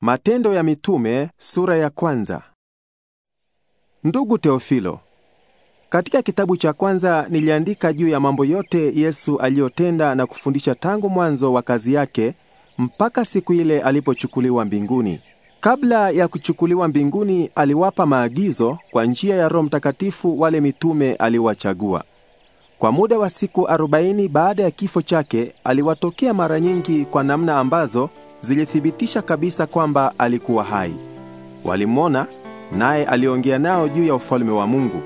Matendo ya Mitume sura ya kwanza. Ndugu Teofilo, katika kitabu cha kwanza niliandika juu ya mambo yote Yesu aliyotenda na kufundisha tangu mwanzo wa kazi yake mpaka siku ile alipochukuliwa mbinguni. Kabla ya kuchukuliwa mbinguni, aliwapa maagizo kwa njia ya Roho Mtakatifu wale mitume aliwachagua. Kwa muda wa siku arobaini baada ya kifo chake, aliwatokea mara nyingi kwa namna ambazo zilithibitisha kabisa kwamba alikuwa hai. Walimwona naye aliongea nao juu ya ufalme wa Mungu.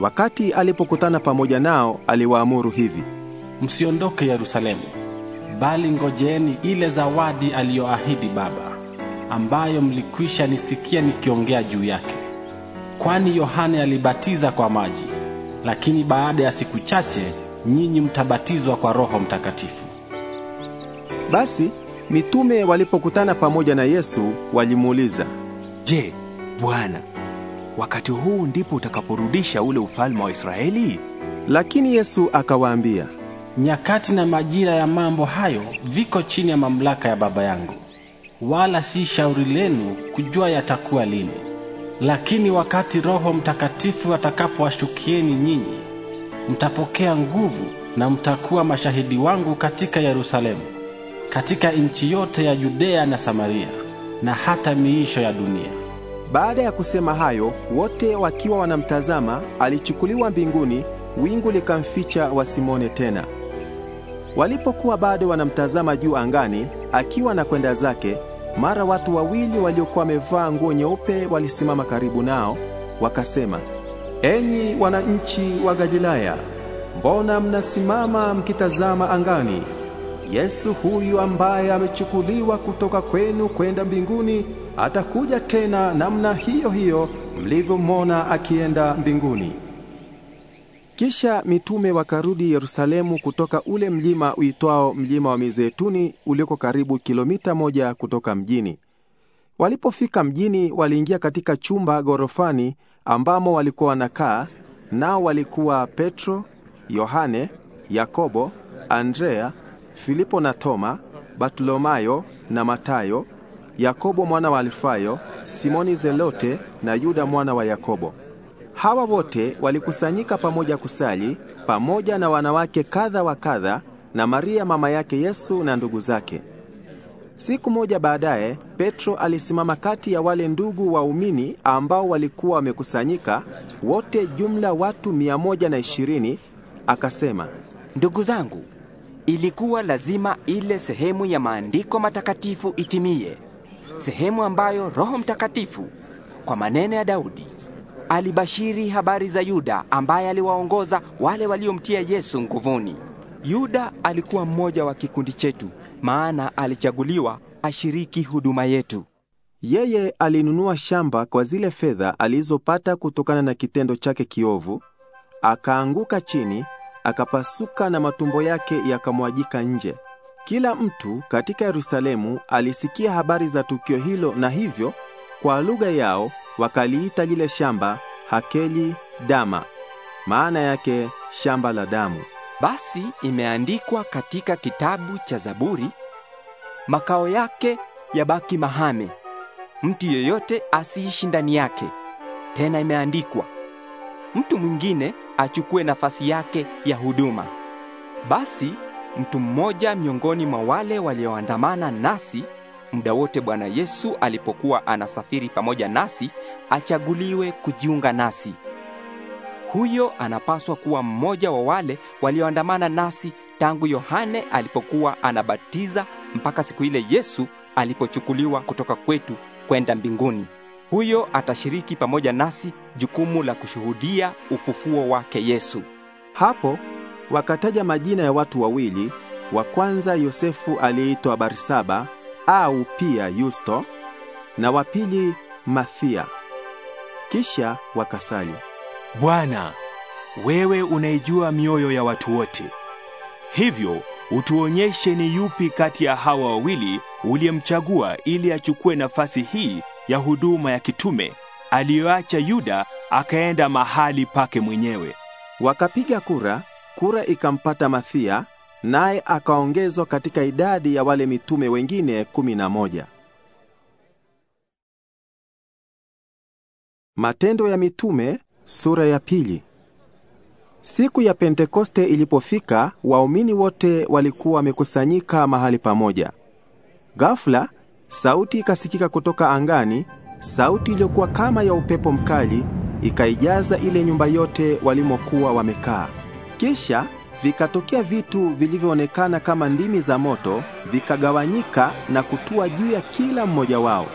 Wakati alipokutana pamoja nao, aliwaamuru hivi: msiondoke Yerusalemu, bali ngojeeni ile zawadi aliyoahidi Baba, ambayo mlikwisha nisikia nikiongea juu yake. Kwani Yohane alibatiza kwa maji, lakini baada ya siku chache nyinyi mtabatizwa kwa Roho Mtakatifu. Basi Mitume walipokutana pamoja na Yesu walimuuliza, Je, Bwana, wakati huu ndipo utakaporudisha ule ufalme wa Israeli? Lakini Yesu akawaambia, nyakati na majira ya mambo hayo viko chini ya mamlaka ya Baba yangu, wala si shauri lenu kujua yatakuwa lini. Lakini wakati Roho Mtakatifu atakapowashukieni nyinyi, mtapokea nguvu na mtakuwa mashahidi wangu katika Yerusalemu katika nchi yote ya Judea na Samaria na hata miisho ya dunia. Baada ya kusema hayo, wote wakiwa wanamtazama, alichukuliwa mbinguni, wingu likamficha wasimone tena. Walipokuwa bado wanamtazama juu angani, akiwa na kwenda zake, mara watu wawili waliokuwa wamevaa nguo nyeupe walisimama karibu nao, wakasema, Enyi wananchi wa Galilaya, mbona mnasimama mkitazama angani? Yesu huyu ambaye amechukuliwa kutoka kwenu kwenda mbinguni atakuja tena namna hiyo hiyo mlivyomwona akienda mbinguni. Kisha mitume wakarudi Yerusalemu kutoka ule mlima uitwao mlima wa Mizeituni ulioko karibu kilomita moja kutoka mjini. Walipofika mjini, waliingia katika chumba ghorofani ambamo walikuwa wanakaa, nao walikuwa Petro, Yohane, Yakobo, Andrea Filipo na Toma, Bartolomayo na Matayo, Yakobo mwana wa Alfayo, Simoni Zelote na Yuda mwana wa Yakobo. Hawa wote walikusanyika pamoja kusali pamoja na wanawake kadha wa kadha na Maria mama yake Yesu na ndugu zake. Siku moja baadaye, Petro alisimama kati ya wale ndugu waumini ambao walikuwa wamekusanyika wote, jumla watu mia moja na ishirini, akasema, ndugu zangu, Ilikuwa lazima ile sehemu ya maandiko matakatifu itimie, sehemu ambayo Roho Mtakatifu kwa maneno ya Daudi alibashiri habari za Yuda ambaye aliwaongoza wale waliomtia Yesu nguvuni. Yuda alikuwa mmoja wa kikundi chetu, maana alichaguliwa ashiriki huduma yetu. Yeye alinunua shamba kwa zile fedha alizopata kutokana na kitendo chake kiovu, akaanguka chini akapasuka na matumbo yake yakamwajika nje. Kila mtu katika Yerusalemu alisikia habari za tukio hilo, na hivyo kwa lugha yao wakaliita lile shamba Hakeli Dama, maana yake shamba la damu. Basi imeandikwa katika kitabu cha Zaburi, makao yake yabaki mahame, mtu yeyote asiishi ndani yake. Tena imeandikwa mtu mwingine achukue nafasi yake ya huduma. Basi mtu mmoja miongoni mwa wale walioandamana nasi muda wote Bwana Yesu alipokuwa anasafiri pamoja nasi achaguliwe kujiunga nasi. Huyo anapaswa kuwa mmoja wa wale walioandamana nasi tangu Yohane alipokuwa anabatiza mpaka siku ile Yesu alipochukuliwa kutoka kwetu kwenda mbinguni huyo atashiriki pamoja nasi jukumu la kushuhudia ufufuo wake Yesu. Hapo wakataja majina ya watu wawili, wa kwanza Yosefu aliyeitwa Barsaba au pia Yusto, na wa pili Mathia. Kisha wakasali, Bwana, wewe unaijua mioyo ya watu wote, hivyo utuonyeshe ni yupi kati ya hawa wawili uliyemchagua ili achukue nafasi hii ya huduma ya kitume aliyoacha Yuda akaenda mahali pake mwenyewe. Wakapiga kura, kura ikampata Mathia, naye akaongezwa katika idadi ya wale mitume wengine kumi na moja. Matendo ya Mitume sura ya pili. Siku ya Pentekoste ilipofika, waumini wote walikuwa wamekusanyika mahali pamoja. Ghafla Sauti ikasikika kutoka angani, sauti iliyokuwa kama ya upepo mkali, ikaijaza ile nyumba yote walimokuwa wamekaa. Kisha vikatokea vitu vilivyoonekana kama ndimi za moto, vikagawanyika na kutua juu ya kila mmoja wao.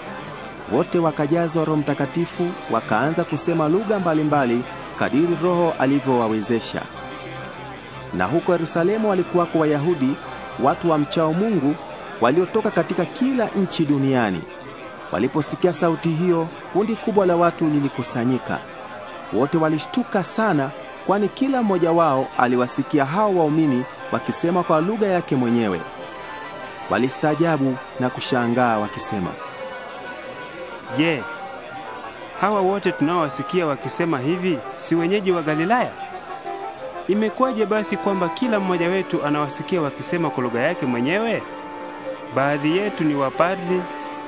Wote wakajazwa Roho Mtakatifu, wakaanza kusema lugha mbalimbali kadiri Roho alivyowawezesha. Na huko Yerusalemu walikuwako Wayahudi, watu wa mchao Mungu waliotoka katika kila nchi duniani. Waliposikia sauti hiyo, kundi kubwa la watu lilikusanyika. Wote walishtuka sana, kwani kila mmoja wao aliwasikia hao waumini wakisema kwa lugha yake mwenyewe. Walistaajabu na kushangaa wakisema, Je, yeah, hawa wote tunaowasikia wakisema hivi si wenyeji wa Galilaya? Imekuwaje basi kwamba kila mmoja wetu anawasikia wakisema kwa lugha yake mwenyewe? Baadhi yetu ni Waparthi,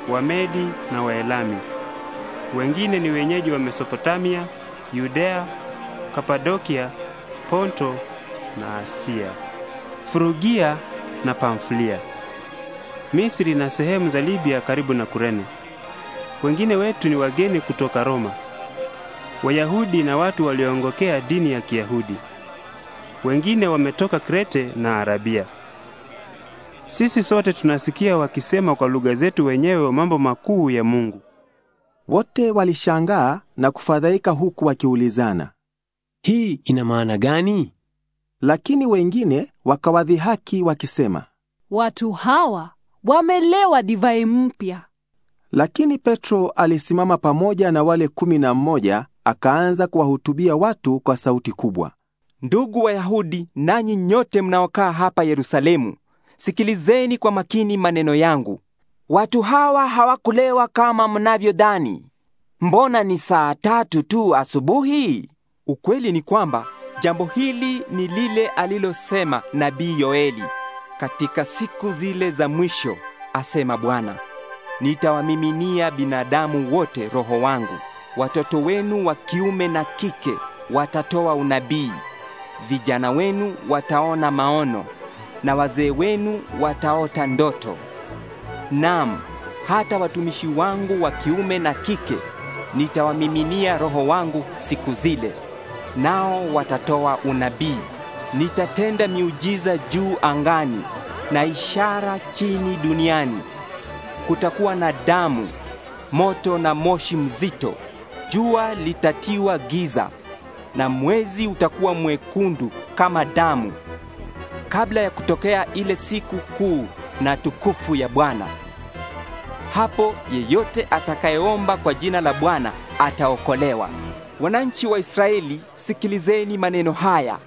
Wamedi na Waelami. Wengine ni wenyeji wa Mesopotamia, Yudea, Kapadokia, Ponto na Asia, Frugia na Pamfilia, Misri na sehemu za Libya karibu na Kurene. Wengine wetu ni wageni kutoka Roma, Wayahudi na watu walioongokea dini ya Kiyahudi. Wengine wametoka Krete na Arabia. Sisi sote tunasikia wakisema kwa lugha zetu wenyewe mambo makuu ya Mungu. Wote walishangaa na kufadhaika huku wakiulizana, hii ina maana gani? Lakini wengine wakawadhihaki wakisema, watu hawa wamelewa divai mpya. Lakini Petro alisimama pamoja na wale kumi na mmoja akaanza kuwahutubia watu kwa sauti kubwa, ndugu Wayahudi, nanyi nyote mnaokaa hapa Yerusalemu, Sikilizeni kwa makini maneno yangu. Watu hawa hawakulewa kama mnavyodhani. Mbona ni saa tatu tu asubuhi? Ukweli ni kwamba jambo hili ni lile alilosema nabii Yoeli. Katika siku zile za mwisho, asema Bwana, nitawamiminia binadamu wote roho wangu. Watoto wenu wa kiume na kike watatoa unabii, vijana wenu wataona maono na wazee wenu wataota ndoto. Naam, hata watumishi wangu wa kiume na kike nitawamiminia roho wangu siku zile, nao watatoa unabii. Nitatenda miujiza juu angani na ishara chini duniani. Kutakuwa na damu, moto na moshi mzito. Jua litatiwa giza na mwezi utakuwa mwekundu kama damu kabla ya kutokea ile siku kuu na tukufu ya Bwana. Hapo yeyote atakayeomba kwa jina la Bwana ataokolewa. Wananchi wa Israeli, sikilizeni maneno haya.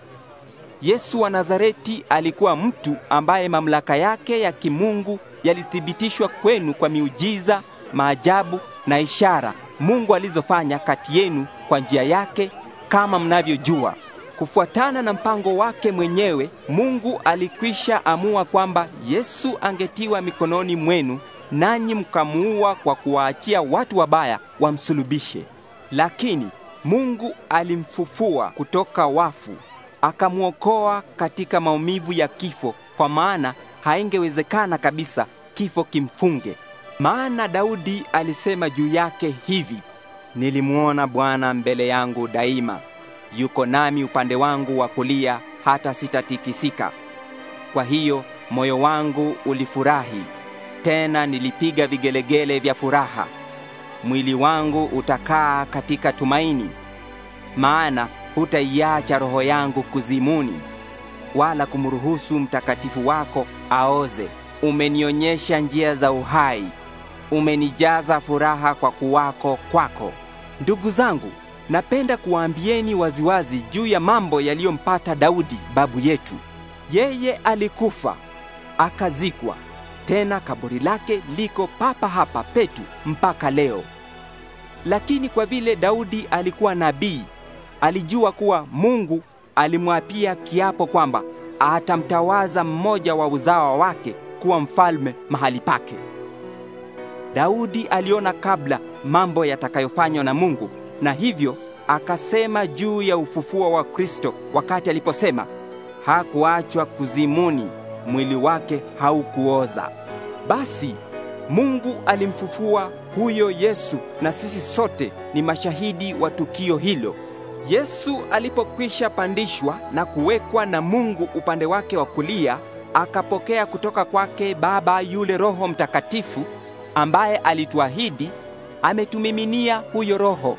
Yesu wa Nazareti alikuwa mtu ambaye mamlaka yake ya kimungu yalithibitishwa kwenu kwa miujiza, maajabu na ishara Mungu alizofanya kati yenu kwa njia yake kama mnavyojua. Kufuatana na mpango wake mwenyewe, Mungu alikwisha amua kwamba Yesu angetiwa mikononi mwenu nanyi mkamuua kwa kuwaachia watu wabaya wamsulubishe. Lakini Mungu alimfufua kutoka wafu, akamwokoa katika maumivu ya kifo, kwa maana haingewezekana kabisa kifo kimfunge. Maana Daudi alisema juu yake hivi: nilimwona Bwana mbele yangu daima yuko nami upande wangu wa kulia, hata sitatikisika. Kwa hiyo moyo wangu ulifurahi, tena nilipiga vigelegele vya furaha. Mwili wangu utakaa katika tumaini, maana hutaiacha roho yangu kuzimuni, wala kumruhusu mtakatifu wako aoze. Umenionyesha njia za uhai, umenijaza furaha kwa kuwako kwako. Ndugu zangu, Napenda kuwaambieni waziwazi juu ya mambo yaliyompata Daudi babu yetu. Yeye alikufa akazikwa, tena kaburi lake liko papa hapa petu mpaka leo. Lakini kwa vile Daudi alikuwa nabii, alijua kuwa Mungu alimwapia kiapo kwamba atamtawaza mmoja wa uzao wake kuwa mfalme mahali pake. Daudi aliona kabla mambo yatakayofanywa na Mungu na hivyo akasema juu ya ufufuo wa Kristo wakati aliposema, hakuachwa kuzimuni, mwili wake haukuoza. Basi Mungu alimfufua huyo Yesu, na sisi sote ni mashahidi wa tukio hilo. Yesu alipokwisha pandishwa na kuwekwa na Mungu upande wake wa kulia, akapokea kutoka kwake Baba yule Roho Mtakatifu ambaye alituahidi, ametumiminia huyo Roho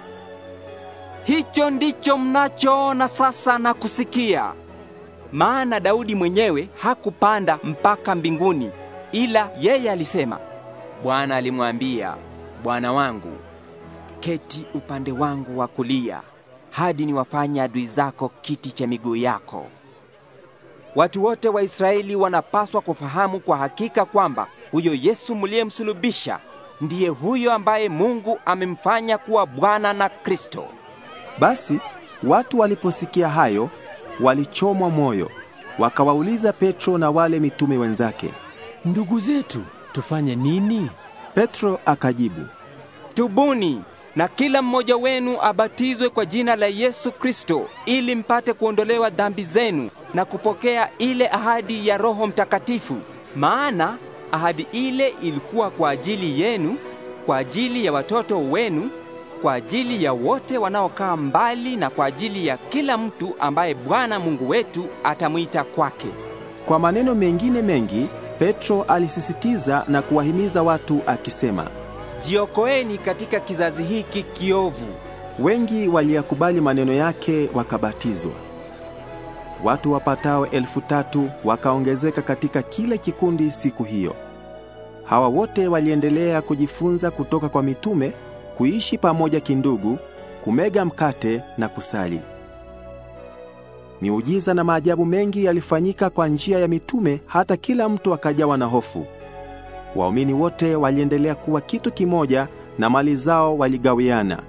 Hicho ndicho mnachoona sasa na kusikia. Maana Daudi mwenyewe hakupanda mpaka mbinguni, ila yeye alisema, Bwana alimwambia Bwana wangu, keti upande wangu wa kulia hadi niwafanye adui zako kiti cha miguu yako. Watu wote wa Israeli wanapaswa kufahamu kwa hakika kwamba huyo Yesu mliyemsulubisha ndiye huyo ambaye Mungu amemfanya kuwa Bwana na Kristo. Basi watu waliposikia hayo walichomwa moyo, wakawauliza Petro na wale mitume wenzake, ndugu zetu, tufanye nini? Petro akajibu, tubuni na kila mmoja wenu abatizwe kwa jina la Yesu Kristo ili mpate kuondolewa dhambi zenu na kupokea ile ahadi ya Roho Mtakatifu, maana ahadi ile ilikuwa kwa ajili yenu, kwa ajili ya watoto wenu kwa ajili ya wote wanaokaa mbali na kwa ajili ya kila mtu ambaye Bwana Mungu wetu atamwita kwake. Kwa maneno mengine mengi, Petro alisisitiza na kuwahimiza watu akisema, jiokoeni katika kizazi hiki kiovu. Wengi waliyakubali maneno yake wakabatizwa. Watu wapatao elfu tatu wakaongezeka katika kile kikundi siku hiyo. Hawa wote waliendelea kujifunza kutoka kwa mitume kuishi pamoja kindugu, kumega mkate na kusali. Miujiza na maajabu mengi yalifanyika kwa njia ya mitume hata kila mtu akajawa na hofu. Waumini wote waliendelea kuwa kitu kimoja na mali zao waligawiana.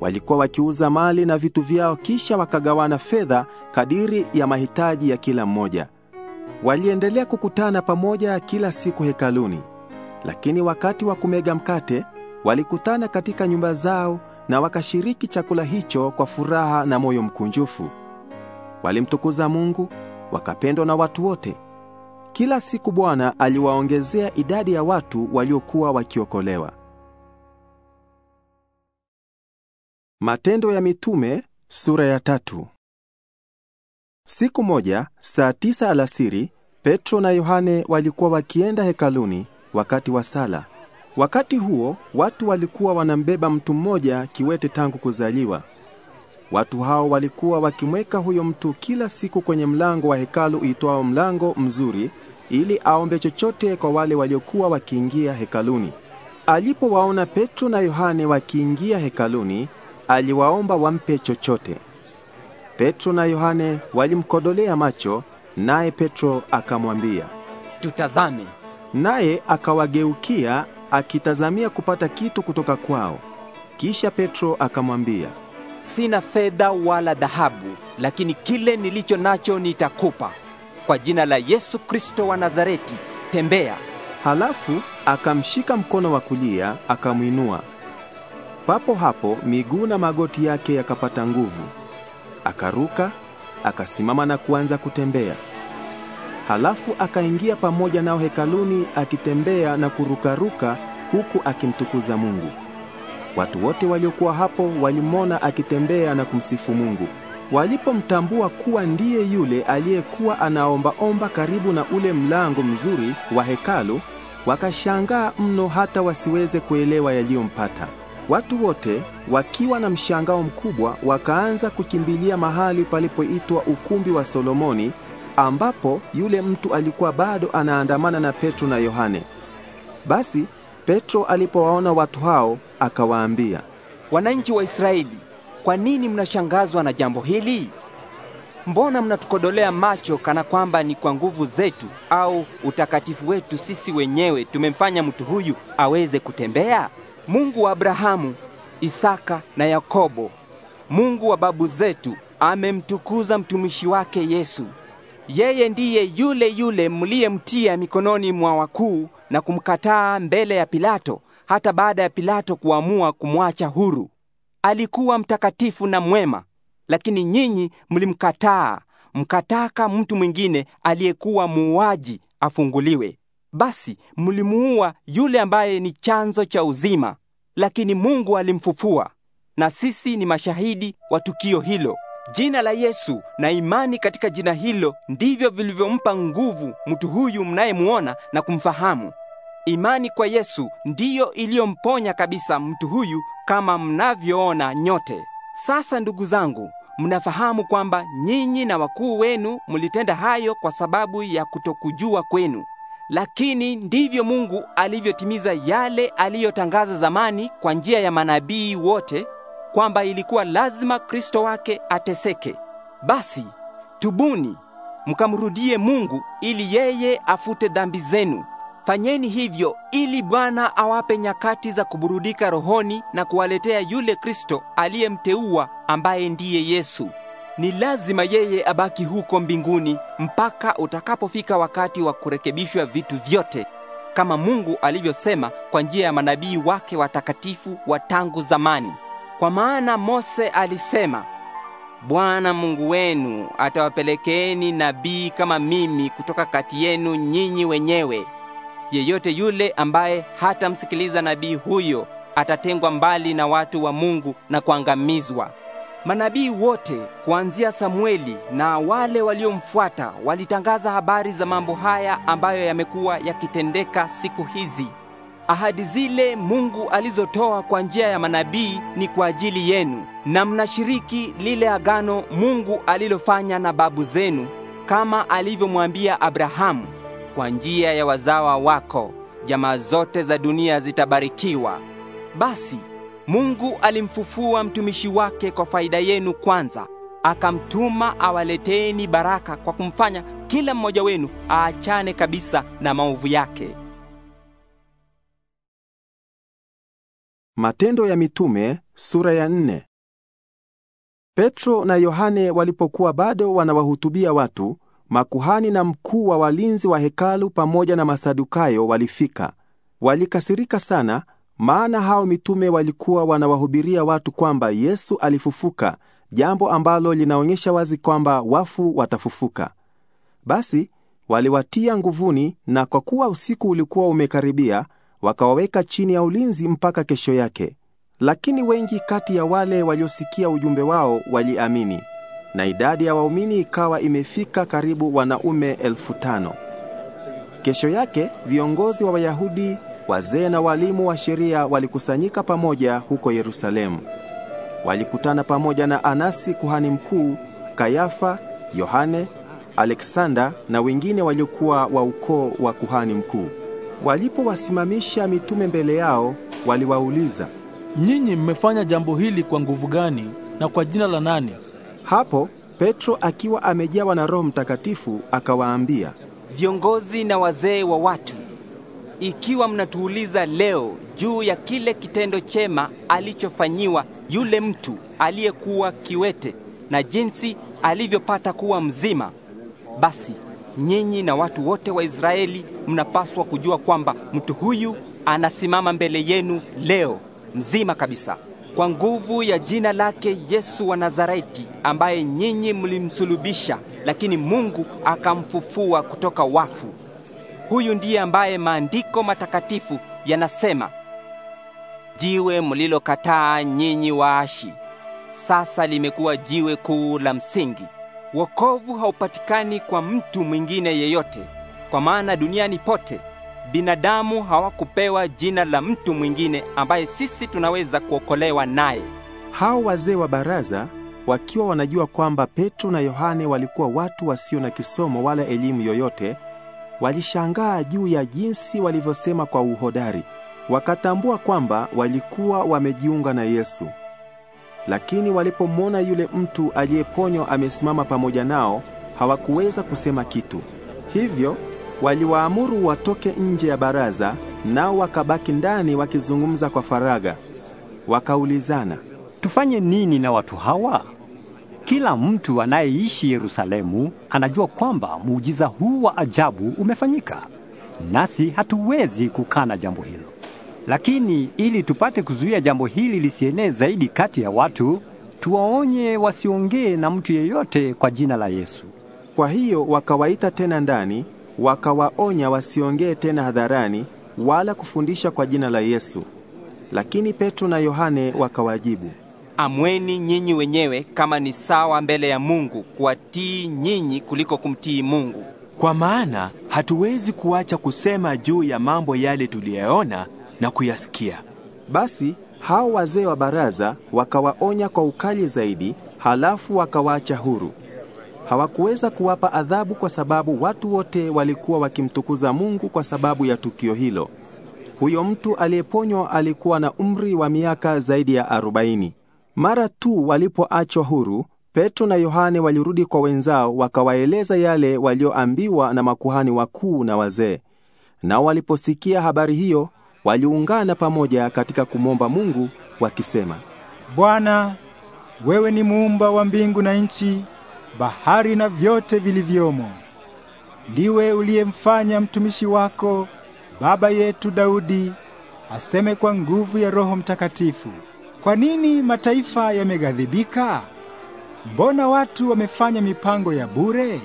Walikuwa wakiuza mali na vitu vyao kisha wakagawana fedha kadiri ya mahitaji ya kila mmoja. Waliendelea kukutana pamoja kila siku hekaluni. Lakini wakati wa kumega mkate Walikutana katika nyumba zao na wakashiriki chakula hicho kwa furaha na moyo mkunjufu. Walimtukuza Mungu, wakapendwa na watu wote. Kila siku Bwana aliwaongezea idadi ya watu waliokuwa wakiokolewa. Matendo ya Mitume sura ya tatu. Siku moja saa tisa alasiri, Petro na Yohane walikuwa wakienda hekaluni wakati wa sala. Wakati huo watu walikuwa wanambeba mtu mmoja kiwete tangu kuzaliwa. Watu hao walikuwa wakimweka huyo mtu kila siku kwenye mlango wa hekalu uitwao mlango mzuri, ili aombe chochote kwa wale waliokuwa wakiingia hekaluni. Alipowaona Petro na Yohane wakiingia hekaluni, aliwaomba wampe chochote. Petro na Yohane walimkodolea macho, naye Petro akamwambia, "Tutazame." Naye akawageukia akitazamia kupata kitu kutoka kwao. Kisha Petro akamwambia, sina fedha wala dhahabu, lakini kile nilicho nacho nitakupa. Kwa jina la Yesu Kristo wa Nazareti, tembea. Halafu akamshika mkono wa kulia akamwinua. Papo hapo miguu na magoti yake yakapata nguvu, akaruka, akasimama na kuanza kutembea. Halafu akaingia pamoja nao hekaluni akitembea na kurukaruka huku akimtukuza Mungu. Watu wote waliokuwa hapo walimwona akitembea na kumsifu Mungu. Walipomtambua kuwa ndiye yule aliyekuwa anaomba-omba karibu na ule mlango mzuri wa hekalu, wakashangaa mno hata wasiweze kuelewa yaliyompata. Watu wote wakiwa na mshangao mkubwa wakaanza kukimbilia mahali palipoitwa ukumbi wa Solomoni ambapo yule mtu alikuwa bado anaandamana na Petro na Yohane. Basi Petro alipowaona watu hao akawaambia, wananchi wa Israeli, kwa nini mnashangazwa na jambo hili? Mbona mnatukodolea macho kana kwamba ni kwa nguvu zetu au utakatifu wetu sisi wenyewe tumemfanya mtu huyu aweze kutembea? Mungu wa Abrahamu, Isaka na Yakobo, Mungu wa babu zetu amemtukuza mtumishi wake Yesu yeye ndiye yule yule mliyemtia mikononi mwa wakuu na kumkataa mbele ya Pilato, hata baada ya Pilato kuamua kumwacha huru. Alikuwa mtakatifu na mwema, lakini nyinyi mlimkataa, mkataka mtu mwingine aliyekuwa muuaji afunguliwe. Basi mlimuua yule ambaye ni chanzo cha uzima, lakini Mungu alimfufua, na sisi ni mashahidi wa tukio hilo. Jina la Yesu na imani katika jina hilo ndivyo vilivyompa nguvu mtu huyu mnayemwona na kumfahamu. Imani kwa Yesu ndiyo iliyomponya kabisa mtu huyu kama mnavyoona nyote. Sasa ndugu zangu, mnafahamu kwamba nyinyi na wakuu wenu mlitenda hayo kwa sababu ya kutokujua kwenu. Lakini ndivyo Mungu alivyotimiza yale aliyotangaza zamani kwa njia ya manabii wote kwamba ilikuwa lazima Kristo wake ateseke. Basi tubuni mkamrudie Mungu ili yeye afute dhambi zenu. Fanyeni hivyo ili Bwana awape nyakati za kuburudika rohoni na kuwaletea yule Kristo aliyemteua ambaye ndiye Yesu. Ni lazima yeye abaki huko mbinguni mpaka utakapofika wakati wa kurekebishwa vitu vyote kama Mungu alivyosema kwa njia ya manabii wake watakatifu wa tangu zamani. Kwa maana Mose alisema, Bwana Mungu wenu atawapelekeeni nabii kama mimi kutoka kati yenu nyinyi wenyewe. Yeyote yule ambaye hatamsikiliza nabii huyo atatengwa mbali na watu wa Mungu na kuangamizwa. Manabii wote kuanzia Samueli na wale waliomfuata walitangaza habari za mambo haya ambayo yamekuwa yakitendeka siku hizi. Ahadi zile Mungu alizotoa kwa njia ya manabii ni kwa ajili yenu, na mnashiriki lile agano Mungu alilofanya na babu zenu, kama alivyomwambia Abrahamu, kwa njia ya wazawa wako jamaa zote za dunia zitabarikiwa. Basi Mungu alimfufua mtumishi wake kwa faida yenu kwanza, akamtuma awaleteeni baraka kwa kumfanya kila mmoja wenu aachane kabisa na maovu yake Matendo ya Mitume sura ya nne. Petro na Yohane walipokuwa bado wanawahutubia watu, makuhani na mkuu wa walinzi wa hekalu pamoja na Masadukayo walifika. Walikasirika sana, maana hao mitume walikuwa wanawahubiria watu kwamba Yesu alifufuka, jambo ambalo linaonyesha wazi kwamba wafu watafufuka. Basi waliwatia nguvuni, na kwa kuwa usiku ulikuwa umekaribia wakawaweka chini ya ulinzi mpaka kesho yake. Lakini wengi kati ya wale waliosikia ujumbe wao waliamini, na idadi ya waumini ikawa imefika karibu wanaume elfu tano. Kesho yake viongozi wa Wayahudi, wazee na walimu wa sheria walikusanyika pamoja huko Yerusalemu. Walikutana pamoja na Anasi kuhani mkuu, Kayafa, Yohane, Aleksanda na wengine waliokuwa wa ukoo wa kuhani mkuu. Walipowasimamisha mitume mbele yao, waliwauliza, nyinyi mmefanya jambo hili kwa nguvu gani na kwa jina la nani? Hapo Petro akiwa amejawa na Roho Mtakatifu akawaambia, viongozi na wazee wa watu, ikiwa mnatuuliza leo juu ya kile kitendo chema alichofanyiwa yule mtu aliyekuwa kiwete na jinsi alivyopata kuwa mzima, basi nyinyi na watu wote wa Israeli mnapaswa kujua kwamba mtu huyu anasimama mbele yenu leo mzima kabisa kwa nguvu ya jina lake Yesu wa Nazareti, ambaye nyinyi mlimsulubisha, lakini Mungu akamfufua kutoka wafu. Huyu ndiye ambaye maandiko matakatifu yanasema, jiwe mlilokataa nyinyi waashi, sasa limekuwa jiwe kuu la msingi. Wokovu haupatikani kwa mtu mwingine yeyote, kwa maana duniani pote binadamu hawakupewa jina la mtu mwingine ambaye sisi tunaweza kuokolewa naye. Hao wazee wa baraza wakiwa wanajua kwamba Petro na Yohane walikuwa watu wasio na kisomo wala elimu yoyote, walishangaa juu ya jinsi walivyosema kwa uhodari. Wakatambua kwamba walikuwa wamejiunga na Yesu. Lakini walipomwona yule mtu aliyeponywa amesimama pamoja nao, hawakuweza kusema kitu. Hivyo waliwaamuru watoke nje ya baraza, nao wakabaki ndani wakizungumza kwa faraga Wakaulizana, tufanye nini na watu hawa? Kila mtu anayeishi Yerusalemu anajua kwamba muujiza huu wa ajabu umefanyika, nasi hatuwezi kukana jambo hilo. Lakini ili tupate kuzuia jambo hili lisienee zaidi kati ya watu, tuwaonye wasiongee na mtu yeyote kwa jina la Yesu. Kwa hiyo wakawaita tena ndani, wakawaonya wasiongee tena hadharani wala kufundisha kwa jina la Yesu. Lakini Petro na Yohane wakawajibu, Amweni nyinyi wenyewe kama ni sawa mbele ya Mungu kuwatii nyinyi kuliko kumtii Mungu. Kwa maana hatuwezi kuacha kusema juu ya mambo yale tuliyaona na kuyasikia. Basi hao wazee wa baraza wakawaonya kwa ukali zaidi, halafu wakawaacha huru. Hawakuweza kuwapa adhabu kwa sababu watu wote walikuwa wakimtukuza Mungu kwa sababu ya tukio hilo. Huyo mtu aliyeponywa alikuwa na umri wa miaka zaidi ya arobaini. Mara tu walipoachwa huru, Petro na Yohane walirudi kwa wenzao wakawaeleza yale walioambiwa na makuhani wakuu na wazee. Nao waliposikia habari hiyo, waliungana pamoja katika kumwomba Mungu wakisema, Bwana, wewe ni muumba wa mbingu na nchi, bahari na vyote vilivyomo. Ndiwe uliyemfanya mtumishi wako baba yetu Daudi aseme kwa nguvu ya Roho Mtakatifu, kwa nini mataifa yameghadhibika? Mbona watu wamefanya mipango ya bure?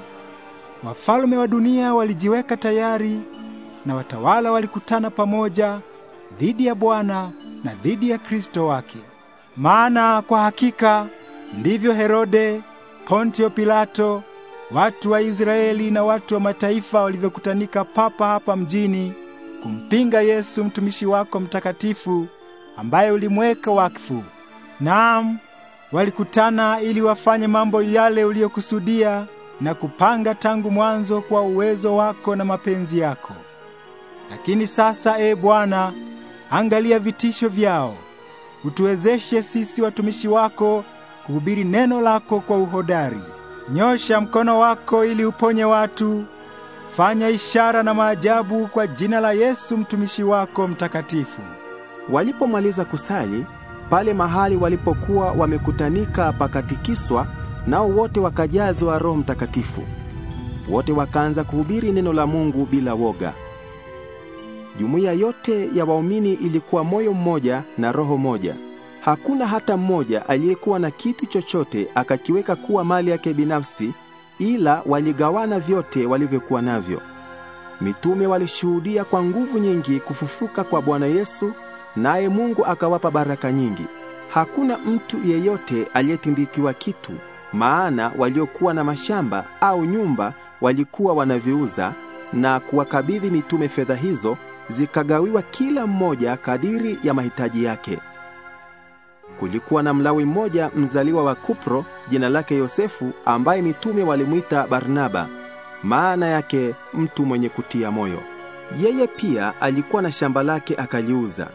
Wafalme wa dunia walijiweka tayari na watawala walikutana pamoja dhidi ya Bwana na dhidi ya Kristo wake. Maana kwa hakika ndivyo Herode, Pontio Pilato, watu wa Israeli na watu wa mataifa walivyokutanika papa hapa mjini kumpinga Yesu mtumishi wako mtakatifu ambaye ulimweka wakfu. Naam, walikutana ili wafanye mambo yale uliyokusudia na kupanga tangu mwanzo kwa uwezo wako na mapenzi yako. Lakini sasa, e Bwana, Angalia vitisho vyao, utuwezeshe sisi watumishi wako kuhubiri neno lako kwa uhodari. Nyosha mkono wako ili uponye watu. Fanya ishara na maajabu kwa jina la Yesu mtumishi wako mtakatifu. Walipomaliza kusali, pale mahali walipokuwa wamekutanika pakatikiswa, nao wote wakajazwa Roho Mtakatifu. Wote wakaanza kuhubiri neno la Mungu bila woga. Jumuiya yote ya waumini ilikuwa moyo mmoja na roho moja. Hakuna hata mmoja aliyekuwa na kitu chochote akakiweka kuwa mali yake binafsi, ila waligawana vyote walivyokuwa navyo. Mitume walishuhudia kwa nguvu nyingi kufufuka kwa Bwana Yesu, naye Mungu akawapa baraka nyingi. Hakuna mtu yeyote aliyetindikiwa kitu, maana waliokuwa na mashamba au nyumba walikuwa wanaviuza na kuwakabidhi mitume fedha hizo zikagawiwa kila mmoja kadiri ya mahitaji yake. Kulikuwa na Mlawi mmoja mzaliwa wa Kupro, jina lake Yosefu, ambaye mitume walimwita Barnaba, maana yake mtu mwenye kutia moyo. Yeye pia alikuwa na shamba lake akaliuza,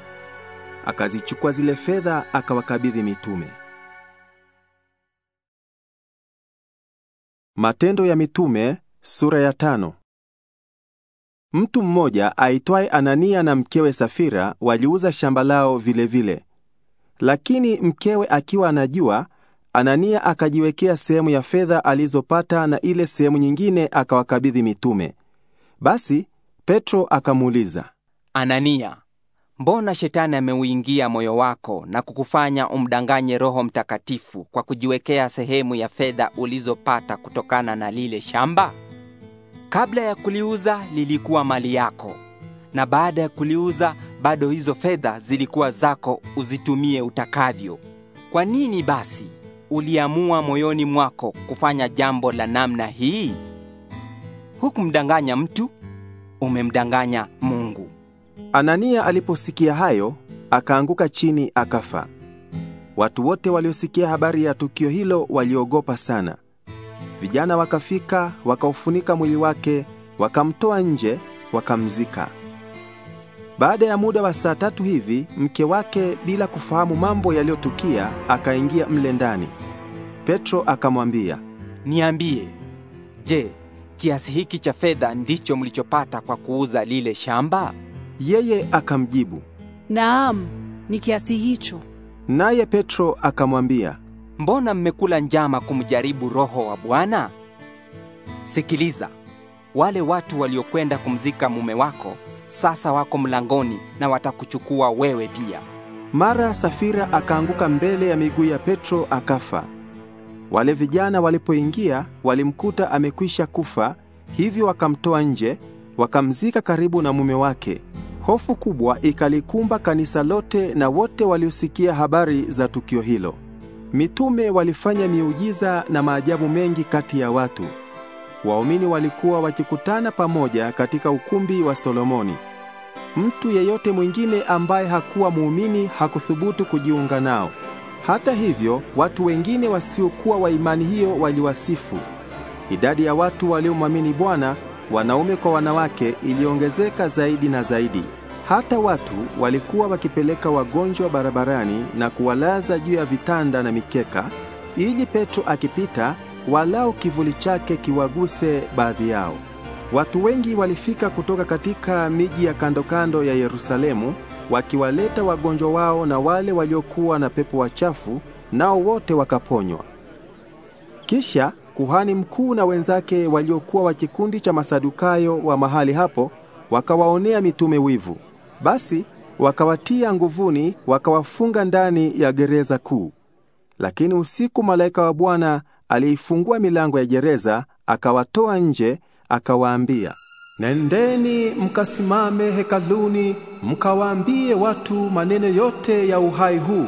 akazichukua zile fedha akawakabidhi mitume. Matendo ya Mitume sura ya tano. Mtu mmoja aitwaye Anania na mkewe Safira waliuza shamba lao vilevile vile. Lakini mkewe akiwa anajua, Anania akajiwekea sehemu ya fedha alizopata na ile sehemu nyingine akawakabidhi mitume. Basi Petro akamuuliza, Anania, mbona shetani ameuingia moyo wako na kukufanya umdanganye Roho Mtakatifu kwa kujiwekea sehemu ya fedha ulizopata kutokana na lile shamba? Kabla ya kuliuza lilikuwa mali yako, na baada ya kuliuza bado hizo fedha zilikuwa zako, uzitumie utakavyo. Kwa nini basi uliamua moyoni mwako kufanya jambo la namna hii? Hukumdanganya mtu, umemdanganya Mungu. Anania aliposikia hayo, akaanguka chini akafa. Watu wote waliosikia habari ya tukio hilo waliogopa sana. Vijana wakafika, wakaufunika mwili wake, wakamtoa nje, wakamzika. Baada ya muda wa saa tatu hivi, mke wake bila kufahamu mambo yaliyotukia, akaingia mle ndani. Petro akamwambia, "Niambie, je, kiasi hiki cha fedha ndicho mlichopata kwa kuuza lile shamba?" Yeye akamjibu, "Naam, ni kiasi hicho." Naye Petro akamwambia, mbona mmekula njama kumjaribu Roho wa Bwana? Sikiliza, wale watu waliokwenda kumzika mume wako sasa wako mlangoni na watakuchukua wewe pia. Mara Safira akaanguka mbele ya miguu ya Petro akafa. Wale vijana walipoingia walimkuta amekwisha kufa, hivyo wakamtoa nje, wakamzika karibu na mume wake. Hofu kubwa ikalikumba kanisa lote na wote waliosikia habari za tukio hilo. Mitume walifanya miujiza na maajabu mengi kati ya watu. Waumini walikuwa wakikutana pamoja katika ukumbi wa Solomoni. Mtu yeyote mwingine ambaye hakuwa muumini hakuthubutu kujiunga nao. Hata hivyo, watu wengine wasiokuwa wa imani hiyo waliwasifu. Idadi ya watu waliomwamini Bwana, wanaume kwa wanawake, iliongezeka zaidi na zaidi. Hata watu walikuwa wakipeleka wagonjwa barabarani na kuwalaza juu ya vitanda na mikeka, ili Petro akipita walau kivuli chake kiwaguse baadhi yao. Watu wengi walifika kutoka katika miji ya kando kando ya Yerusalemu wakiwaleta wagonjwa wao na wale waliokuwa na pepo wachafu, nao wote wakaponywa. Kisha kuhani mkuu na wenzake waliokuwa wa kikundi cha Masadukayo wa mahali hapo wakawaonea mitume wivu. Basi wakawatia nguvuni, wakawafunga ndani ya gereza kuu. Lakini usiku malaika wa Bwana aliifungua milango ya gereza, akawatoa nje, akawaambia, Nendeni mkasimame hekaluni, mkawaambie watu maneno yote ya uhai huu.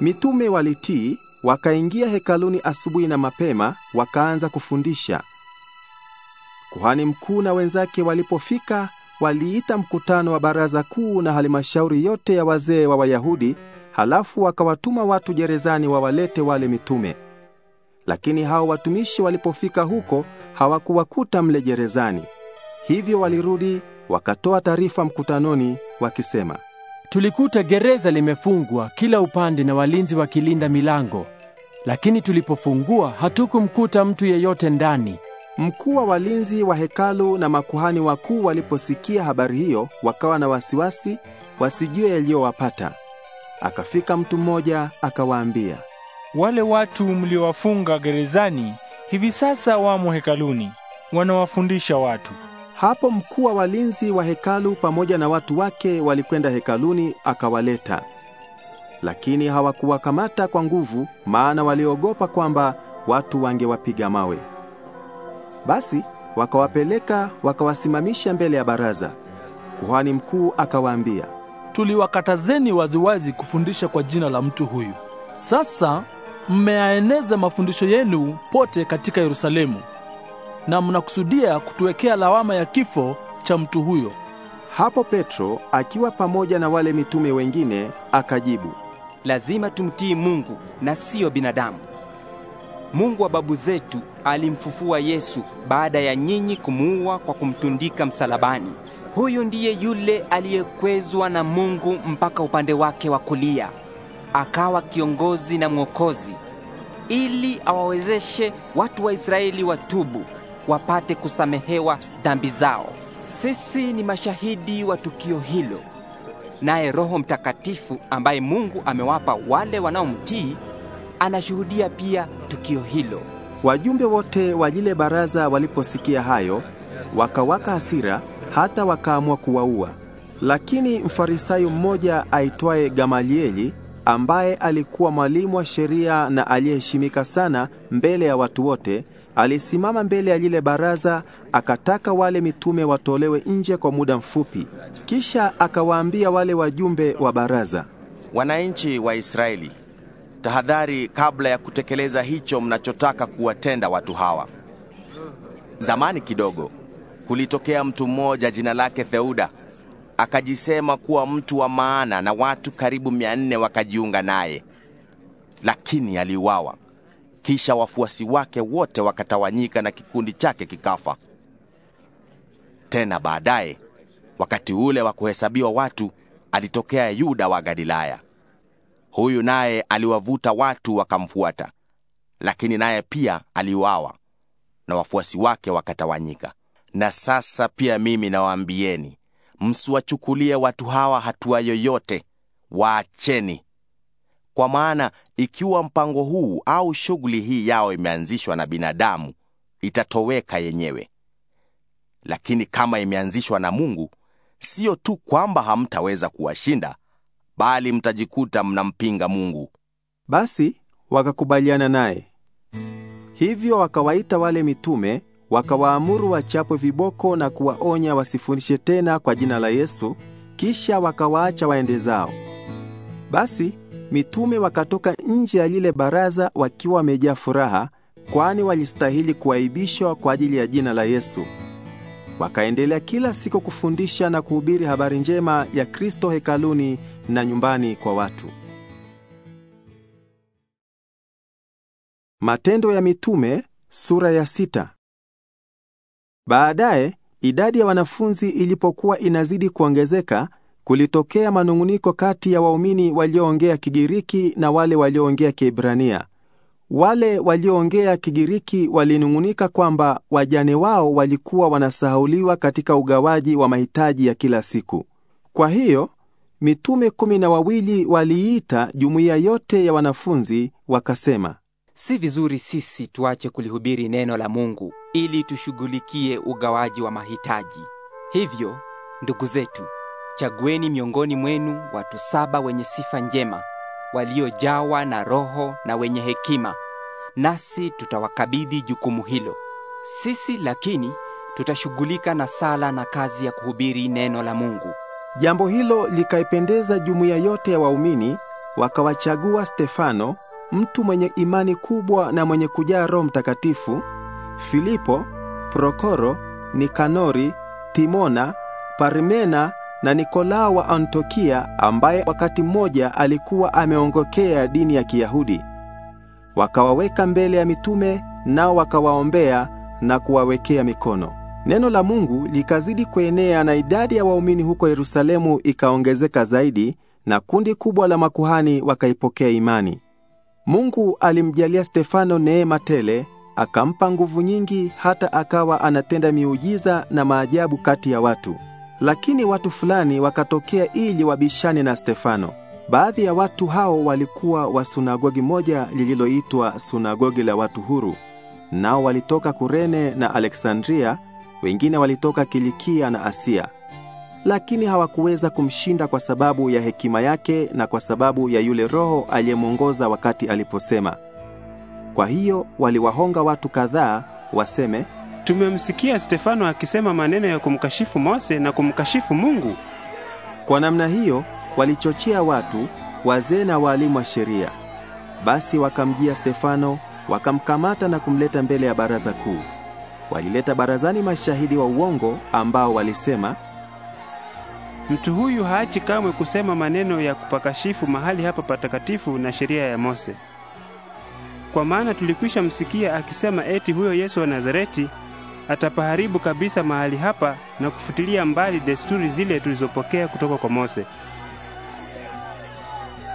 Mitume walitii, wakaingia hekaluni asubuhi na mapema, wakaanza kufundisha. Kuhani mkuu na wenzake walipofika waliita mkutano wa baraza kuu na halmashauri yote ya wazee wa Wayahudi, halafu wakawatuma watu gerezani wawalete wale mitume. Lakini hao watumishi walipofika huko hawakuwakuta mle gerezani. Hivyo walirudi wakatoa taarifa mkutanoni wakisema, tulikuta gereza limefungwa kila upande na walinzi wakilinda milango, lakini tulipofungua hatukumkuta mtu yeyote ndani. Mkuu wa walinzi wa hekalu na makuhani wakuu waliposikia habari hiyo, wakawa na wasiwasi wasijue yaliyowapata. Akafika mtu mmoja akawaambia, wale watu mliowafunga gerezani hivi sasa wamo hekaluni, wanawafundisha watu. Hapo mkuu wa walinzi wa hekalu pamoja na watu wake walikwenda hekaluni, akawaleta lakini hawakuwakamata kwa nguvu, maana waliogopa kwamba watu wangewapiga mawe. Basi wakawapeleka wakawasimamisha mbele ya baraza. Kuhani mkuu akawaambia, tuliwakatazeni waziwazi kufundisha kwa jina la mtu huyu. Sasa mmeaeneza mafundisho yenu pote katika Yerusalemu, na mnakusudia kutuwekea lawama ya kifo cha mtu huyo. Hapo Petro akiwa pamoja na wale mitume wengine akajibu, lazima tumtii Mungu na siyo binadamu. Mungu wa babu zetu alimfufua Yesu baada ya nyinyi kumuua kwa kumtundika msalabani. Huyu ndiye yule aliyekwezwa na Mungu mpaka upande wake wa kulia, akawa kiongozi na mwokozi, ili awawezeshe watu wa Israeli watubu, wapate kusamehewa dhambi zao. Sisi ni mashahidi wa tukio hilo. Naye Roho Mtakatifu ambaye Mungu amewapa wale wanaomtii anashuhudia pia tukio hilo. Wajumbe wote wa lile baraza waliposikia hayo, wakawaka hasira hata wakaamua kuwaua. Lakini Mfarisayo mmoja aitwaye Gamalieli ambaye alikuwa mwalimu wa sheria na aliyeheshimika sana mbele ya watu wote, alisimama mbele ya lile baraza akataka wale mitume watolewe nje kwa muda mfupi. Kisha akawaambia wale wajumbe wa baraza, wananchi wa Israeli, tahadhari kabla ya kutekeleza hicho mnachotaka kuwatenda watu hawa. Zamani kidogo kulitokea mtu mmoja jina lake Theuda, akajisema kuwa mtu wa maana na watu karibu mia nne wakajiunga naye, lakini aliuawa. Kisha wafuasi wake wote wakatawanyika na kikundi chake kikafa. Tena baadaye, wakati ule wa kuhesabiwa watu, alitokea Yuda wa Galilaya. Huyu naye aliwavuta watu wakamfuata, lakini naye pia aliuawa na wafuasi wake wakatawanyika. Na sasa pia mimi nawaambieni, msiwachukulie watu hawa hatua yoyote, waacheni. Kwa maana ikiwa mpango huu au shughuli hii yao imeanzishwa na binadamu, itatoweka yenyewe. Lakini kama imeanzishwa na Mungu, sio tu kwamba hamtaweza kuwashinda, bali mtajikuta mnampinga Mungu. Basi wakakubaliana naye. Hivyo wakawaita wale mitume, wakawaamuru wachapwe viboko na kuwaonya wasifundishe tena kwa jina la Yesu, kisha wakawaacha waende zao. Basi mitume wakatoka nje ya lile baraza wakiwa wamejaa furaha, kwani walistahili kuaibishwa kwa ajili ya jina la Yesu. Wakaendelea kila siku kufundisha na kuhubiri habari njema ya Kristo hekaluni na nyumbani kwa watu. Matendo ya Mitume sura ya sita. Baadaye idadi ya wanafunzi ilipokuwa inazidi kuongezeka, kulitokea manung'uniko kati ya waumini walioongea Kigiriki na wale walioongea Kiebrania. Wale walioongea Kigiriki walinung'unika kwamba wajane wao walikuwa wanasahauliwa katika ugawaji wa mahitaji ya kila siku. Kwa hiyo mitume kumi na wawili waliita jumuiya yote ya wanafunzi wakasema, si vizuri sisi tuache kulihubiri neno la Mungu ili tushughulikie ugawaji wa mahitaji. Hivyo ndugu zetu, chagueni miongoni mwenu watu saba wenye sifa njema, waliojawa na Roho na wenye hekima, nasi tutawakabidhi jukumu hilo. Sisi lakini tutashughulika na sala na kazi ya kuhubiri neno la Mungu. Jambo hilo likaipendeza jumuiya yote ya waumini, wakawachagua Stefano, mtu mwenye imani kubwa na mwenye kujaa Roho Mtakatifu, Filipo, Prokoro, Nikanori, Timona, Parmena na Nikolao wa Antiokia ambaye wakati mmoja alikuwa ameongokea dini ya Kiyahudi. Wakawaweka mbele ya mitume nao wakawaombea na kuwawekea mikono. Neno la Mungu likazidi kuenea na idadi ya waumini huko Yerusalemu ikaongezeka zaidi na kundi kubwa la makuhani wakaipokea imani. Mungu alimjalia Stefano neema tele, akampa nguvu nyingi hata akawa anatenda miujiza na maajabu kati ya watu. Lakini watu fulani wakatokea ili wabishane na Stefano. Baadhi ya watu hao walikuwa wa sunagogi moja lililoitwa sunagogi la watu huru. Nao walitoka Kurene na Aleksandria wengine walitoka Kilikia na Asia, lakini hawakuweza kumshinda kwa sababu ya hekima yake na kwa sababu ya yule Roho aliyemwongoza wakati aliposema. Kwa hiyo waliwahonga watu kadhaa waseme, tumemsikia Stefano akisema maneno ya kumkashifu Mose na kumkashifu Mungu. Kwa namna hiyo walichochea watu, wazee na waalimu wa sheria. Basi wakamjia Stefano, wakamkamata na kumleta mbele ya baraza kuu walileta barazani mashahidi wa uongo ambao walisema, mtu huyu haachi kamwe kusema maneno ya kupakashifu mahali hapa patakatifu na sheria ya Mose, kwa maana tulikwisha msikia akisema eti huyo Yesu wa Nazareti atapaharibu kabisa mahali hapa na kufutilia mbali desturi zile tulizopokea kutoka kwa Mose.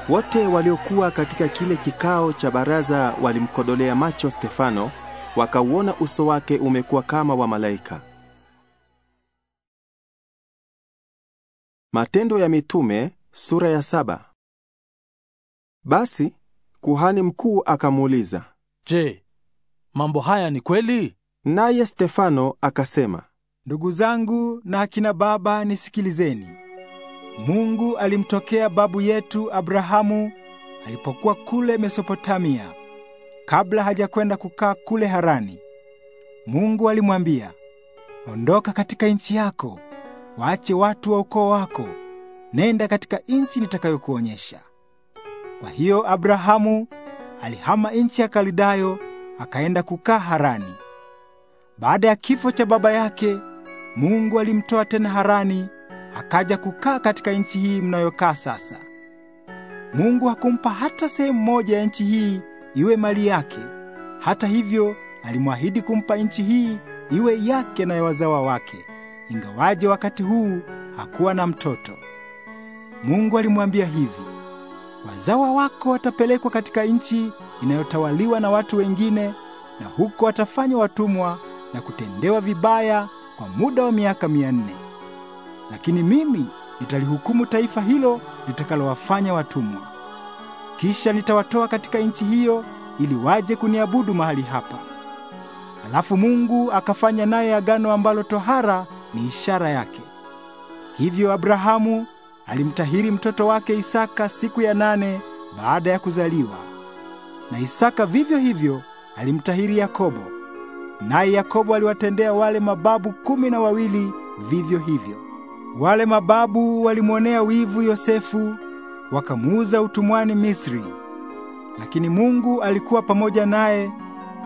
Wote waliokuwa katika kile kikao cha baraza walimkodolea macho Stefano wakauona uso wake umekuwa kama wa malaika. Matendo ya Mitume sura ya saba. Basi kuhani mkuu akamuuliza, Je, mambo haya ni kweli? Naye Stefano akasema, ndugu zangu na akina baba, nisikilizeni. Mungu alimtokea babu yetu Abrahamu alipokuwa kule Mesopotamia Kabla hajakwenda kukaa kule Harani, Mungu alimwambia, ondoka katika nchi yako, waache watu wa ukoo wako, nenda katika nchi nitakayokuonyesha. Kwa hiyo Abrahamu alihama nchi ya Kalidayo akaenda kukaa Harani. Baada ya kifo cha baba yake, Mungu alimtoa tena Harani akaja kukaa katika nchi hii mnayokaa sasa. Mungu hakumpa hata sehemu moja ya nchi hii iwe mali yake. Hata hivyo, alimwahidi kumpa nchi hii iwe yake na ya wazawa wake, ingawaje wakati huu hakuwa na mtoto. Mungu alimwambia hivi: wazawa wako watapelekwa katika nchi inayotawaliwa na watu wengine, na huko watafanywa watumwa na kutendewa vibaya kwa muda wa miaka mia nne. Lakini mimi nitalihukumu taifa hilo litakalowafanya watumwa. Kisha nitawatoa katika nchi hiyo ili waje kuniabudu mahali hapa. Halafu Mungu akafanya naye agano ambalo tohara ni ishara yake. Hivyo Abrahamu alimtahiri mtoto wake Isaka siku ya nane baada ya kuzaliwa, na Isaka vivyo hivyo alimtahiri Yakobo, naye Yakobo aliwatendea wale mababu kumi na wawili vivyo hivyo. Wale mababu walimwonea wivu Yosefu wakamuuza utumwani Misri. Lakini Mungu alikuwa pamoja naye,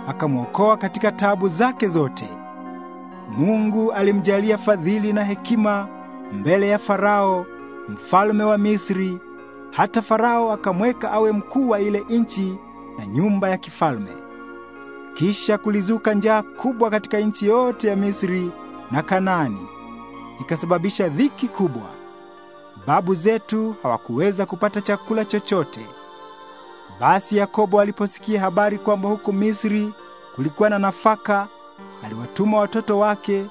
akamwokoa katika tabu zake zote. Mungu alimjalia fadhili na hekima mbele ya Farao, mfalme wa Misri, hata Farao akamweka awe mkuu wa ile nchi na nyumba ya kifalme. Kisha kulizuka njaa kubwa katika nchi yote ya Misri na Kanaani, ikasababisha dhiki kubwa babu zetu hawakuweza kupata chakula chochote. Basi Yakobo aliposikia habari kwamba huko Misri kulikuwa na nafaka, aliwatuma watoto wake,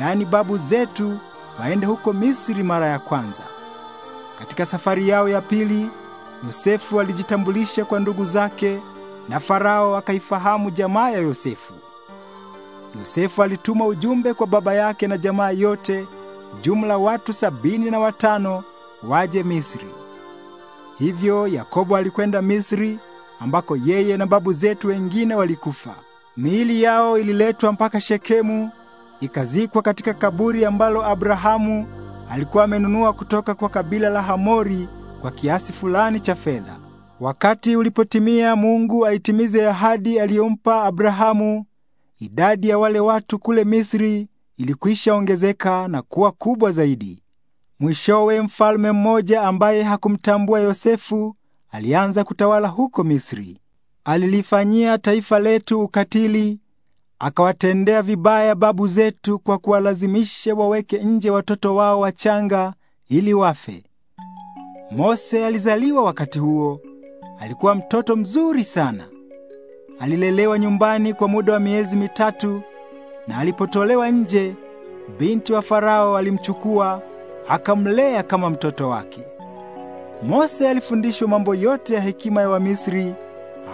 yaani babu zetu, waende huko Misri mara ya kwanza. Katika safari yao ya pili, Yosefu alijitambulisha kwa ndugu zake na Farao akaifahamu jamaa ya Yosefu. Yosefu alituma ujumbe kwa baba yake na jamaa yote jumla watu sabini na watano waje Misri. Hivyo Yakobo alikwenda Misri ambako yeye na babu zetu wengine walikufa. Miili yao ililetwa mpaka Shekemu ikazikwa katika kaburi ambalo Abrahamu alikuwa amenunua kutoka kwa kabila la Hamori kwa kiasi fulani cha fedha. Wakati ulipotimia, Mungu aitimize ahadi aliyompa Abrahamu, idadi ya wale watu kule Misri ilikwisha ongezeka na kuwa kubwa zaidi. Mwishowe, mfalme mmoja ambaye hakumtambua Yosefu alianza kutawala huko Misri. Alilifanyia taifa letu ukatili, akawatendea vibaya babu zetu kwa kuwalazimisha waweke nje watoto wao wachanga ili wafe. Mose alizaliwa wakati huo, alikuwa mtoto mzuri sana. Alilelewa nyumbani kwa muda wa miezi mitatu na alipotolewa nje, binti wa Farao alimchukua akamlea kama mtoto wake. Mose alifundishwa mambo yote ya hekima ya Wamisri,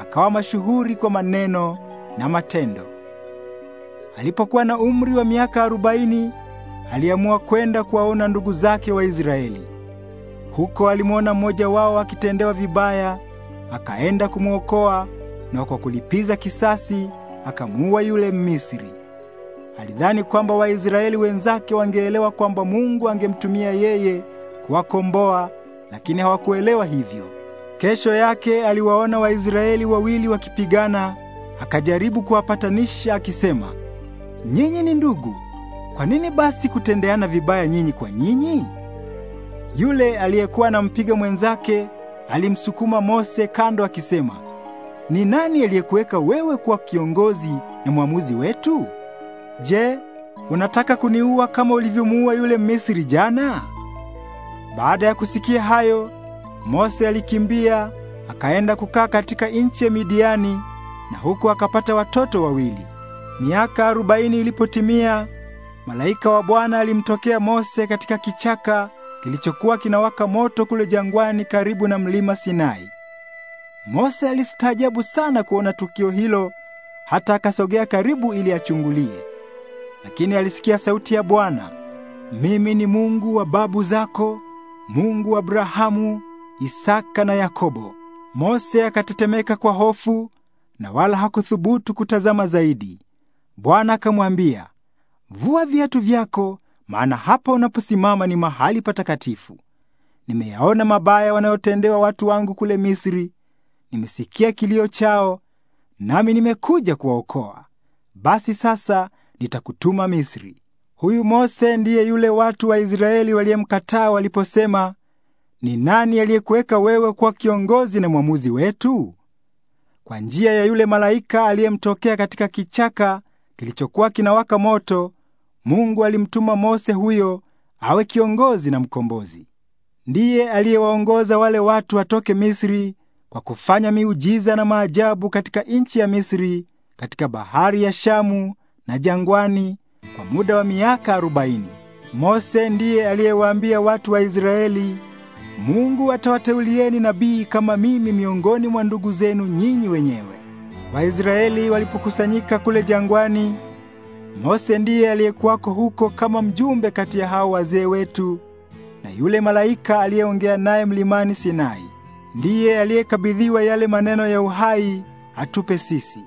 akawa mashuhuri kwa maneno na matendo. Alipokuwa na umri wa miaka arobaini, aliamua kwenda kuwaona ndugu zake wa Israeli. Huko alimwona mmoja wao akitendewa vibaya, akaenda kumwokoa na kwa kulipiza kisasi akamuua yule Misri. Alidhani kwamba Waisraeli wenzake wangeelewa kwamba Mungu angemtumia yeye kuwakomboa, lakini hawakuelewa hivyo. Kesho yake aliwaona Waisraeli wawili wakipigana, akajaribu kuwapatanisha akisema, nyinyi ni ndugu, kwa nini basi kutendeana vibaya nyinyi kwa nyinyi? Yule aliyekuwa anampiga mwenzake alimsukuma Mose kando akisema, ni nani aliyekuweka wewe kuwa kiongozi na mwamuzi wetu? Je, unataka kuniua kama ulivyomuua yule Misri jana? Baada ya kusikia hayo, Mose alikimbia akaenda kukaa katika nchi ya Midiani, na huko akapata watoto wawili. Miaka arobaini ilipotimia, malaika wa Bwana alimtokea Mose katika kichaka kilichokuwa kinawaka moto kule jangwani karibu na mlima Sinai. Mose alistaajabu sana kuona tukio hilo, hata akasogea karibu ili achungulie lakini alisikia sauti ya Bwana, mimi ni Mungu wa babu zako, Mungu wa Abrahamu, Isaka na Yakobo. Mose akatetemeka kwa hofu na wala hakuthubutu kutazama zaidi. Bwana akamwambia, vua viatu vyako, maana hapa unaposimama ni mahali patakatifu. Nimeyaona mabaya wanayotendewa watu wangu kule Misri, nimesikia kilio chao, nami nimekuja kuwaokoa. Basi sasa nitakutuma Misri. Huyu Mose ndiye yule watu wa Israeli waliyemkataa waliposema, ni nani aliyekuweka wewe kuwa kiongozi na mwamuzi wetu? Kwa njia ya yule malaika aliyemtokea katika kichaka kilichokuwa kinawaka moto, Mungu alimtuma Mose huyo awe kiongozi na mkombozi. Ndiye aliyewaongoza wale watu watoke Misri kwa kufanya miujiza na maajabu katika nchi ya Misri, katika bahari ya Shamu na jangwani kwa muda wa miaka arobaini. Mose ndiye aliyewaambia watu wa Israeli, Mungu atawateulieni nabii kama mimi miongoni mwa ndugu zenu nyinyi wenyewe. Waisraeli walipokusanyika kule jangwani, Mose ndiye aliyekuwako huko kama mjumbe kati ya hao wazee wetu, na yule malaika aliyeongea naye mlimani Sinai ndiye aliyekabidhiwa yale maneno ya uhai atupe sisi.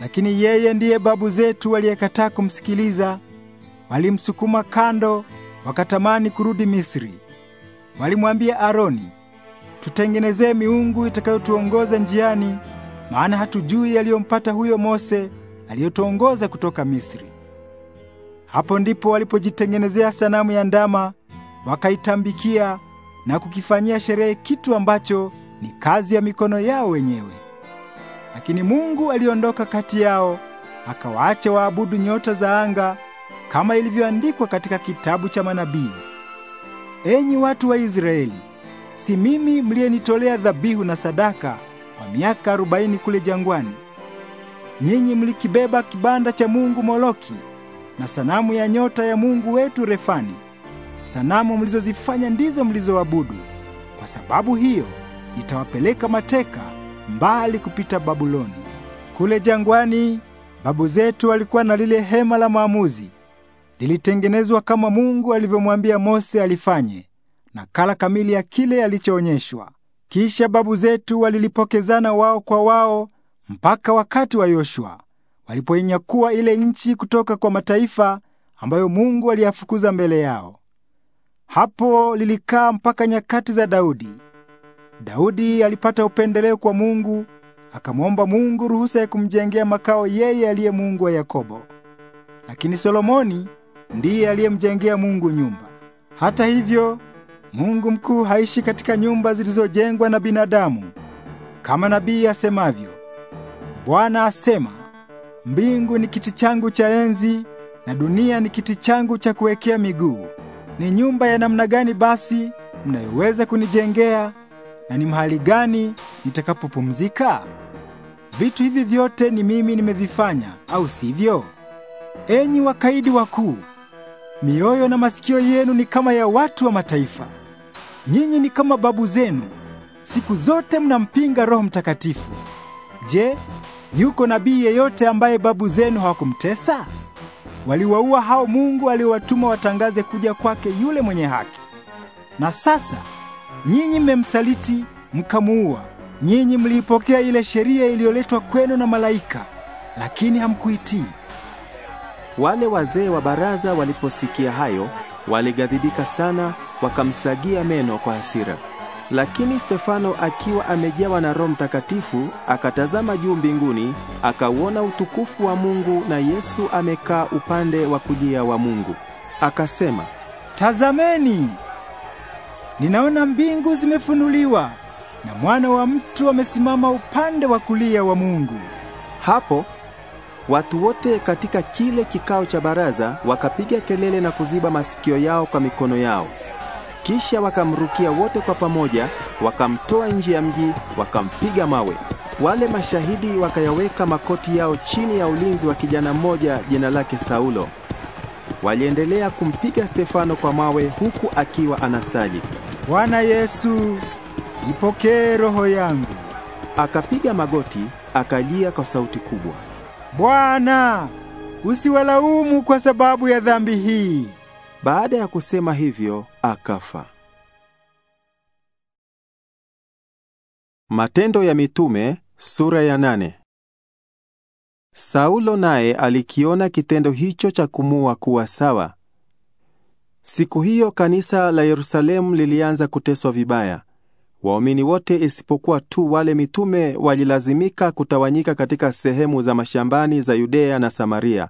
Lakini yeye ndiye babu zetu waliyekataa kumsikiliza, walimsukuma kando, wakatamani kurudi Misri. Walimwambia Aroni, tutengenezee miungu itakayotuongoza njiani, maana hatujui yaliyompata huyo Mose aliyotuongoza kutoka Misri. Hapo ndipo walipojitengenezea sanamu ya ndama, wakaitambikia na kukifanyia sherehe kitu ambacho ni kazi ya mikono yao wenyewe. Lakini Mungu aliondoka kati yao, akawaacha waabudu nyota za anga kama ilivyoandikwa katika kitabu cha manabii: Enyi watu wa Israeli, si mimi mliyenitolea dhabihu na sadaka kwa miaka arobaini kule jangwani? Nyinyi mlikibeba kibanda cha Mungu Moloki na sanamu ya nyota ya Mungu wetu Refani. Sanamu mlizozifanya ndizo mlizoabudu. Kwa sababu hiyo nitawapeleka mateka mbali kupita Babuloni. Kule jangwani babu zetu walikuwa na lile hema la maamuzi, lilitengenezwa kama Mungu alivyomwambia Mose alifanye, nakala kamili ya kile alichoonyeshwa. Kisha babu zetu walilipokezana wao kwa wao mpaka wakati wa Yoshua walipoinyakua ile nchi kutoka kwa mataifa ambayo Mungu aliyafukuza mbele yao. Hapo lilikaa mpaka nyakati za Daudi. Daudi alipata upendeleo kwa Mungu, akamwomba Mungu ruhusa ya kumjengea makao yeye aliye Mungu wa Yakobo. Lakini Solomoni ndiye aliyemjengea Mungu nyumba. Hata hivyo, Mungu mkuu haishi katika nyumba zilizojengwa na binadamu. Kama nabii asemavyo, Bwana asema, mbingu ni kiti changu cha enzi na dunia ni kiti changu cha kuwekea miguu. Ni nyumba ya namna gani basi mnayoweza kunijengea? na ni mahali gani nitakapopumzika? Vitu hivi vyote ni mimi nimevifanya, au sivyo? Enyi wakaidi wakuu, mioyo na masikio yenu ni kama ya watu wa mataifa. Nyinyi ni kama babu zenu, siku zote mnampinga Roho Mtakatifu. Je, yuko nabii yeyote ambaye babu zenu hawakumtesa? Waliwaua hao Mungu aliowatuma watangaze kuja kwake yule mwenye haki. Na sasa Nyinyi mmemsaliti mkamuua. Nyinyi mliipokea ile sheria iliyoletwa kwenu na malaika, lakini hamkuitii. Wale wazee wa baraza waliposikia hayo, waligadhibika sana, wakamsagia meno kwa hasira. Lakini Stefano akiwa amejawa na Roho Mtakatifu akatazama juu mbinguni, akauona utukufu wa Mungu na Yesu amekaa upande wa kulia wa Mungu. Akasema, "Tazameni!" ninaona mbingu zimefunuliwa na mwana wa mtu amesimama upande wa kulia wa Mungu. Hapo watu wote katika kile kikao cha baraza wakapiga kelele na kuziba masikio yao kwa mikono yao. Kisha wakamrukia wote kwa pamoja, wakamtoa nje ya mji, wakampiga mawe. Wale mashahidi wakayaweka makoti yao chini ya ulinzi wa kijana mmoja jina lake Saulo. Waliendelea kumpiga Stefano kwa mawe huku akiwa anasali, Bwana Yesu, ipokee roho yangu. Akapiga magoti, akalia kwa sauti kubwa, Bwana, usiwalaumu kwa sababu ya dhambi hii. Baada ya kusema hivyo, akafa. Matendo ya Mitume sura ya nane. Saulo naye alikiona kitendo hicho cha kumua kuwa sawa. Siku hiyo kanisa la Yerusalemu lilianza kuteswa vibaya. Waumini wote isipokuwa tu wale mitume walilazimika kutawanyika katika sehemu za mashambani za Yudea na Samaria.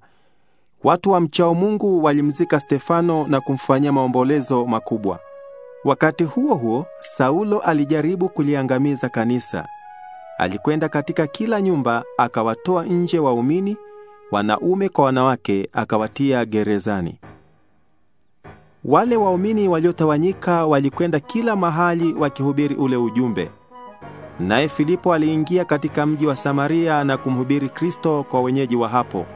Watu wa mchao Mungu walimzika Stefano na kumfanyia maombolezo makubwa. Wakati huo huo, Saulo alijaribu kuliangamiza kanisa. Alikwenda katika kila nyumba akawatoa nje waumini wanaume kwa wanawake akawatia gerezani. Wale waumini waliotawanyika walikwenda kila mahali wakihubiri ule ujumbe. Naye Filipo aliingia katika mji wa Samaria na kumhubiri Kristo kwa wenyeji wa hapo.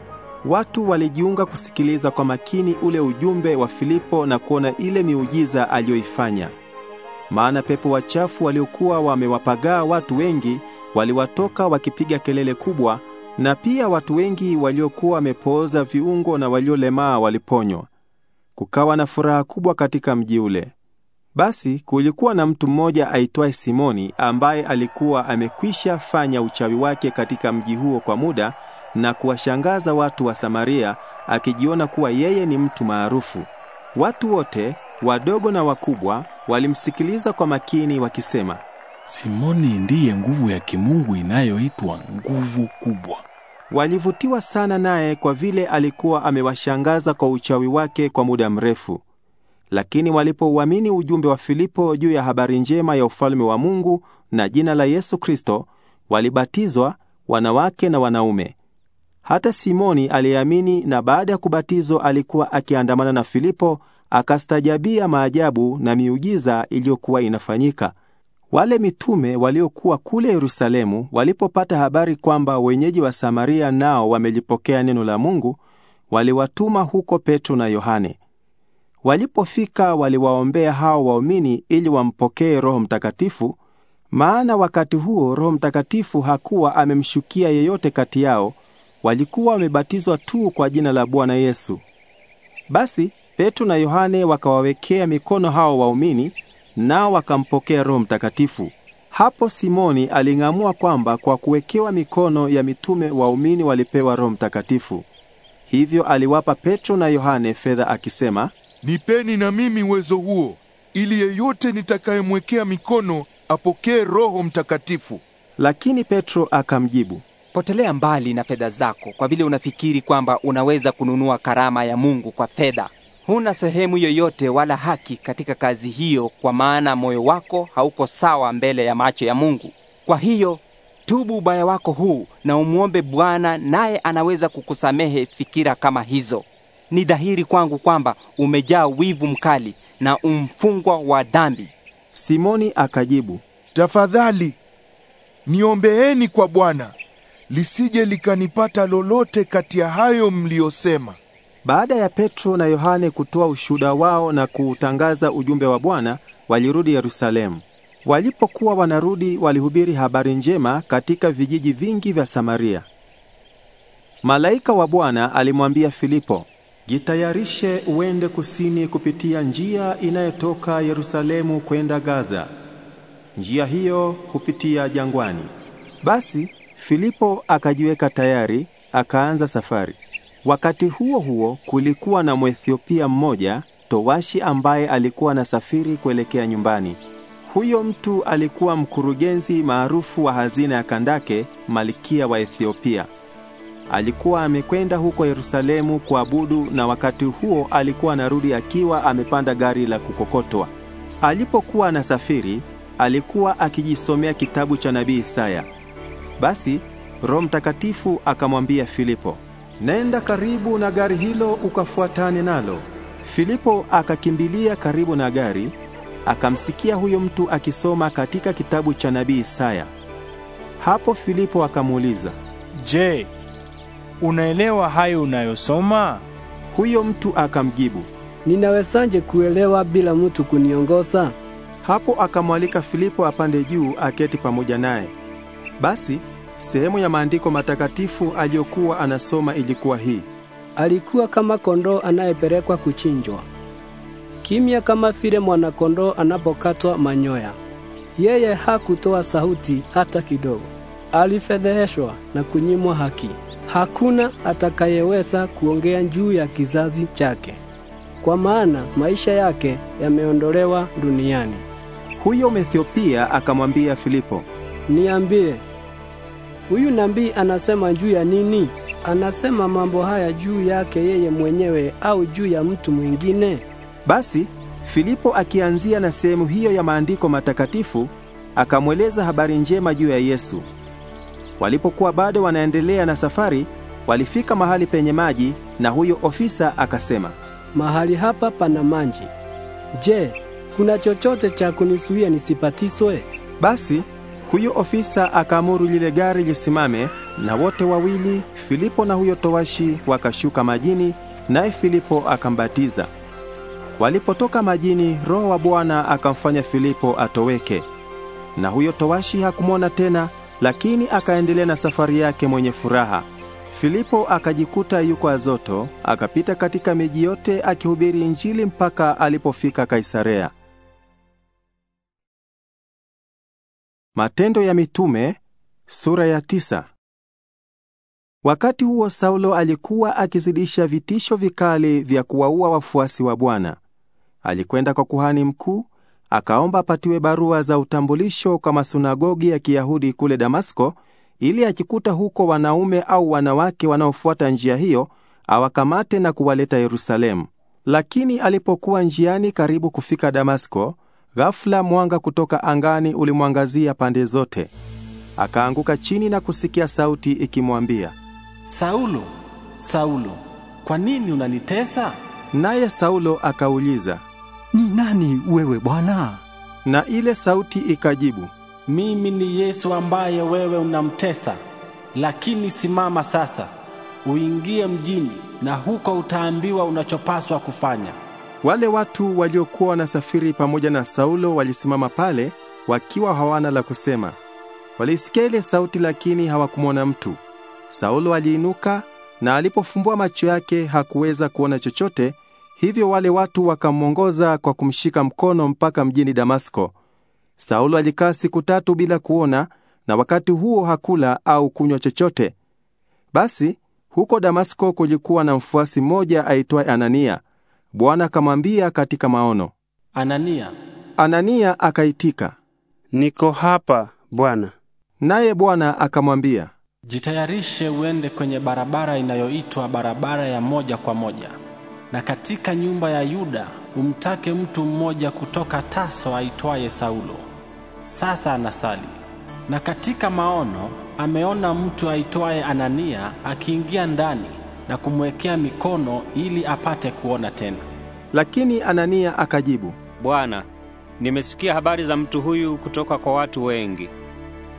Watu walijiunga kusikiliza kwa makini ule ujumbe wa Filipo na kuona ile miujiza aliyoifanya. Maana pepo wachafu waliokuwa wamewapagaa watu wengi waliwatoka wakipiga kelele kubwa, na pia watu wengi waliokuwa wamepooza viungo na waliolemaa waliponywa. Kukawa na furaha kubwa katika mji ule. Basi kulikuwa na mtu mmoja aitwaye Simoni ambaye alikuwa amekwisha fanya uchawi wake katika mji huo kwa muda na kuwashangaza watu wa Samaria akijiona kuwa yeye ni mtu maarufu. Watu wote, wadogo na wakubwa, walimsikiliza kwa makini wakisema, Simoni ndiye nguvu ya kimungu inayoitwa nguvu kubwa. Walivutiwa sana naye kwa vile alikuwa amewashangaza kwa uchawi wake kwa muda mrefu. Lakini walipouamini ujumbe wa Filipo juu ya habari njema ya ufalme wa Mungu na jina la Yesu Kristo, walibatizwa wanawake na wanaume. Hata Simoni aliyeamini na baada ya kubatizwa alikuwa akiandamana na Filipo, akastajabia maajabu na miujiza iliyokuwa inafanyika. Wale mitume waliokuwa kule Yerusalemu walipopata habari kwamba wenyeji wa Samaria nao wamelipokea neno la Mungu, waliwatuma huko Petro na Yohane. Walipofika waliwaombea hao waumini ili wampokee Roho Mtakatifu, maana wakati huo Roho Mtakatifu hakuwa amemshukia yeyote kati yao, walikuwa wamebatizwa tu kwa jina la Bwana Yesu. Basi Petro na Yohane wakawawekea mikono hao waumini nao wakampokea Roho Mtakatifu. Hapo Simoni aling'amua kwamba kwa kuwekewa mikono ya mitume waumini walipewa Roho Mtakatifu. Hivyo aliwapa Petro na Yohane fedha akisema, nipeni na mimi uwezo huo ili yeyote nitakayemwekea mikono apokee Roho Mtakatifu. Lakini Petro akamjibu, potelea mbali na fedha zako, kwa vile unafikiri kwamba unaweza kununua karama ya Mungu kwa fedha huna sehemu yoyote wala haki katika kazi hiyo, kwa maana moyo wako hauko sawa mbele ya macho ya Mungu. Kwa hiyo tubu ubaya wako huu na umwombe Bwana, naye anaweza kukusamehe fikira kama hizo. Ni dhahiri kwangu kwamba umejaa wivu mkali na umfungwa wa dhambi. Simoni akajibu, tafadhali niombeeni kwa Bwana lisije likanipata lolote kati ya hayo mliyosema. Baada ya Petro na Yohane kutoa ushuhuda wao na kuutangaza ujumbe wa Bwana, walirudi Yerusalemu. Walipokuwa wanarudi, walihubiri habari njema katika vijiji vingi vya Samaria. Malaika wa Bwana alimwambia Filipo, "Jitayarishe uende kusini kupitia njia inayotoka Yerusalemu kwenda Gaza. Njia hiyo hupitia jangwani." Basi Filipo akajiweka tayari, akaanza safari. Wakati huo huo kulikuwa na Mwethiopia mmoja towashi ambaye alikuwa anasafiri kuelekea nyumbani. Huyo mtu alikuwa mkurugenzi maarufu wa hazina ya Kandake, malikia wa Ethiopia. Alikuwa amekwenda huko Yerusalemu kuabudu na wakati huo alikuwa anarudi akiwa amepanda gari la kukokotwa. Alipokuwa anasafiri, alikuwa akijisomea kitabu cha nabii Isaya. Basi Roho Mtakatifu akamwambia Filipo, nenda karibu na gari hilo ukafuatane nalo. Filipo akakimbilia karibu na gari, akamsikia huyo mtu akisoma katika kitabu cha nabii Isaya. Hapo Filipo akamuuliza, "Je, unaelewa hayo unayosoma?" Huyo mtu akamjibu, "Ninawezaje kuelewa bila mtu kuniongoza?" Hapo akamwalika Filipo apande juu aketi pamoja naye. Basi Sehemu ya maandiko matakatifu aliyokuwa anasoma ilikuwa hii: alikuwa kama kondoo anayepelekwa kuchinjwa, kimya kama vile mwanakondoo anapokatwa manyoya. Yeye hakutoa sauti hata kidogo. Alifedheheshwa na kunyimwa haki. Hakuna atakayeweza kuongea juu ya kizazi chake, kwa maana maisha yake yameondolewa duniani. Huyo Methiopia akamwambia Filipo, niambie Huyu nabii anasema juu ya nini? Anasema mambo haya juu yake yeye mwenyewe au juu ya mtu mwingine? Basi Filipo akianzia na sehemu hiyo ya maandiko matakatifu akamweleza habari njema juu ya Yesu. Walipokuwa bado wanaendelea na safari, walifika mahali penye maji na huyo ofisa akasema, "Mahali hapa pana maji. Je, kuna chochote cha kunisuia nisipatiswe?" Basi huyo ofisa akaamuru lile gari lisimame, na wote wawili, Filipo na huyo towashi, wakashuka majini, naye Filipo akambatiza. Walipotoka majini, Roho wa Bwana akamfanya Filipo atoweke, na huyo towashi hakumwona tena, lakini akaendelea na safari yake mwenye furaha. Filipo akajikuta yuko Azoto, akapita katika miji yote akihubiri Injili mpaka alipofika Kaisarea. Matendo ya Mitume sura ya tisa. Wakati huo Saulo alikuwa akizidisha vitisho vikali vya kuwaua wafuasi wa Bwana. Alikwenda kwa kuhani mkuu, akaomba apatiwe barua za utambulisho kwa masunagogi ya Kiyahudi kule Damasko, ili akikuta huko wanaume au wanawake wanaofuata njia hiyo, awakamate na kuwaleta Yerusalemu. Lakini alipokuwa njiani karibu kufika Damasko, Ghafla mwanga kutoka angani ulimwangazia pande zote. Akaanguka chini na kusikia sauti ikimwambia, Saulo, Saulo, kwa nini unanitesa? Naye Saulo akauliza, ni nani wewe Bwana? Na ile sauti ikajibu, mimi ni Yesu ambaye wewe unamtesa. Lakini simama sasa, uingie mjini na huko utaambiwa unachopaswa kufanya. Wale watu waliokuwa wanasafiri pamoja na Saulo walisimama pale wakiwa hawana la kusema. Walisikia ile sauti lakini hawakumwona mtu. Saulo aliinuka na alipofumbua macho yake hakuweza kuona chochote, hivyo wale watu wakamwongoza kwa kumshika mkono mpaka mjini Damasko. Saulo alikaa siku tatu bila kuona na wakati huo hakula au kunywa chochote. Basi huko Damasko kulikuwa na mfuasi mmoja aitwaye Anania. Bwana akamwambia katika maono, Anania. Anania akaitika, niko hapa Bwana. Naye Bwana akamwambia, jitayarishe uende kwenye barabara inayoitwa barabara ya moja kwa moja, na katika nyumba ya Yuda umtake mtu mmoja kutoka Taso aitwaye Saulo. Sasa anasali, na katika maono ameona mtu aitwaye Anania akiingia ndani na kumwekea mikono ili apate kuona tena. Lakini Anania akajibu, Bwana, nimesikia habari za mtu huyu kutoka kwa watu wengi.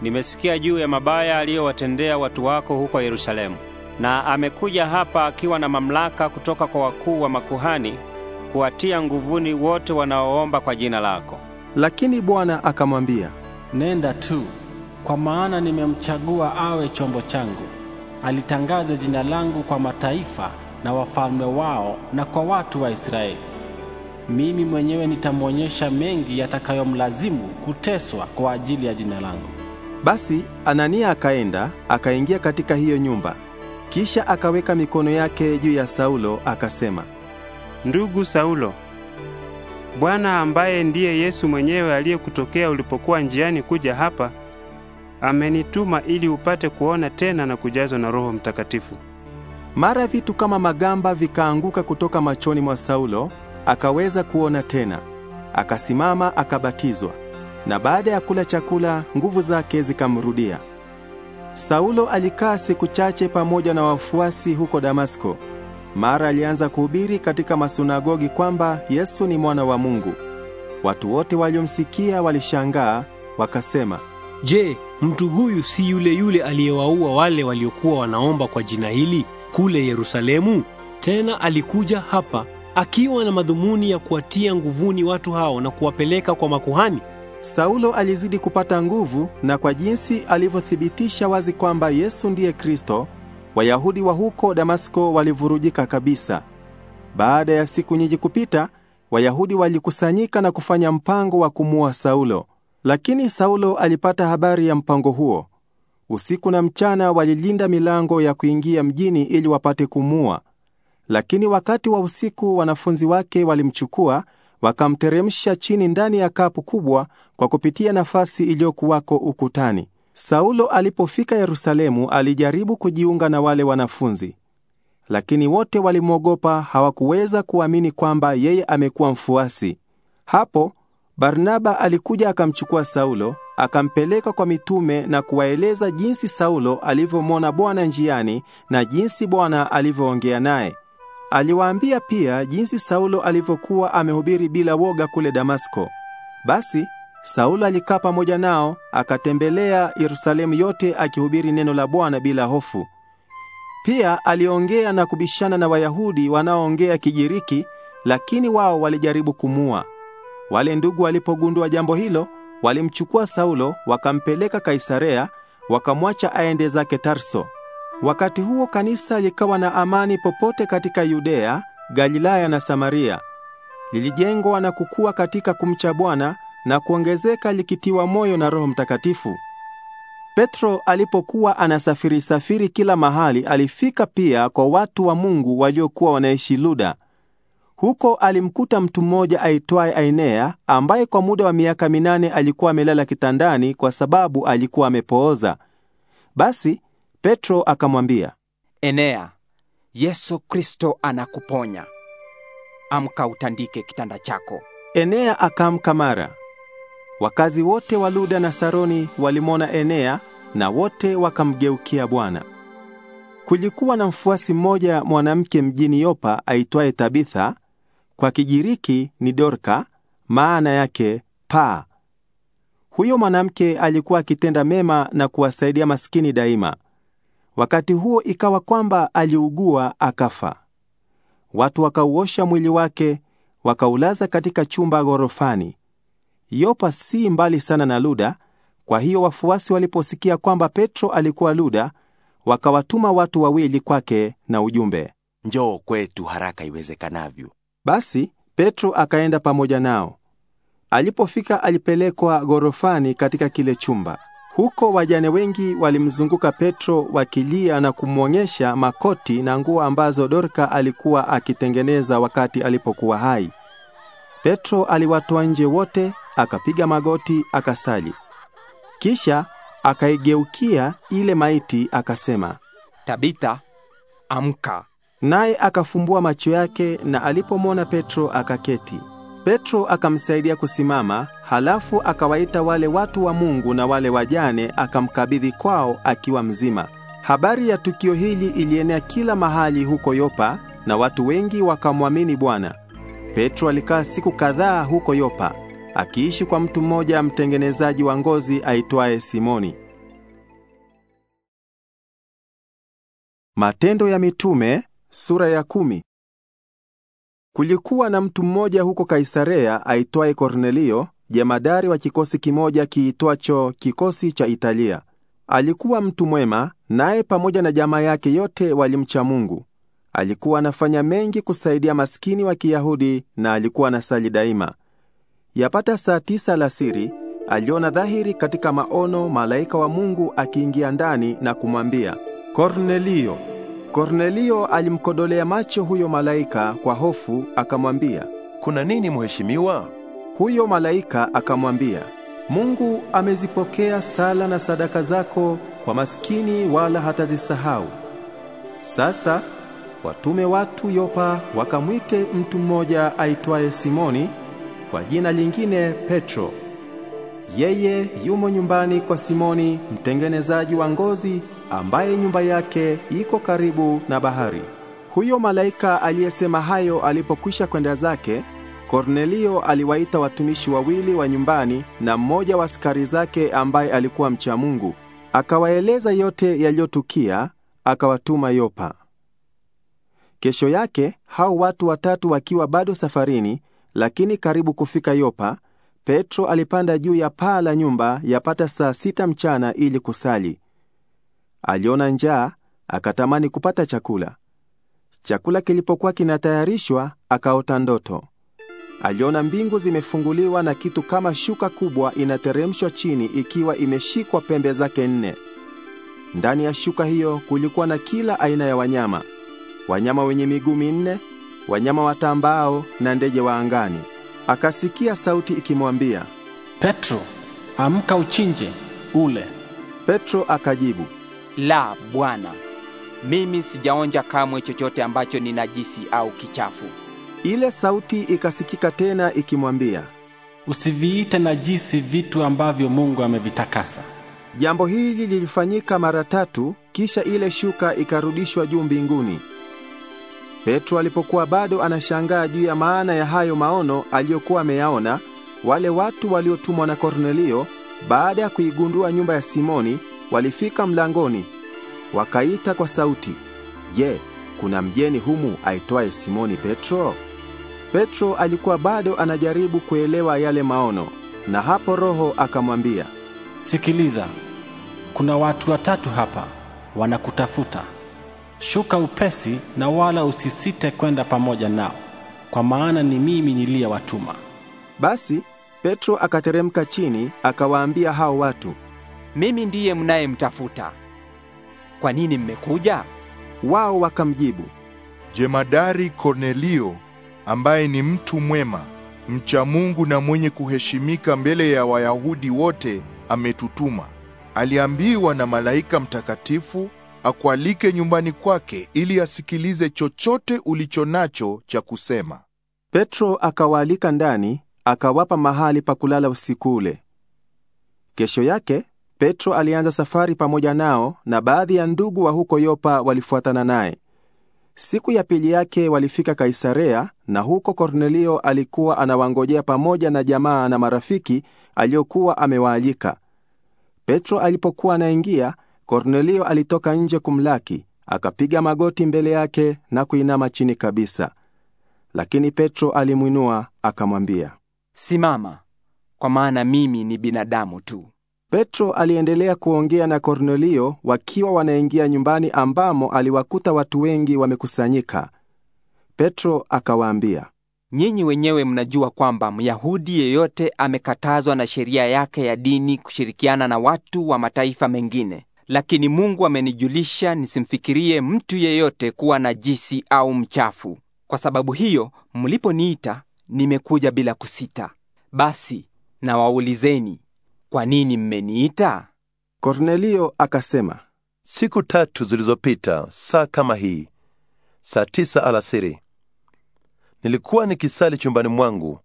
Nimesikia juu ya mabaya aliyowatendea watu wako huko Yerusalemu, na amekuja hapa akiwa na mamlaka kutoka kwa wakuu wa makuhani kuwatia nguvuni wote wanaoomba kwa jina lako. Lakini Bwana akamwambia, nenda tu, kwa maana nimemchagua awe chombo changu alitangaza jina langu kwa mataifa na wafalme wao na kwa watu wa Israeli. Mimi mwenyewe nitamwonyesha mengi yatakayomlazimu kuteswa kwa ajili ya jina langu. Basi Anania akaenda akaingia katika hiyo nyumba, kisha akaweka mikono yake juu ya Saulo akasema, ndugu Saulo, Bwana ambaye ndiye Yesu mwenyewe aliyekutokea ulipokuwa njiani kuja hapa amenituma ili upate kuona tena na kujazwa na Roho Mtakatifu. Mara vitu kama magamba vikaanguka kutoka machoni mwa Saulo, akaweza kuona tena. Akasimama akabatizwa, na baada ya kula chakula nguvu zake zikamrudia. Saulo alikaa siku chache pamoja na wafuasi huko Damasko. Mara alianza kuhubiri katika masunagogi kwamba Yesu ni mwana wa Mungu. Watu wote waliomsikia walishangaa, wakasema Je, mtu huyu si yule yule aliyewaua wale waliokuwa wanaomba kwa jina hili kule Yerusalemu? Tena alikuja hapa akiwa na madhumuni ya kuwatia nguvuni watu hao na kuwapeleka kwa makuhani. Saulo alizidi kupata nguvu, na kwa jinsi alivyothibitisha wazi kwamba Yesu ndiye Kristo, Wayahudi wa huko Damasko walivurujika kabisa. Baada ya siku nyingi kupita, Wayahudi walikusanyika na kufanya mpango wa kumua Saulo. Lakini Saulo alipata habari ya mpango huo. Usiku na mchana walilinda milango ya kuingia mjini ili wapate kumua. Lakini wakati wa usiku wanafunzi wake walimchukua, wakamteremsha chini ndani ya kapu kubwa kwa kupitia nafasi iliyokuwako ukutani. Saulo alipofika Yerusalemu alijaribu kujiunga na wale wanafunzi. Lakini wote walimwogopa, hawakuweza kuamini kwamba yeye amekuwa mfuasi. Hapo Barnaba alikuja akamchukua Saulo, akampeleka kwa mitume na kuwaeleza jinsi Saulo alivyomwona Bwana njiani na jinsi Bwana alivyoongea naye. Aliwaambia pia jinsi Saulo alivyokuwa amehubiri bila woga kule Damasko. Basi Saulo alikaa pamoja nao, akatembelea Yerusalemu yote akihubiri neno la Bwana bila hofu. Pia aliongea na kubishana na Wayahudi wanaoongea Kigiriki, lakini wao walijaribu kumua. Wale ndugu walipogundua jambo hilo, walimchukua Saulo wakampeleka Kaisarea, wakamwacha aende zake Tarso. Wakati huo kanisa likawa na amani popote katika Yudea, Galilaya na Samaria. Lilijengwa na kukua katika kumcha Bwana na kuongezeka likitiwa moyo na Roho Mtakatifu. Petro alipokuwa anasafiri safiri kila mahali, alifika pia kwa watu wa Mungu waliokuwa wanaishi Luda. Huko alimkuta mtu mmoja aitwaye Ainea ambaye kwa muda wa miaka minane alikuwa amelala kitandani kwa sababu alikuwa amepooza. Basi Petro akamwambia, Enea, Yesu Kristo anakuponya. Amka utandike kitanda chako. Enea akaamka mara. Wakazi wote wa Luda na Saroni walimwona Enea na wote wakamgeukia Bwana. Kulikuwa na mfuasi mmoja mwanamke mjini Yopa aitwaye Tabitha kwa Kigiriki ni Dorka, maana yake paa. Huyo mwanamke alikuwa akitenda mema na kuwasaidia maskini daima. Wakati huo ikawa kwamba aliugua akafa. Watu wakauosha mwili wake, wakaulaza katika chumba ghorofani. Yopa si mbali sana na Luda, kwa hiyo wafuasi waliposikia kwamba Petro alikuwa Luda, wakawatuma watu wawili kwake na ujumbe, njoo kwetu haraka iwezekanavyo. Basi Petro akaenda pamoja nao. Alipofika alipelekwa ghorofani katika kile chumba. Huko wajane wengi walimzunguka Petro wakilia na kumwonyesha makoti na nguo ambazo Dorka alikuwa akitengeneza wakati alipokuwa hai. Petro aliwatoa nje wote, akapiga magoti, akasali. Kisha akaigeukia ile maiti akasema, Tabita, amka. Naye akafumbua macho yake na alipomwona Petro akaketi. Petro akamsaidia kusimama, halafu akawaita wale watu wa Mungu na wale wajane akamkabidhi kwao akiwa mzima. Habari ya tukio hili ilienea kila mahali huko Yopa na watu wengi wakamwamini Bwana. Petro alikaa siku kadhaa huko Yopa, akiishi kwa mtu mmoja mtengenezaji wa ngozi aitwaye Simoni. Matendo ya Mitume Sura ya kumi. Kulikuwa na mtu mmoja huko Kaisarea aitwaye Kornelio, jemadari wa kikosi kimoja kiitwacho kikosi cha Italia. Alikuwa mtu mwema, naye pamoja na jamaa yake yote walimcha Mungu. Alikuwa anafanya mengi kusaidia maskini wa Kiyahudi na alikuwa anasali daima. Yapata saa tisa alasiri, aliona dhahiri katika maono malaika wa Mungu akiingia ndani na kumwambia, Kornelio. Kornelio alimkodolea macho huyo malaika kwa hofu, akamwambia, kuna nini mheshimiwa? Huyo malaika akamwambia, Mungu amezipokea sala na sadaka zako kwa maskini, wala hatazisahau. Sasa watume watu Yopa wakamwite mtu mmoja aitwaye Simoni kwa jina lingine Petro. Yeye yumo nyumbani kwa Simoni mtengenezaji wa ngozi ambaye nyumba yake iko karibu na bahari. Huyo malaika aliyesema hayo alipokwisha kwenda zake, Kornelio aliwaita watumishi wawili wa nyumbani na mmoja wa askari zake ambaye alikuwa mcha Mungu, akawaeleza yote yaliyotukia, akawatuma Yopa. Kesho yake hao watu watatu wakiwa bado safarini, lakini karibu kufika Yopa, Petro alipanda juu ya paa la nyumba yapata saa sita mchana ili kusali. Aliona njaa akatamani kupata chakula. Chakula kilipokuwa kinatayarishwa, akaota ndoto. Aliona mbingu zimefunguliwa na kitu kama shuka kubwa inateremshwa chini ikiwa imeshikwa pembe zake nne. Ndani ya shuka hiyo kulikuwa na kila aina ya wanyama, wanyama wenye miguu minne, wanyama watambao na ndege wa angani. Akasikia sauti ikimwambia, Petro, amka uchinje ule. Petro akajibu la, Bwana, mimi sijaonja kamwe chochote ambacho ni najisi au kichafu. Ile sauti ikasikika tena ikimwambia, usiviite najisi vitu ambavyo Mungu amevitakasa. Jambo hili lilifanyika mara tatu, kisha ile shuka ikarudishwa juu mbinguni. Petro alipokuwa bado anashangaa juu ya maana ya hayo maono aliyokuwa ameyaona, wale watu waliotumwa na Kornelio, baada ya kuigundua nyumba ya Simoni Walifika mlangoni, wakaita kwa sauti, Je, kuna mgeni humu aitwaye Simoni Petro? Petro alikuwa bado anajaribu kuelewa yale maono, na hapo Roho akamwambia, Sikiliza, kuna watu watatu hapa wanakutafuta. Shuka upesi na wala usisite kwenda pamoja nao, kwa maana ni mimi niliyewatuma. Basi Petro akateremka chini akawaambia hao watu, mimi ndiye mnayemtafuta. Kwa nini mmekuja? Wao wakamjibu, jemadari Kornelio, ambaye ni mtu mwema, mcha Mungu na mwenye kuheshimika mbele ya Wayahudi wote, ametutuma. Aliambiwa na malaika mtakatifu akualike nyumbani kwake ili asikilize chochote ulicho nacho cha kusema. Petro akawaalika ndani, akawapa mahali pa kulala usiku ule. Kesho yake Petro alianza safari pamoja nao na baadhi ya ndugu wa huko Yopa walifuatana naye. Siku ya pili yake walifika Kaisarea na huko Kornelio alikuwa anawangojea pamoja na jamaa na marafiki aliyokuwa amewaalika. Petro alipokuwa anaingia, Kornelio alitoka nje kumlaki, akapiga magoti mbele yake na kuinama chini kabisa. Lakini Petro alimwinua akamwambia, "Simama, kwa maana mimi ni binadamu tu." Petro aliendelea kuongea na Kornelio wakiwa wanaingia nyumbani ambamo aliwakuta watu wengi wamekusanyika. Petro akawaambia, Nyinyi wenyewe mnajua kwamba Myahudi yeyote amekatazwa na sheria yake ya dini kushirikiana na watu wa mataifa mengine. Lakini Mungu amenijulisha nisimfikirie mtu yeyote kuwa najisi au mchafu. Kwa sababu hiyo, mliponiita nimekuja bila kusita. Basi nawaulizeni, kwa nini mmeniita? Kornelio akasema, siku tatu zilizopita saa kama hii, saa tisa alasiri, nilikuwa nikisali chumbani mwangu.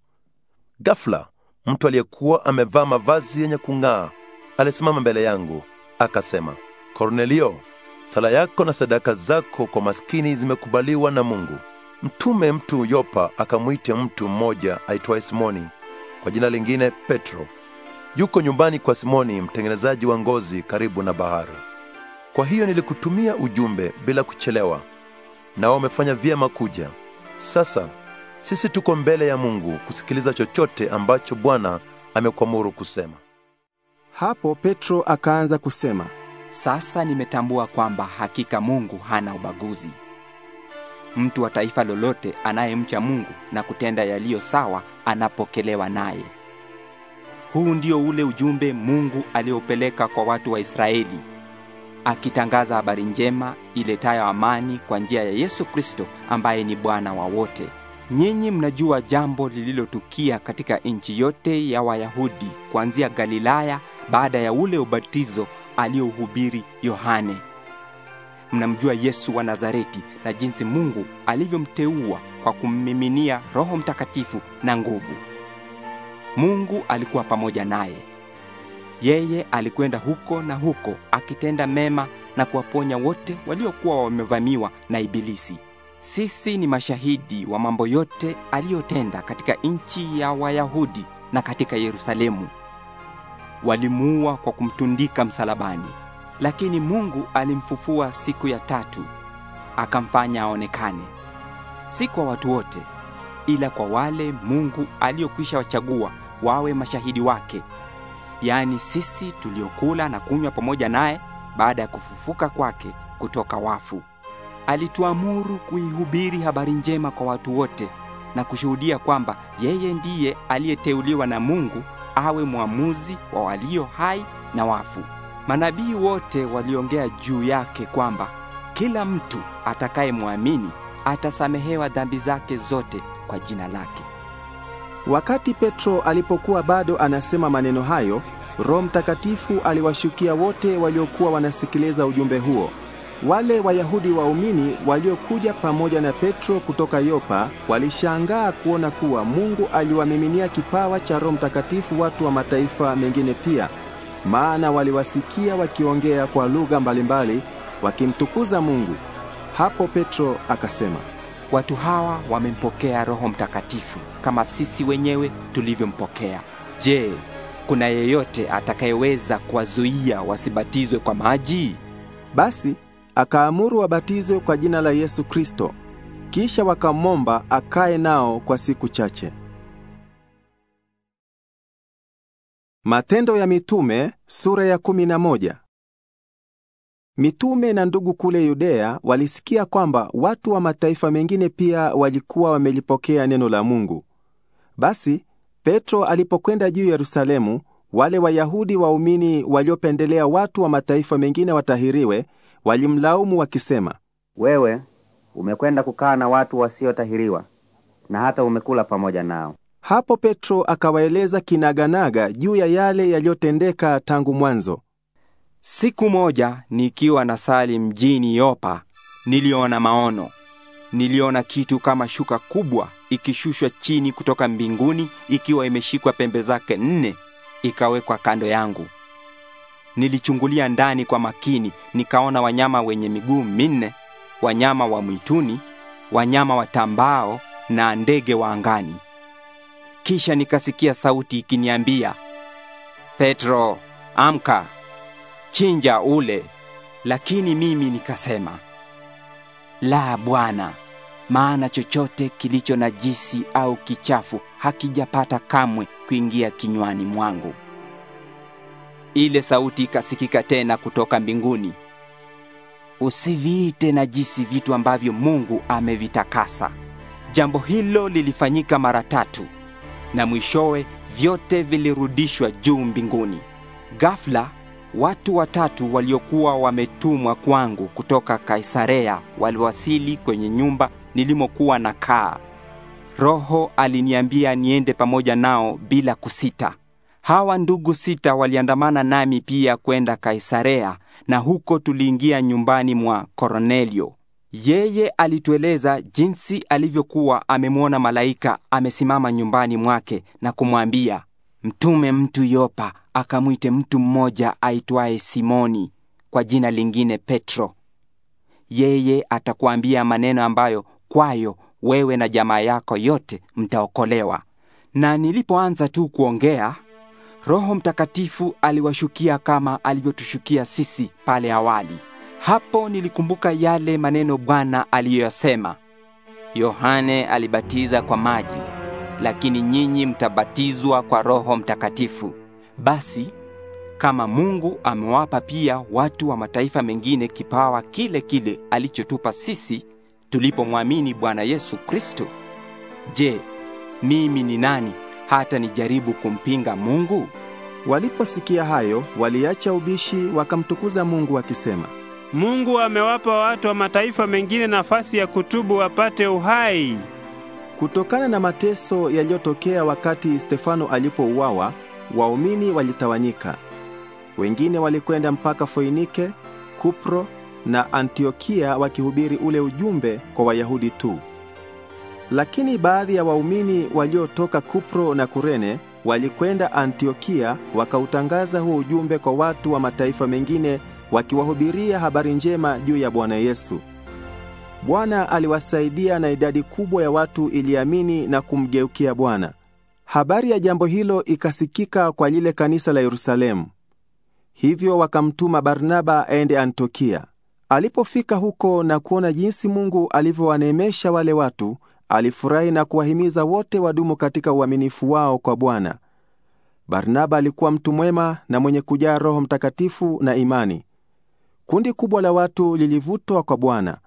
Ghafla mtu aliyekuwa amevaa mavazi yenye kung'aa alisimama mbele yangu akasema, Kornelio, sala yako na sadaka zako kwa maskini zimekubaliwa na Mungu. Mtume mtu Yopa akamwite mtu mmoja aitwaye Simoni, kwa jina lingine Petro. Yuko nyumbani kwa Simoni mtengenezaji wa ngozi karibu na bahari. Kwa hiyo nilikutumia ujumbe bila kuchelewa, nao wamefanya vyema kuja. Sasa sisi tuko mbele ya Mungu kusikiliza chochote ambacho Bwana amekuamuru kusema. Hapo Petro akaanza kusema, sasa nimetambua kwamba hakika Mungu hana ubaguzi. Mtu wa taifa lolote anayemcha Mungu na kutenda yaliyo sawa anapokelewa naye. Huu ndio ule ujumbe Mungu aliopeleka kwa watu wa Israeli, akitangaza habari njema iletayo amani kwa njia ya Yesu Kristo ambaye ni Bwana wa wote. Nyinyi mnajua jambo lililotukia katika nchi yote ya Wayahudi kuanzia Galilaya baada ya ule ubatizo aliohubiri Yohane. Mnamjua Yesu wa Nazareti na jinsi Mungu alivyomteua kwa kummiminia Roho Mtakatifu na nguvu. Mungu alikuwa pamoja naye. Yeye alikwenda huko na huko akitenda mema na kuwaponya wote waliokuwa wamevamiwa na Ibilisi. Sisi ni mashahidi wa mambo yote aliyotenda katika nchi ya Wayahudi na katika Yerusalemu. Walimuua kwa kumtundika msalabani, lakini Mungu alimfufua siku ya tatu, akamfanya aonekane, si kwa watu wote, ila kwa wale Mungu aliyokwisha wachagua wawe mashahidi wake, yaani sisi tuliokula na kunywa pamoja naye baada ya kufufuka kwake kutoka wafu. Alituamuru kuihubiri habari njema kwa watu wote na kushuhudia kwamba yeye ndiye aliyeteuliwa na Mungu awe mwamuzi wa walio hai na wafu. Manabii wote waliongea juu yake kwamba kila mtu atakayemwamini atasamehewa dhambi zake zote kwa jina lake. Wakati Petro alipokuwa bado anasema maneno hayo, Roho Mtakatifu aliwashukia wote waliokuwa wanasikiliza ujumbe huo. Wale Wayahudi waumini waliokuja pamoja na Petro kutoka Yopa walishangaa kuona kuwa Mungu aliwamiminia kipawa cha Roho Mtakatifu watu wa mataifa mengine pia, maana waliwasikia wakiongea kwa lugha mbalimbali wakimtukuza Mungu. Hapo Petro akasema, Watu hawa wamempokea Roho Mtakatifu kama sisi wenyewe tulivyompokea. Je, kuna yeyote atakayeweza kuwazuia wasibatizwe kwa maji? Basi akaamuru wabatizwe kwa jina la Yesu Kristo. Kisha wakamwomba akae nao kwa siku chache. Matendo ya Mitume sura ya kumi na moja. Mitume na ndugu kule Yudea walisikia kwamba watu wa mataifa mengine pia walikuwa wamelipokea neno la Mungu. Basi Petro alipokwenda juu Yerusalemu, wale Wayahudi waumini waliopendelea watu wa mataifa mengine watahiriwe walimlaumu wakisema, wewe umekwenda kukaa na watu wasiotahiriwa na hata umekula pamoja nao. Hapo Petro akawaeleza kinaganaga juu ya yale yaliyotendeka tangu mwanzo. Siku moja nikiwa na sali mjini Yopa, niliona maono. Niliona kitu kama shuka kubwa ikishushwa chini kutoka mbinguni ikiwa imeshikwa pembe zake nne, ikawekwa kando yangu. Nilichungulia ndani kwa makini, nikaona wanyama wenye miguu minne, wanyama wa mwituni, wanyama watambao na ndege wa angani. Kisha nikasikia sauti ikiniambia, Petro, amka chinja ule. Lakini mimi nikasema, la, Bwana, maana chochote kilicho najisi au kichafu hakijapata kamwe kuingia kinywani mwangu. Ile sauti ikasikika tena kutoka mbinguni, usiviite najisi vitu ambavyo Mungu amevitakasa. Jambo hilo lilifanyika mara tatu, na mwishowe vyote vilirudishwa juu mbinguni. Ghafla Watu watatu waliokuwa wametumwa kwangu kutoka Kaisarea waliwasili kwenye nyumba nilimokuwa nakaa. Roho aliniambia niende pamoja nao bila kusita. Hawa ndugu sita waliandamana nami pia kwenda Kaisarea na huko tuliingia nyumbani mwa Kornelio. Yeye alitueleza jinsi alivyokuwa amemwona malaika amesimama nyumbani mwake na kumwambia, mtume mtu Yopa akamwite mtu mmoja aitwaye Simoni kwa jina lingine Petro. Yeye atakuambia maneno ambayo kwayo wewe na jamaa yako yote mtaokolewa. Na nilipoanza tu kuongea, Roho Mtakatifu aliwashukia kama alivyotushukia sisi pale awali. Hapo nilikumbuka yale maneno Bwana aliyoyasema, Yohane alibatiza kwa maji lakini nyinyi mtabatizwa kwa Roho Mtakatifu. Basi kama Mungu amewapa pia watu wa mataifa mengine kipawa kile kile alichotupa sisi tulipomwamini Bwana Yesu Kristo, je, mimi ni nani hata nijaribu kumpinga Mungu? Waliposikia hayo, waliacha ubishi wakamtukuza Mungu wakisema, Mungu amewapa watu wa mataifa mengine nafasi ya kutubu wapate uhai. Kutokana na mateso yaliyotokea wakati Stefano alipouawa, waumini walitawanyika. Wengine walikwenda mpaka Foinike, Kupro na Antiokia wakihubiri ule ujumbe kwa Wayahudi tu. Lakini baadhi ya waumini waliotoka Kupro na Kurene walikwenda Antiokia wakautangaza huo ujumbe kwa watu wa mataifa mengine wakiwahubiria habari njema juu ya Bwana Yesu. Bwana aliwasaidia na idadi kubwa ya watu iliamini na kumgeukia Bwana. Habari ya jambo hilo ikasikika kwa lile kanisa la Yerusalemu. Hivyo wakamtuma Barnaba aende Antiokia. Alipofika huko na kuona jinsi Mungu alivyowaneemesha wale watu, alifurahi na kuwahimiza wote wadumu katika uaminifu wao kwa Bwana. Barnaba alikuwa mtu mwema na mwenye kujaa Roho Mtakatifu na imani. Kundi kubwa la watu lilivutwa kwa Bwana.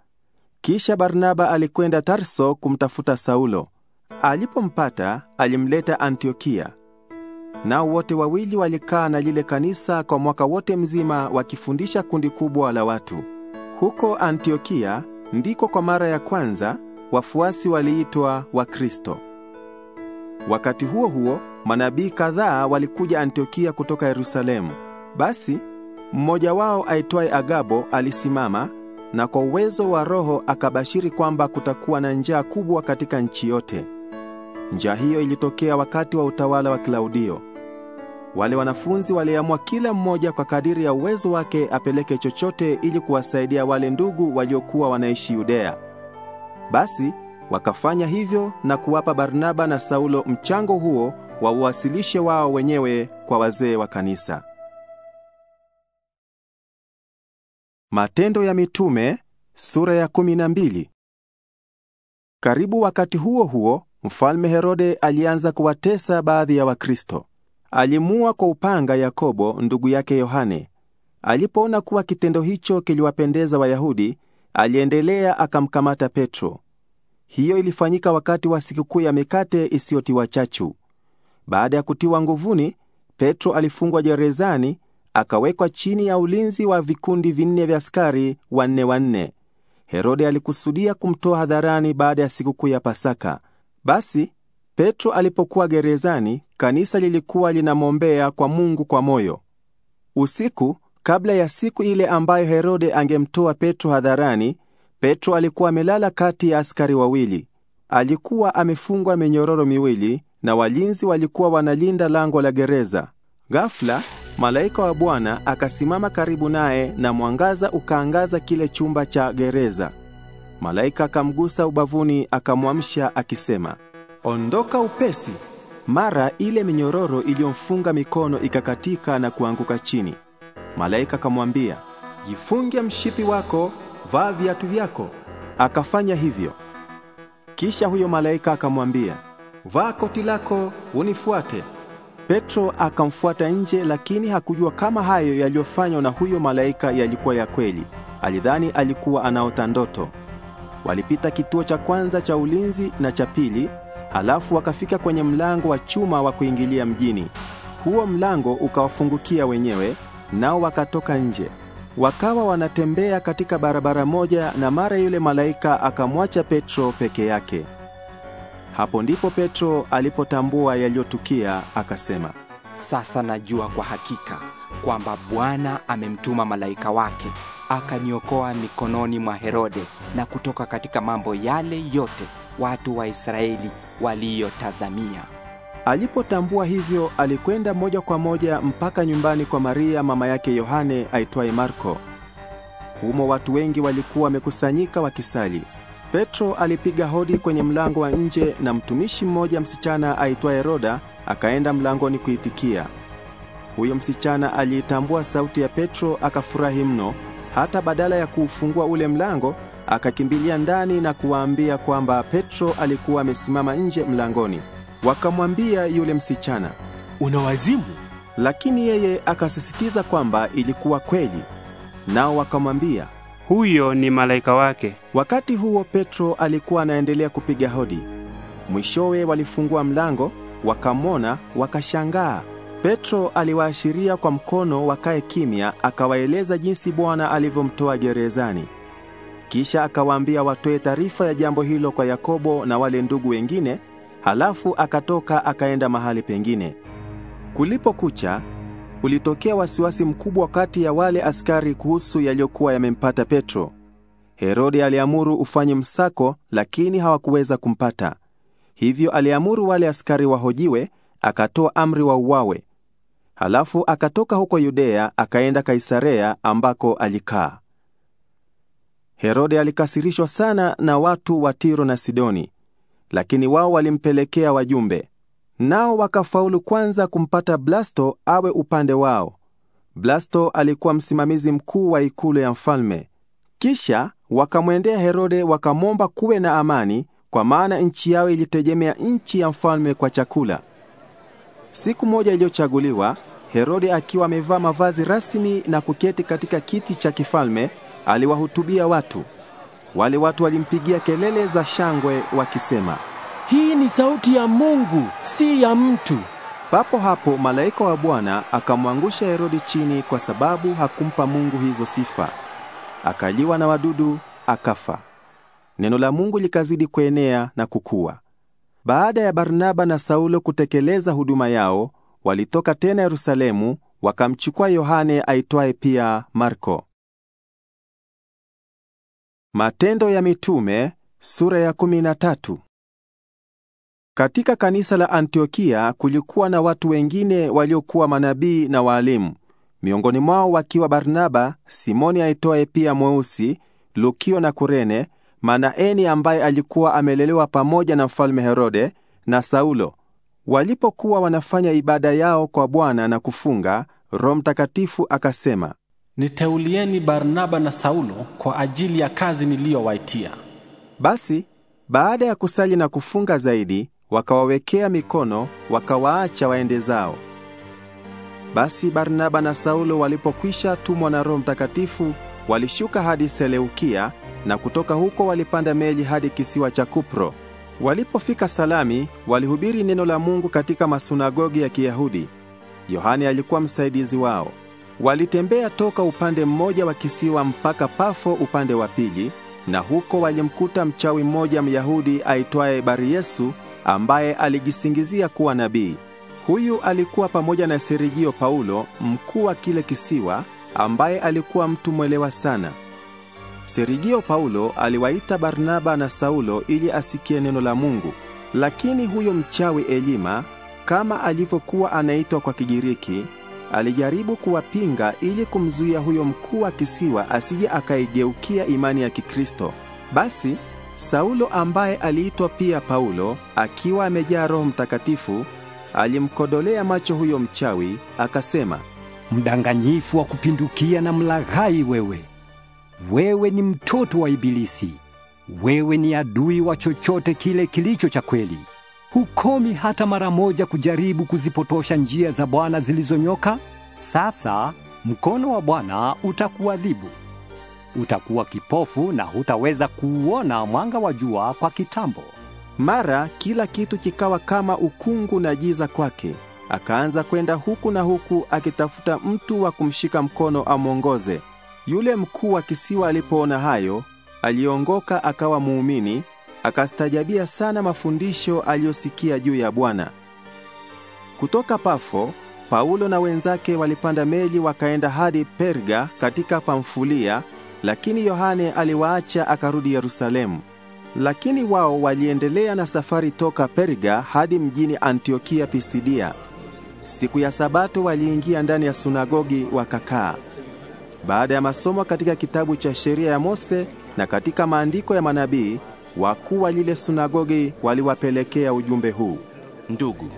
Kisha Barnaba alikwenda Tarso kumtafuta Saulo. Alipompata, alimleta Antiokia. Nao wote wawili walikaa na lile kanisa kwa mwaka wote mzima wakifundisha kundi kubwa la watu. Huko Antiokia ndiko kwa mara ya kwanza wafuasi waliitwa Wakristo. Wakati huo huo, manabii kadhaa walikuja Antiokia kutoka Yerusalemu. Basi mmoja wao aitwaye Agabo alisimama na kwa uwezo wa Roho akabashiri kwamba kutakuwa na njaa kubwa katika nchi yote. Njaa hiyo ilitokea wakati wa utawala wa Klaudio. Wale wanafunzi waliamua kila mmoja kwa kadiri ya uwezo wake apeleke chochote ili kuwasaidia wale ndugu waliokuwa wanaishi Yudea. Basi wakafanya hivyo na kuwapa Barnaba na Saulo mchango huo uwasilishe wao wenyewe kwa wazee wa kanisa. Matendo ya Mitume sura ya kumi na mbili. Karibu wakati huo huo, mfalme Herode alianza kuwatesa baadhi ya Wakristo. Alimua kwa upanga Yakobo ndugu yake Yohane. Alipoona kuwa kitendo hicho kiliwapendeza Wayahudi, aliendelea akamkamata Petro. Hiyo ilifanyika wakati wa sikukuu ya mikate isiyotiwa chachu. Baada ya kutiwa nguvuni, Petro alifungwa gerezani akawekwa chini ya ulinzi wa vikundi vinne vya askari wanne wanne. Herode alikusudia kumtoa hadharani baada ya sikukuu ya Pasaka. Basi Petro alipokuwa gerezani, kanisa lilikuwa linamwombea kwa Mungu kwa moyo. Usiku kabla ya siku ile ambayo Herode angemtoa Petro hadharani, Petro alikuwa amelala kati ya askari wawili. Alikuwa amefungwa minyororo miwili na walinzi walikuwa wanalinda lango la gereza. Ghafla malaika wa Bwana akasimama karibu naye na mwangaza ukaangaza kile chumba cha gereza. Malaika akamgusa ubavuni akamwamsha akisema, "Ondoka upesi." Mara ile minyororo iliyomfunga mikono ikakatika na kuanguka chini. Malaika akamwambia, "Jifunge mshipi wako, vaa viatu vyako." Akafanya hivyo. Kisha huyo malaika akamwambia, "Vaa koti lako, unifuate." Petro akamfuata nje, lakini hakujua kama hayo yaliyofanywa na huyo malaika yalikuwa ya kweli. Alidhani alikuwa anaota ndoto. Walipita kituo cha kwanza cha ulinzi na cha pili, halafu wakafika kwenye mlango wa chuma wa kuingilia mjini. Huo mlango ukawafungukia wenyewe, nao wakatoka nje. Wakawa wanatembea katika barabara moja, na mara yule malaika akamwacha Petro peke yake. Hapo ndipo Petro alipotambua yaliyotukia akasema, sasa najua kwa hakika kwamba Bwana amemtuma malaika wake akaniokoa mikononi mwa Herode na kutoka katika mambo yale yote watu wa Israeli waliyotazamia. Alipotambua hivyo, alikwenda moja kwa moja mpaka nyumbani kwa Maria mama yake Yohane aitwaye Marko. Humo watu wengi walikuwa wamekusanyika wakisali. Petro alipiga hodi kwenye mlango wa nje na mtumishi mmoja msichana aitwaye Roda akaenda mlangoni kuitikia. Huyo msichana aliitambua sauti ya Petro akafurahi mno, hata badala ya kuufungua ule mlango akakimbilia ndani na kuwaambia kwamba Petro alikuwa amesimama nje mlangoni. Wakamwambia yule msichana, "Una wazimu?" Lakini yeye akasisitiza kwamba ilikuwa kweli. Nao wakamwambia, huyo ni malaika wake. Wakati huo Petro alikuwa anaendelea kupiga hodi. Mwishowe walifungua mlango, wakamwona, wakashangaa. Petro aliwaashiria kwa mkono wakae kimya, akawaeleza jinsi Bwana alivyomtoa gerezani. Kisha akawaambia watoe taarifa ya jambo hilo kwa Yakobo na wale ndugu wengine, halafu akatoka akaenda mahali pengine. Kulipokucha Ulitokea wasiwasi mkubwa kati ya wale askari kuhusu yaliyokuwa yamempata Petro. Herode aliamuru ufanye msako, lakini hawakuweza kumpata. Hivyo aliamuru wale askari wahojiwe, akatoa amri wa uwawe Halafu akatoka huko Yudea akaenda Kaisarea ambako alikaa. Herode alikasirishwa sana na watu wa Tiro na Sidoni, lakini wao walimpelekea wajumbe. Nao wakafaulu kwanza kumpata Blasto awe upande wao. Blasto alikuwa msimamizi mkuu wa ikulu ya mfalme. Kisha wakamwendea Herode wakamwomba kuwe na amani, kwa maana nchi yao ilitegemea nchi ya mfalme kwa chakula. Siku moja iliyochaguliwa, Herode akiwa amevaa mavazi rasmi na kuketi katika kiti cha kifalme, aliwahutubia watu. Wale watu walimpigia kelele za shangwe wakisema: hii ni sauti ya Mungu, si ya mtu. Papo hapo malaika wa Bwana akamwangusha Herodi chini, kwa sababu hakumpa Mungu hizo sifa. Akaliwa na wadudu akafa. Neno la Mungu likazidi kuenea na kukua. Baada ya Barnaba na Saulo kutekeleza huduma yao, walitoka tena Yerusalemu wakamchukua Yohane aitwaye pia Marko. Matendo ya Mitume sura ya kumi na tatu. Katika kanisa la Antiokia kulikuwa na watu wengine waliokuwa manabii na waalimu, miongoni mwao wakiwa Barnaba, Simoni aitwaye pia Mweusi, Lukio na Kurene, Manaeni ambaye alikuwa amelelewa pamoja na Mfalme Herode, na Saulo. Walipokuwa wanafanya ibada yao kwa Bwana na kufunga, Roho Mtakatifu akasema, Niteulieni Barnaba na Saulo kwa ajili ya kazi niliyowaitia. Basi baada ya kusali na kufunga zaidi, wakawawekea mikono, wakawaacha waende zao. Basi Barnaba na Saulo walipokwisha tumwa na Roho Mtakatifu, walishuka hadi Seleukia na kutoka huko walipanda meli hadi kisiwa cha Kupro. Walipofika Salami, walihubiri neno la Mungu katika masunagogi ya Kiyahudi. Yohane alikuwa msaidizi wao. Walitembea toka upande mmoja wa kisiwa mpaka Pafo upande wa pili, na huko walimkuta mchawi mmoja Myahudi aitwaye Bari Yesu ambaye alijisingizia kuwa nabii. Huyu alikuwa pamoja na Serigio Paulo, mkuu wa kile kisiwa, ambaye alikuwa mtu mwelewa sana. Serigio Paulo aliwaita Barnaba na Saulo ili asikie neno la Mungu. Lakini huyo mchawi Elima, kama alivyokuwa anaitwa kwa Kigiriki, alijaribu kuwapinga ili kumzuia huyo mkuu wa kisiwa asije akaigeukia imani ya Kikristo. Basi Saulo ambaye aliitwa pia Paulo, akiwa amejaa Roho Mtakatifu, alimkodolea macho huyo mchawi, akasema, mdanganyifu wa kupindukia na mlaghai wewe! Wewe ni mtoto wa Ibilisi, wewe ni adui wa chochote kile kilicho cha kweli hukomi hata mara moja kujaribu kuzipotosha njia za Bwana zilizonyoka, sasa mkono wa Bwana utakuadhibu. Utakuwa kipofu na hutaweza kuuona mwanga wa jua kwa kitambo. Mara kila kitu kikawa kama ukungu na giza kwake. Akaanza kwenda huku na huku akitafuta mtu wa kumshika mkono amwongoze. Yule mkuu wa kisiwa alipoona hayo, aliongoka akawa muumini akastajabia sana mafundisho aliyosikia juu ya Bwana. Kutoka Pafo, Paulo na wenzake walipanda meli wakaenda hadi Perga katika Pamfulia, lakini Yohane aliwaacha akarudi Yerusalemu. Lakini wao waliendelea na safari toka Perga hadi mjini Antiokia Pisidia. Siku ya Sabato waliingia ndani ya sunagogi wakakaa. Baada ya masomo katika kitabu cha sheria ya Mose na katika maandiko ya manabii, Wakuu wa lile sunagogi waliwapelekea ujumbe huu: Ndugu,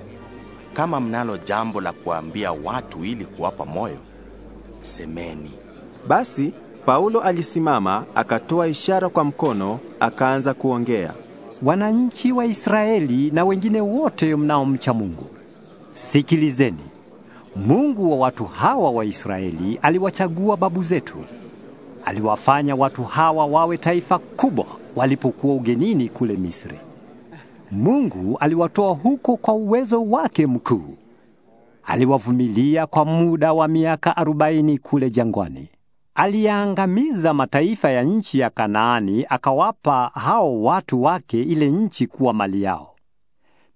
kama mnalo jambo la kuambia watu ili kuwapa moyo, semeni. Basi Paulo alisimama akatoa ishara kwa mkono, akaanza kuongea. Wananchi wa Israeli na wengine wote mnaomcha Mungu, sikilizeni. Mungu wa watu hawa wa Israeli aliwachagua babu zetu aliwafanya watu hawa wawe taifa kubwa walipokuwa ugenini kule Misri. Mungu aliwatoa huko kwa uwezo wake mkuu. Aliwavumilia kwa muda wa miaka arobaini kule jangwani. Aliyaangamiza mataifa ya nchi ya Kanaani, akawapa hao watu wake ile nchi kuwa mali yao.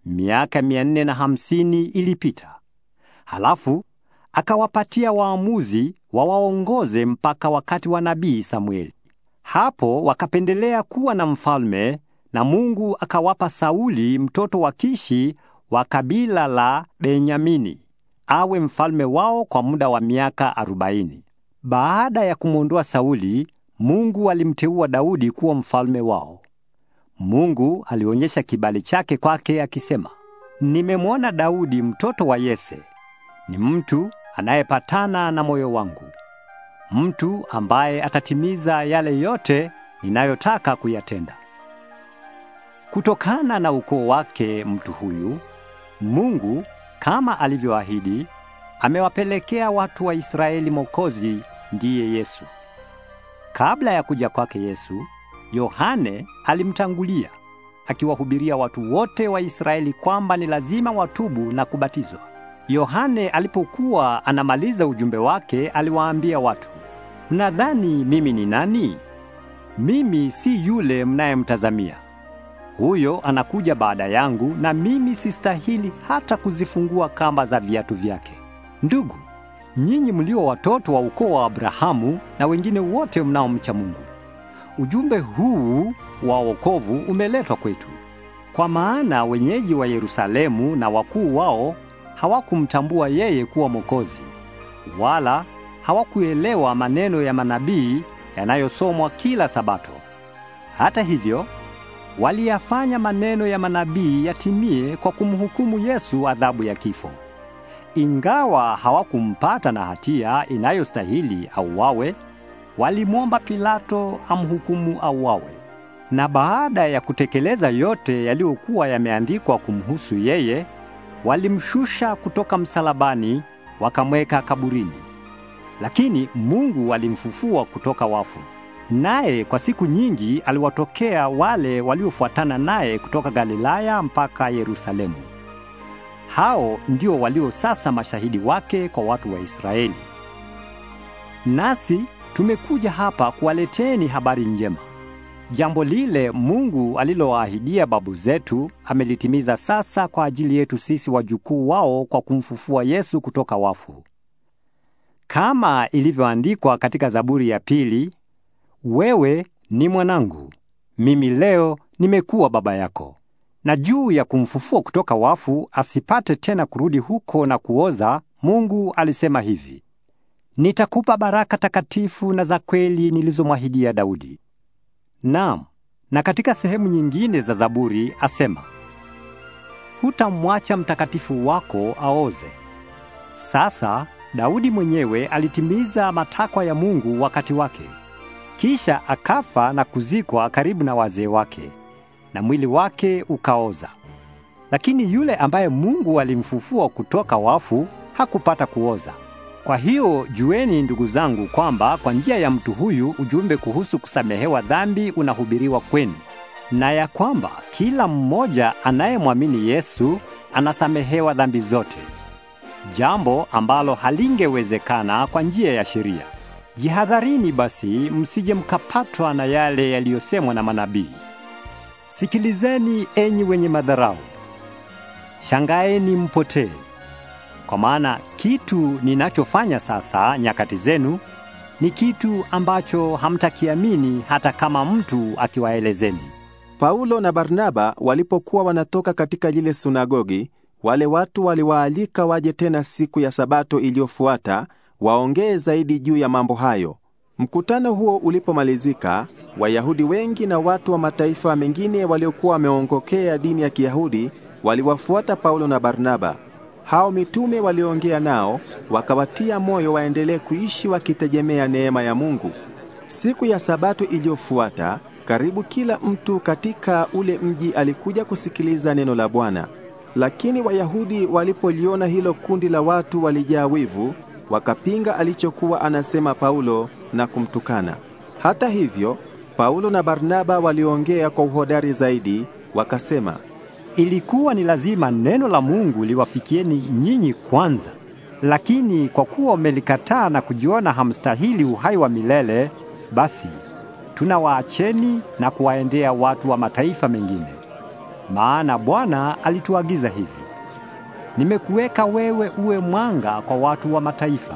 Miaka mia nne na hamsini ilipita. Halafu akawapatia waamuzi wawaongoze mpaka wakati wa nabii Samueli. Hapo wakapendelea kuwa na mfalme, na Mungu akawapa Sauli mtoto wa Kishi wa kabila la Benyamini awe mfalme wao kwa muda wa miaka arobaini. Baada ya kumwondoa Sauli, Mungu alimteua Daudi kuwa mfalme wao. Mungu alionyesha kibali chake kwake akisema, nimemwona Daudi mtoto wa Yese, ni mtu anayepatana na moyo wangu, mtu ambaye atatimiza yale yote ninayotaka kuyatenda. Kutokana na ukoo wake mtu huyu, Mungu kama alivyoahidi, amewapelekea watu wa Israeli Mwokozi, ndiye Yesu. Kabla ya kuja kwake Yesu, Yohane alimtangulia akiwahubiria watu wote wa Israeli kwamba ni lazima watubu na kubatizwa. Yohane alipokuwa anamaliza ujumbe wake, aliwaambia watu, mnadhani mimi ni nani? Mimi si yule mnayemtazamia. Huyo anakuja baada yangu, na mimi sistahili hata kuzifungua kamba za viatu vyake. Ndugu, nyinyi mlio watoto wa ukoo wa Abrahamu na wengine wote mnaomcha Mungu, ujumbe huu wa wokovu umeletwa kwetu, kwa maana wenyeji wa Yerusalemu na wakuu wao hawakumtambua yeye kuwa Mwokozi, wala hawakuelewa maneno ya manabii yanayosomwa kila Sabato. Hata hivyo, waliyafanya maneno ya manabii yatimie kwa kumhukumu Yesu adhabu ya kifo. Ingawa hawakumpata na hatia inayostahili auawe, walimwomba Pilato amhukumu auawe. Na baada ya kutekeleza yote yaliyokuwa yameandikwa kumhusu yeye, walimshusha kutoka msalabani wakamweka kaburini. Lakini Mungu alimfufua kutoka wafu. Naye kwa siku nyingi aliwatokea wale waliofuatana naye kutoka Galilaya mpaka Yerusalemu. Hao ndio walio sasa mashahidi wake kwa watu wa Israeli. Nasi tumekuja hapa kuwaleteni habari njema. Jambo lile Mungu aliloahidia babu zetu amelitimiza sasa kwa ajili yetu sisi wajukuu wao kwa kumfufua Yesu kutoka wafu. Kama ilivyoandikwa katika Zaburi ya pili, wewe ni mwanangu, mimi leo nimekuwa baba yako. Na juu ya kumfufua kutoka wafu asipate tena kurudi huko na kuoza, Mungu alisema hivi: Nitakupa baraka takatifu na za kweli nilizomwahidia Daudi. Naam, na katika sehemu nyingine za Zaburi asema, hutamwacha mtakatifu wako aoze. Sasa Daudi mwenyewe alitimiza matakwa ya Mungu wakati wake. Kisha akafa na kuzikwa karibu na wazee wake na mwili wake ukaoza. Lakini yule ambaye Mungu alimfufua kutoka wafu hakupata kuoza. Kwa hiyo jueni, ndugu zangu, kwamba kwa njia ya mtu huyu ujumbe kuhusu kusamehewa dhambi unahubiriwa kwenu, na ya kwamba kila mmoja anayemwamini Yesu anasamehewa dhambi zote, jambo ambalo halingewezekana kwa njia ya sheria. Jihadharini basi msije mkapatwa na yale yaliyosemwa na manabii: Sikilizeni enyi wenye madharau, shangaeni mpotee kwa maana kitu ninachofanya sasa nyakati zenu ni kitu ambacho hamtakiamini hata kama mtu akiwaelezeni. Paulo na Barnaba walipokuwa wanatoka katika lile sunagogi, wale watu waliwaalika waje tena siku ya Sabato iliyofuata waongee zaidi juu ya mambo hayo. Mkutano huo ulipomalizika, Wayahudi wengi na watu wa mataifa mengine waliokuwa wameongokea dini ya Kiyahudi waliwafuata Paulo na Barnaba. Hao mitume waliongea nao wakawatia moyo waendelee kuishi wakitegemea neema ya Mungu. Siku ya Sabato iliyofuata, karibu kila mtu katika ule mji alikuja kusikiliza neno la Bwana. Lakini Wayahudi walipoliona hilo kundi la watu walijaa wivu, wakapinga alichokuwa anasema Paulo na kumtukana. Hata hivyo, Paulo na Barnaba waliongea kwa uhodari zaidi, wakasema, ilikuwa ni lazima neno la Mungu liwafikieni nyinyi kwanza. Lakini kwa kuwa umelikataa na kujiona hamstahili uhai wa milele, basi tunawaacheni na kuwaendea watu wa mataifa mengine. Maana Bwana alituagiza hivi: Nimekuweka wewe uwe mwanga kwa watu wa mataifa,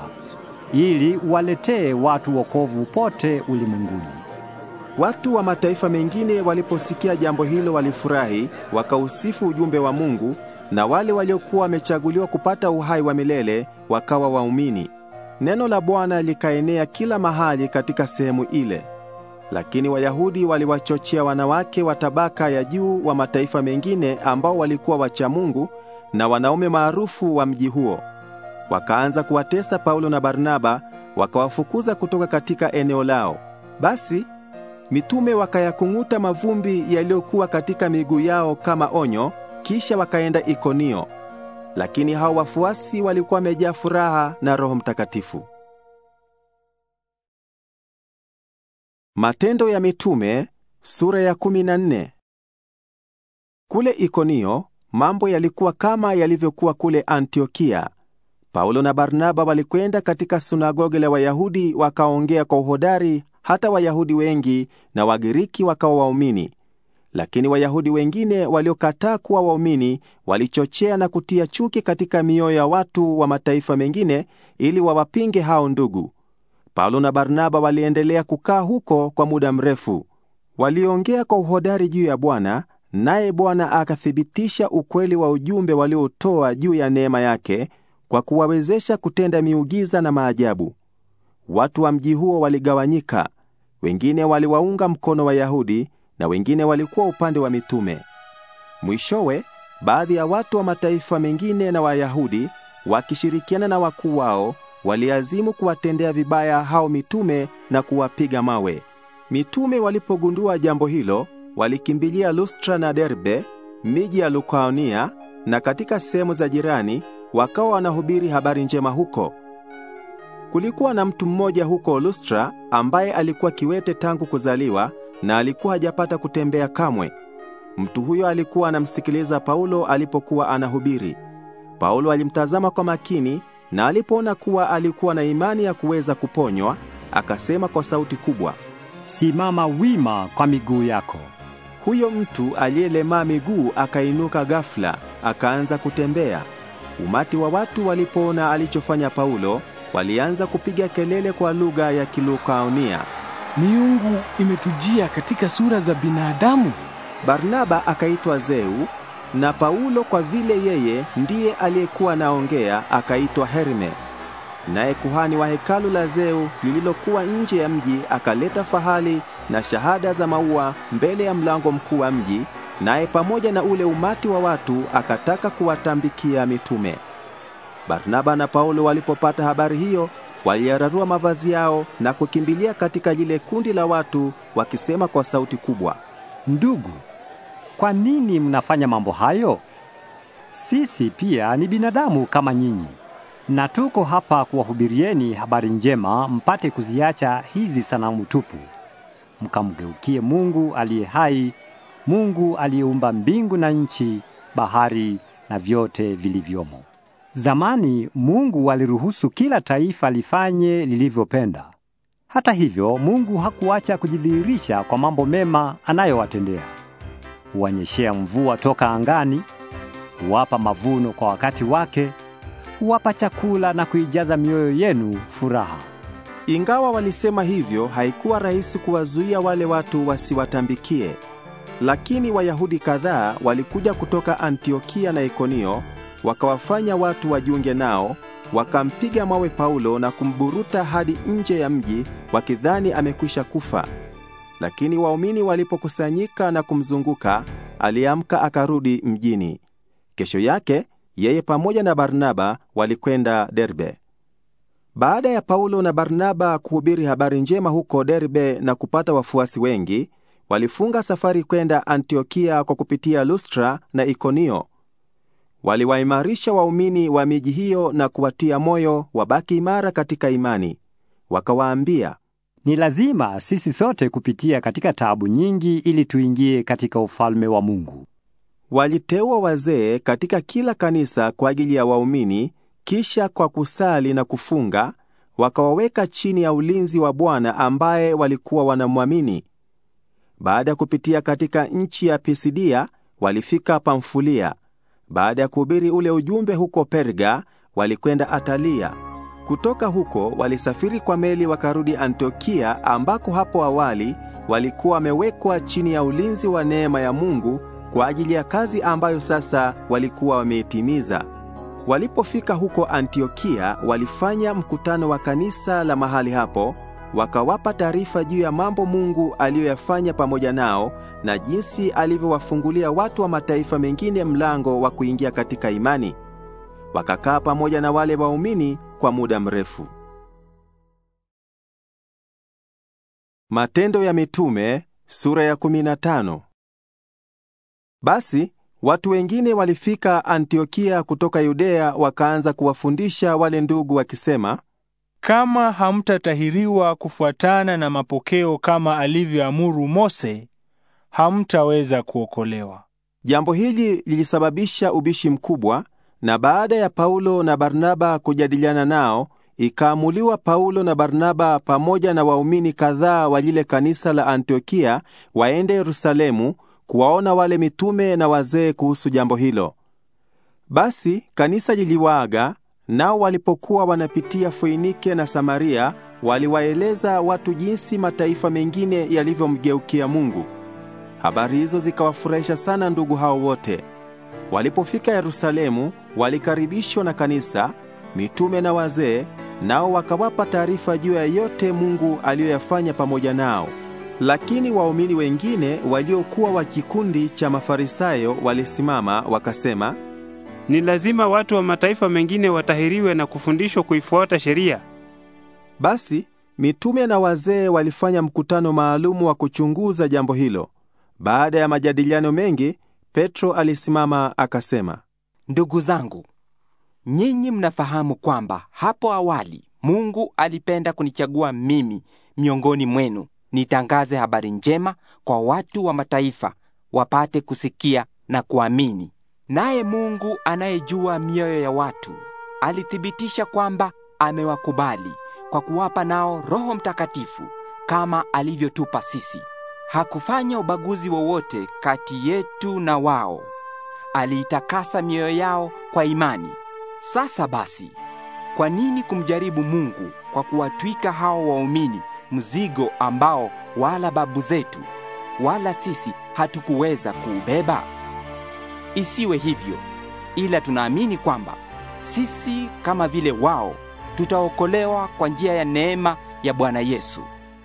ili uwaletee watu wokovu pote ulimwenguni. Watu wa mataifa mengine waliposikia jambo hilo walifurahi, wakausifu ujumbe wa Mungu na wale waliokuwa wamechaguliwa kupata uhai wa milele wakawa waumini. Neno la Bwana likaenea kila mahali katika sehemu ile. Lakini Wayahudi waliwachochea wanawake wa tabaka ya juu wa mataifa mengine ambao walikuwa wacha Mungu na wanaume maarufu wa mji huo. Wakaanza kuwatesa Paulo na Barnaba, wakawafukuza kutoka katika eneo lao. Basi Mitume wakayakung'uta mavumbi yaliyokuwa katika miguu yao kama onyo, kisha wakaenda Ikonio. Lakini hao wafuasi walikuwa wamejaa furaha na Roho Mtakatifu. Matendo ya Mitume sura ya 14. Kule Ikonio mambo yalikuwa kama yalivyokuwa kule Antiokia. Paulo na Barnaba walikwenda katika sunagoge la Wayahudi wakaongea kwa uhodari hata Wayahudi wengi na Wagiriki wakawa waumini. Lakini Wayahudi wengine waliokataa kuwa waumini walichochea na kutia chuki katika mioyo ya watu wa mataifa mengine ili wawapinge hao ndugu. Paulo na Barnaba waliendelea kukaa huko kwa muda mrefu. Waliongea kwa uhodari juu ya Bwana, naye Bwana akathibitisha ukweli wa ujumbe waliotoa juu ya neema yake kwa kuwawezesha kutenda miujiza na maajabu. Watu wa mji huo waligawanyika, wengine waliwaunga mkono Wayahudi na wengine walikuwa upande wa mitume. Mwishowe, baadhi ya watu wa mataifa mengine na Wayahudi wakishirikiana na wakuu wao waliazimu kuwatendea vibaya hao mitume na kuwapiga mawe. Mitume walipogundua jambo hilo, walikimbilia Lustra na Derbe, miji ya Lukaonia na katika sehemu za jirani, wakawa wanahubiri habari njema huko. Kulikuwa na mtu mmoja huko Lustra ambaye alikuwa kiwete tangu kuzaliwa na alikuwa hajapata kutembea kamwe. Mtu huyo alikuwa anamsikiliza Paulo alipokuwa anahubiri. Paulo alimtazama kwa makini na alipoona kuwa alikuwa na imani ya kuweza kuponywa, akasema kwa sauti kubwa, "Simama wima kwa miguu yako." Huyo mtu aliyelemaa miguu akainuka ghafla, akaanza kutembea. Umati wa watu walipoona alichofanya Paulo, walianza kupiga kelele kwa lugha ya Kilukaonia, miungu imetujia katika sura za binadamu. Barnaba akaitwa Zeu na Paulo, kwa vile yeye ndiye aliyekuwa naongea, akaitwa Herme. Naye kuhani wa hekalu la Zeu lililokuwa nje ya mji akaleta fahali na shahada za maua mbele ya mlango mkuu wa mji, naye pamoja na ule umati wa watu akataka kuwatambikia mitume. Barnaba na Paulo walipopata habari hiyo, waliyararua mavazi yao na kukimbilia katika lile kundi la watu wakisema kwa sauti kubwa, "Ndugu, kwa nini mnafanya mambo hayo? Sisi pia ni binadamu kama nyinyi, na tuko hapa kuwahubirieni habari njema, mpate kuziacha hizi sanamu tupu, mkamgeukie Mungu aliye hai, Mungu aliyeumba mbingu na nchi, bahari na vyote vilivyomo." Zamani Mungu aliruhusu kila taifa lifanye lilivyopenda. Hata hivyo, Mungu hakuacha kujidhihirisha kwa mambo mema anayowatendea. Huwanyeshea mvua toka angani, huwapa mavuno kwa wakati wake, huwapa chakula na kuijaza mioyo yenu furaha. Ingawa walisema hivyo, haikuwa rahisi kuwazuia wale watu wasiwatambikie. Lakini Wayahudi kadhaa walikuja kutoka Antiokia na Ikonio wakawafanya watu wajiunge nao, wakampiga mawe Paulo na kumburuta hadi nje ya mji, wakidhani amekwisha kufa. Lakini waumini walipokusanyika na kumzunguka, aliamka akarudi mjini. Kesho yake yeye pamoja na Barnaba walikwenda Derbe. Baada ya Paulo na Barnaba kuhubiri habari njema huko Derbe na kupata wafuasi wengi, walifunga safari kwenda Antiokia kwa kupitia Lustra na Ikonio. Waliwaimarisha waumini wa miji hiyo na kuwatia moyo wabaki imara katika imani. Wakawaambia, ni lazima sisi sote kupitia katika taabu nyingi ili tuingie katika ufalme wa Mungu. Waliteua wazee katika kila kanisa kwa ajili ya waumini, kisha kwa kusali na kufunga wakawaweka chini ya ulinzi wa Bwana ambaye walikuwa wanamwamini. Baada ya kupitia katika nchi ya Pisidia, walifika Pamfulia. Baada ya kuhubiri ule ujumbe huko Perga, walikwenda Atalia. Kutoka huko walisafiri kwa meli wakarudi Antiokia, ambako hapo awali walikuwa wamewekwa chini ya ulinzi wa neema ya Mungu kwa ajili ya kazi ambayo sasa walikuwa wameitimiza. Walipofika huko Antiokia, walifanya mkutano wa kanisa la mahali hapo wakawapa taarifa juu ya mambo Mungu aliyoyafanya pamoja nao na jinsi alivyowafungulia watu wa mataifa mengine mlango wa kuingia katika imani. Wakakaa pamoja na wale waumini kwa muda mrefu. Matendo ya Mitume sura ya 15. Basi watu wengine walifika Antiokia kutoka Yudea wakaanza kuwafundisha wale ndugu wakisema, kama hamtatahiriwa kufuatana na mapokeo kama alivyoamuru Mose, hamtaweza kuokolewa. Jambo hili lilisababisha ubishi mkubwa, na baada ya Paulo na Barnaba kujadiliana nao, ikaamuliwa Paulo na Barnaba pamoja na waumini kadhaa wa lile kanisa la Antiokia waende Yerusalemu kuwaona wale mitume na wazee kuhusu jambo hilo. Basi kanisa liliwaaga Nao walipokuwa wanapitia Foinike na Samaria, waliwaeleza watu jinsi mataifa mengine yalivyomgeukia Mungu. Habari hizo zikawafurahisha sana ndugu hao wote. Walipofika Yerusalemu, walikaribishwa na kanisa, mitume na wazee, nao wakawapa taarifa juu ya yote Mungu aliyoyafanya pamoja nao. Lakini waumini wengine waliokuwa wa kikundi cha Mafarisayo walisimama wakasema, ni lazima watu wa mataifa mengine watahiriwe na kufundishwa kuifuata sheria. Basi mitume na wazee walifanya mkutano maalumu wa kuchunguza jambo hilo. Baada ya majadiliano mengi, Petro alisimama akasema, ndugu zangu, nyinyi mnafahamu kwamba hapo awali Mungu alipenda kunichagua mimi miongoni mwenu nitangaze habari njema kwa watu wa mataifa wapate kusikia na kuamini. Naye Mungu anayejua mioyo ya watu alithibitisha kwamba amewakubali kwa kuwapa nao Roho Mtakatifu kama alivyotupa sisi. Hakufanya ubaguzi wowote kati yetu na wao. Aliitakasa mioyo yao kwa imani. Sasa basi, kwa nini kumjaribu Mungu kwa kuwatwika hao waumini mzigo ambao wala babu zetu wala sisi hatukuweza kuubeba? isiwe hivyo, ila tunaamini kwamba sisi kama vile wao tutaokolewa kwa njia ya neema ya Bwana Yesu.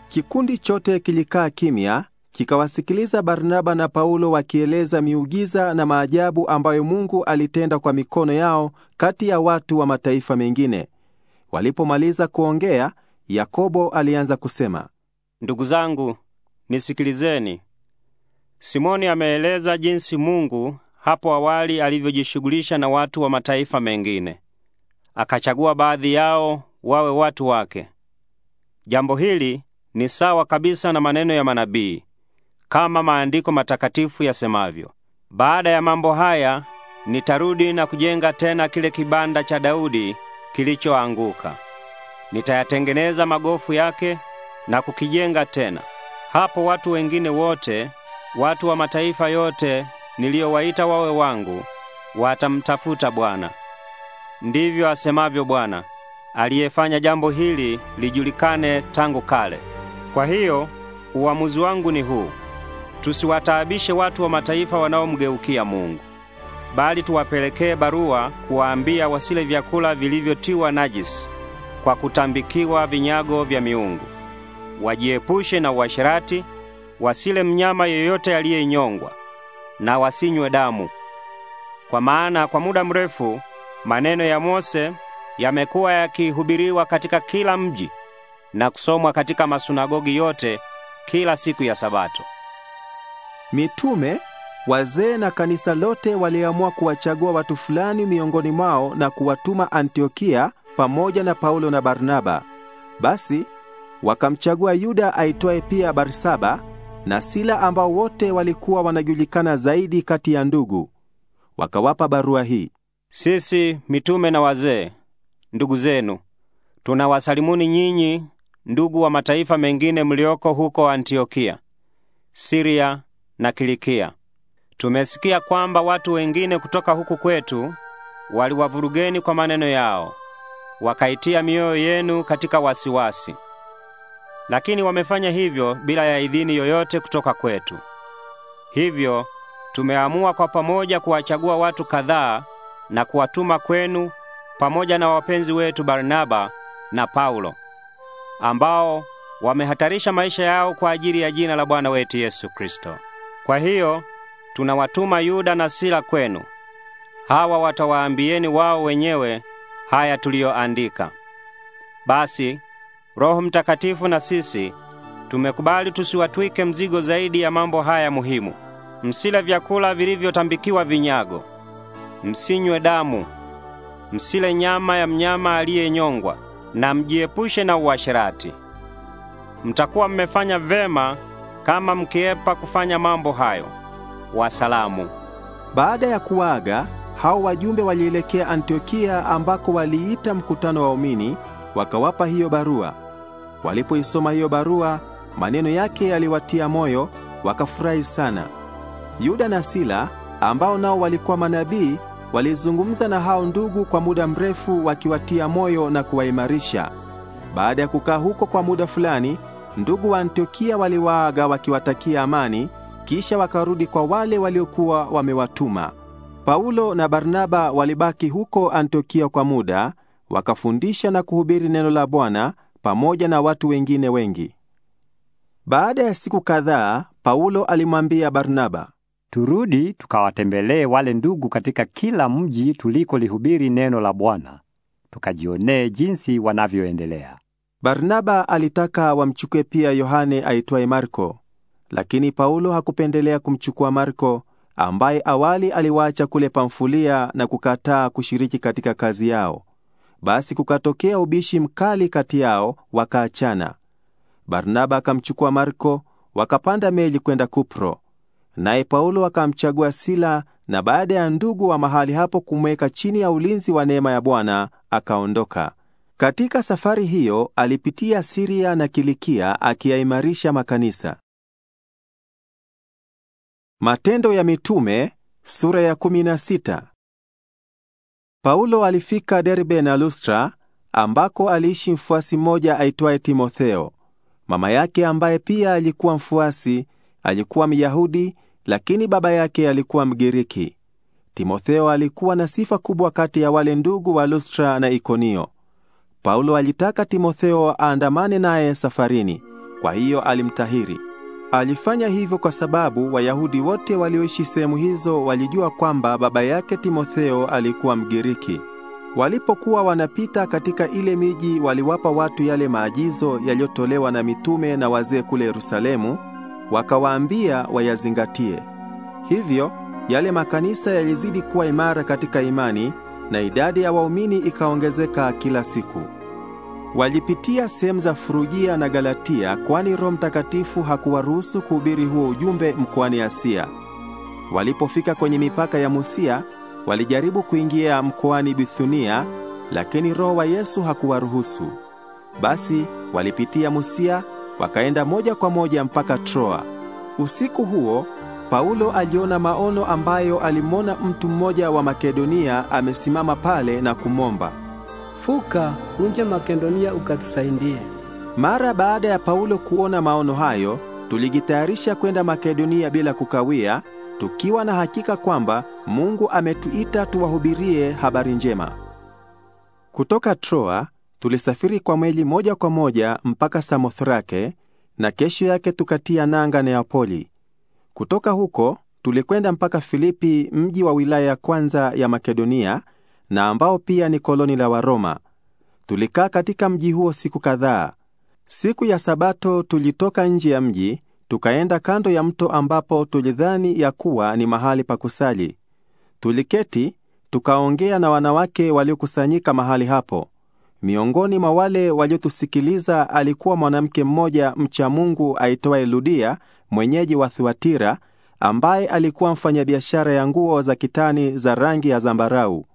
Kikundi chote kilikaa kimya kikawasikiliza Barnaba na Paulo wakieleza miujiza na maajabu ambayo Mungu alitenda kwa mikono yao kati ya watu wa mataifa mengine. Walipomaliza kuongea, Yakobo alianza kusema, ndugu zangu, nisikilizeni. Simoni ameeleza jinsi Mungu hapo awali alivyojishughulisha na watu wa mataifa mengine, akachagua baadhi yao wawe watu wake. Jambo hili ni sawa kabisa na maneno ya manabii, kama maandiko matakatifu yasemavyo, baada ya mambo haya nitarudi na kujenga tena kile kibanda cha Daudi kilichoanguka, nitayatengeneza magofu yake na kukijenga tena. Hapo watu wengine wote, watu wa mataifa yote niliyowaita wawe wangu watamtafuta Bwana. Ndivyo asemavyo Bwana aliyefanya jambo hili lijulikane tangu kale. Kwa hiyo uamuzi wangu ni huu: tusiwataabishe watu wa mataifa wanaomgeukia Mungu, bali tuwapelekee barua kuwaambia wasile vyakula vilivyotiwa najisi kwa kutambikiwa vinyago vya miungu, wajiepushe na uasherati, wasile mnyama yoyote aliyeinyongwa na wasinywe damu. Kwa maana kwa muda mrefu maneno ya Mose yamekuwa yakihubiriwa katika kila mji na kusomwa katika masunagogi yote kila siku ya Sabato. Mitume, wazee na kanisa lote waliamua kuwachagua watu fulani miongoni mwao na kuwatuma Antiokia pamoja na Paulo na Barnaba. Basi wakamchagua Yuda aitwaye pia Barsaba na Sila ambao wote walikuwa wanajulikana zaidi kati ya ndugu, wakawapa barua hii: sisi mitume na wazee, ndugu zenu, tunawasalimuni nyinyi ndugu wa mataifa mengine mlioko huko Antiokia, Siria na Kilikia. Tumesikia kwamba watu wengine kutoka huku kwetu waliwavurugeni kwa maneno yao, wakaitia mioyo yenu katika wasiwasi lakini wamefanya hivyo bila ya idhini yoyote kutoka kwetu. Hivyo tumeamua kwa pamoja kuwachagua watu kadhaa na kuwatuma kwenu pamoja na wapenzi wetu Barnaba na Paulo ambao wamehatarisha maisha yao kwa ajili ya jina la Bwana wetu Yesu Kristo. Kwa hiyo tunawatuma Yuda na Sila kwenu. Hawa watawaambieni wao wenyewe haya tuliyoandika. Basi Roho Mtakatifu na sisi tumekubali tusiwatwike mzigo zaidi ya mambo haya muhimu: msile vyakula vilivyotambikiwa vinyago, msinywe damu, msile nyama ya mnyama aliyenyongwa, na mjiepushe na uasherati. Mtakuwa mmefanya vema kama mkiepa kufanya mambo hayo. Wasalamu. Baada ya kuaga hao wajumbe walielekea Antiokia ambako waliita mkutano wa waumini, wakawapa hiyo barua. Walipoisoma hiyo barua, maneno yake yaliwatia moyo, wakafurahi sana. Yuda na Sila ambao nao walikuwa manabii walizungumza na hao ndugu kwa muda mrefu wakiwatia moyo na kuwaimarisha. Baada ya kukaa huko kwa muda fulani, ndugu wa Antiokia waliwaaga wakiwatakia amani, kisha wakarudi kwa wale waliokuwa wamewatuma. Paulo na Barnaba walibaki huko Antiokia kwa muda, wakafundisha na kuhubiri neno la Bwana pamoja na watu wengine wengi. Baada ya siku kadhaa, Paulo alimwambia Barnaba, turudi tukawatembelee wale ndugu katika kila mji tulikolihubiri neno la Bwana, tukajionee jinsi wanavyoendelea. Barnaba alitaka wamchukue pia Yohane aitwaye Marko, lakini Paulo hakupendelea kumchukua Marko ambaye awali aliwaacha kule Pamfulia na kukataa kushiriki katika kazi yao. Basi kukatokea ubishi mkali kati yao, wakaachana. Barnaba akamchukua Marko, wakapanda meli kwenda Kupro, naye Paulo akamchagua Sila, na baada ya ndugu wa mahali hapo kumweka chini ya ulinzi wa neema ya Bwana, akaondoka. Katika safari hiyo alipitia Siria na Kilikia akiyaimarisha makanisa. Matendo ya Mitume sura ya Paulo alifika Derbe na Lustra ambako aliishi mfuasi mmoja aitwaye Timotheo. Mama yake ambaye pia alikuwa mfuasi alikuwa Myahudi, lakini baba yake alikuwa Mgiriki. Timotheo alikuwa na sifa kubwa kati ya wale ndugu wa Lustra na Ikonio. Paulo alitaka Timotheo aandamane naye safarini, kwa hiyo alimtahiri. Alifanya hivyo kwa sababu Wayahudi wote walioishi sehemu hizo walijua kwamba baba yake Timotheo alikuwa Mgiriki. Walipokuwa wanapita katika ile miji waliwapa watu yale maagizo yaliyotolewa na mitume na wazee kule Yerusalemu, wakawaambia wayazingatie. Hivyo yale makanisa yalizidi kuwa imara katika imani na idadi ya waumini ikaongezeka kila siku. Walipitia sehemu za Frugia na Galatia kwani Roho Mtakatifu hakuwaruhusu kuhubiri huo ujumbe mkoani Asia. Walipofika kwenye mipaka ya Musia, walijaribu kuingia mkoani Bithunia, lakini Roho wa Yesu hakuwaruhusu. Basi walipitia Musia, wakaenda moja kwa moja mpaka Troa. Usiku huo Paulo aliona maono ambayo alimwona mtu mmoja wa Makedonia amesimama pale na kumomba fuka unje Makedonia ukatusaidie. Mara baada ya Paulo kuona maono hayo, tulijitayarisha kwenda Makedonia bila kukawia, tukiwa na hakika kwamba Mungu ametuita tuwahubirie habari njema. Kutoka Troa tulisafiri kwa meli moja kwa moja mpaka Samothrake na kesho yake tukatia nanga Neapoli. Kutoka huko tulikwenda mpaka Filipi, mji wa wilaya ya kwanza ya Makedonia, na ambao pia ni koloni la Waroma. Tulikaa katika mji huo siku kadhaa. Siku ya Sabato tulitoka nje ya mji tukaenda kando ya mto ambapo tulidhani ya kuwa ni mahali pa kusali. Tuliketi tukaongea na wanawake waliokusanyika mahali hapo. Miongoni mwa wale waliotusikiliza alikuwa mwanamke mmoja mcha Mungu aitwaye Ludia, mwenyeji wa Thuatira, ambaye alikuwa mfanyabiashara ya nguo za kitani za rangi ya zambarau.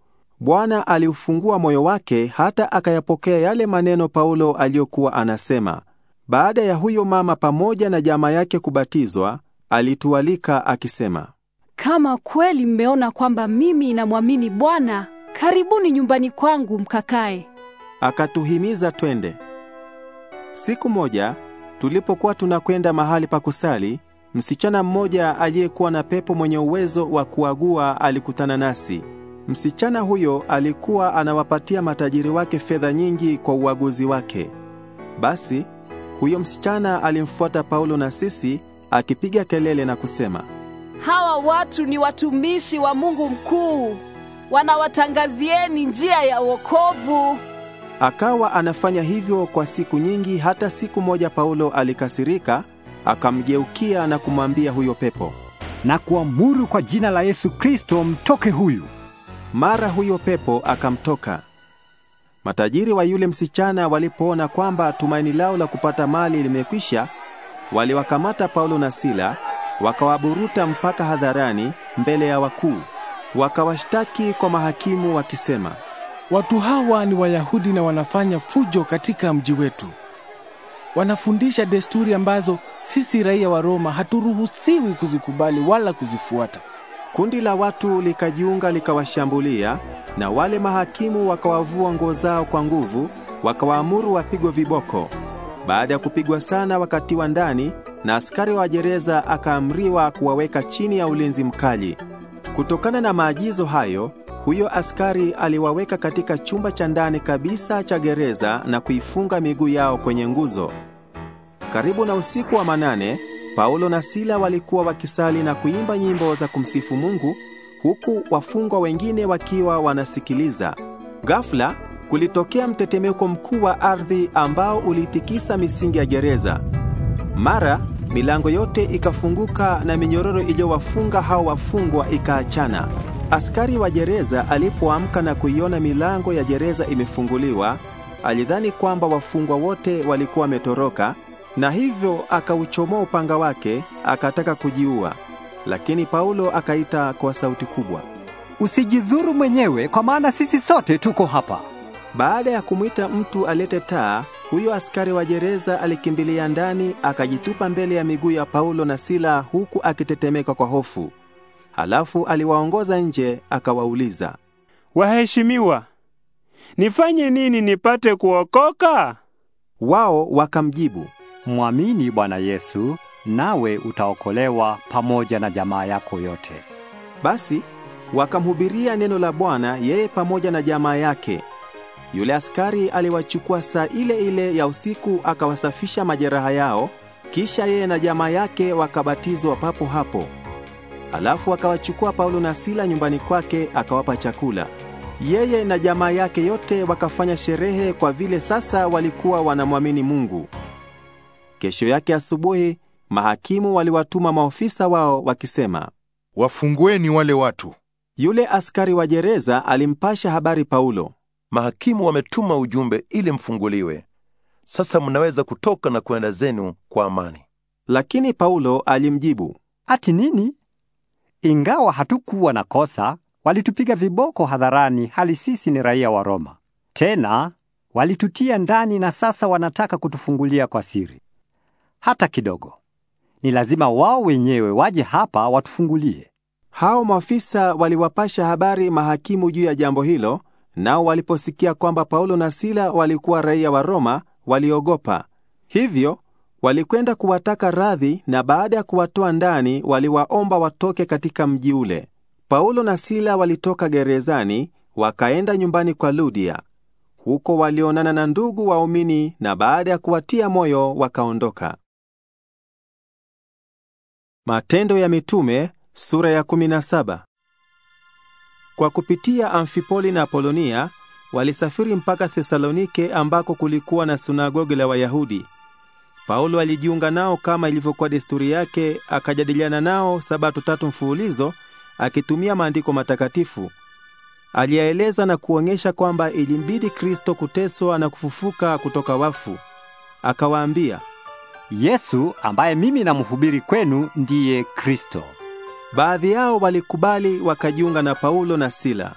Bwana aliufungua moyo wake hata akayapokea yale maneno Paulo aliyokuwa anasema. Baada ya huyo mama pamoja na jamaa yake kubatizwa, alitualika akisema, kama kweli mmeona kwamba mimi namwamini Bwana, karibuni nyumbani kwangu mkakae. Akatuhimiza twende. Siku moja tulipokuwa tunakwenda mahali pa kusali, msichana mmoja aliyekuwa na pepo mwenye uwezo wa kuagua alikutana nasi. Msichana huyo alikuwa anawapatia matajiri wake fedha nyingi kwa uaguzi wake. Basi huyo msichana alimfuata Paulo na sisi akipiga kelele na kusema, hawa watu ni watumishi wa Mungu mkuu, wanawatangazieni njia ya wokovu. Akawa anafanya hivyo kwa siku nyingi, hata siku moja Paulo alikasirika, akamgeukia na kumwambia huyo pepo, na kuamuru kwa jina la Yesu Kristo, mtoke huyu. Mara huyo pepo akamtoka. Matajiri wa yule msichana walipoona kwamba tumaini lao la kupata mali limekwisha, waliwakamata Paulo na Sila, wakawaburuta mpaka hadharani mbele ya wakuu. Wakawashtaki kwa mahakimu wakisema, watu hawa ni Wayahudi na wanafanya fujo katika mji wetu. Wanafundisha desturi ambazo sisi raia wa Roma haturuhusiwi kuzikubali wala kuzifuata. Kundi la watu likajiunga likawashambulia, na wale mahakimu wakawavua nguo zao kwa nguvu, wakawaamuru wapigwe viboko. Baada ya kupigwa sana, wakatiwa ndani, na askari wa gereza akaamriwa kuwaweka chini ya ulinzi mkali. Kutokana na maagizo hayo, huyo askari aliwaweka katika chumba cha ndani kabisa cha gereza na kuifunga miguu yao kwenye nguzo. Karibu na usiku wa manane Paulo na Sila walikuwa wakisali na kuimba nyimbo za kumsifu Mungu huku wafungwa wengine wakiwa wanasikiliza. Ghafla kulitokea mtetemeko mkuu wa ardhi ambao ulitikisa misingi ya gereza. Mara milango yote ikafunguka na minyororo iliyowafunga hao wafungwa ikaachana. Askari wa gereza alipoamka na kuiona milango ya gereza imefunguliwa, alidhani kwamba wafungwa wote walikuwa wametoroka na hivyo akauchomoa upanga wake akataka kujiua, lakini Paulo akaita kwa sauti kubwa, usijidhuru mwenyewe, kwa maana sisi sote tuko hapa. Baada ya kumwita mtu alete taa, huyo askari wa gereza alikimbilia ndani, akajitupa mbele ya miguu ya Paulo na Sila huku akitetemeka kwa hofu. Halafu aliwaongoza nje, akawauliza, Waheshimiwa, nifanye nini nipate kuokoka? Wao wakamjibu, Mwamini Bwana Yesu nawe utaokolewa pamoja na jamaa yako yote. Basi wakamhubiria neno la Bwana yeye pamoja na jamaa yake. Yule askari aliwachukua saa ile ile ya usiku akawasafisha majeraha yao, kisha yeye na jamaa yake wakabatizwa papo hapo. Alafu akawachukua Paulo na Sila nyumbani kwake akawapa chakula. Yeye na jamaa yake yote wakafanya sherehe kwa vile sasa walikuwa wanamwamini Mungu. Kesho yake asubuhi mahakimu waliwatuma maofisa wao wakisema, wafungueni wale watu. Yule askari wa gereza alimpasha habari Paulo, mahakimu wametuma ujumbe ili mfunguliwe. Sasa mnaweza kutoka na kwenda zenu kwa amani. Lakini Paulo alimjibu, ati nini? Ingawa hatukuwa na kosa, walitupiga viboko hadharani, hali sisi ni raia wa Roma. Tena walitutia ndani na sasa wanataka kutufungulia kwa siri hata kidogo. Ni lazima wao wenyewe waje hapa watufungulie. Hao maafisa waliwapasha habari mahakimu juu ya jambo hilo, nao waliposikia kwamba Paulo na Sila walikuwa raia wa Roma, waliogopa. Hivyo walikwenda kuwataka radhi, na baada ya kuwatoa ndani, waliwaomba watoke katika mji ule. Paulo na Sila walitoka gerezani wakaenda nyumbani kwa Ludia. Huko walionana na ndugu waumini, na baada ya kuwatia moyo wakaondoka. Matendo ya Mitume sura ya 17. Kwa kupitia Amfipoli na Apolonia walisafiri mpaka Thesalonike ambako kulikuwa na sinagogi la Wayahudi. Paulo alijiunga nao kama ilivyokuwa desturi yake, akajadiliana nao sabato tatu mfululizo akitumia maandiko matakatifu. Aliyaeleza na kuonyesha kwamba ilimbidi Kristo kuteswa na kufufuka kutoka wafu. Akawaambia, Yesu ambaye mimi namhubiri kwenu ndiye Kristo. Baadhi yao walikubali wakajiunga na Paulo na Sila.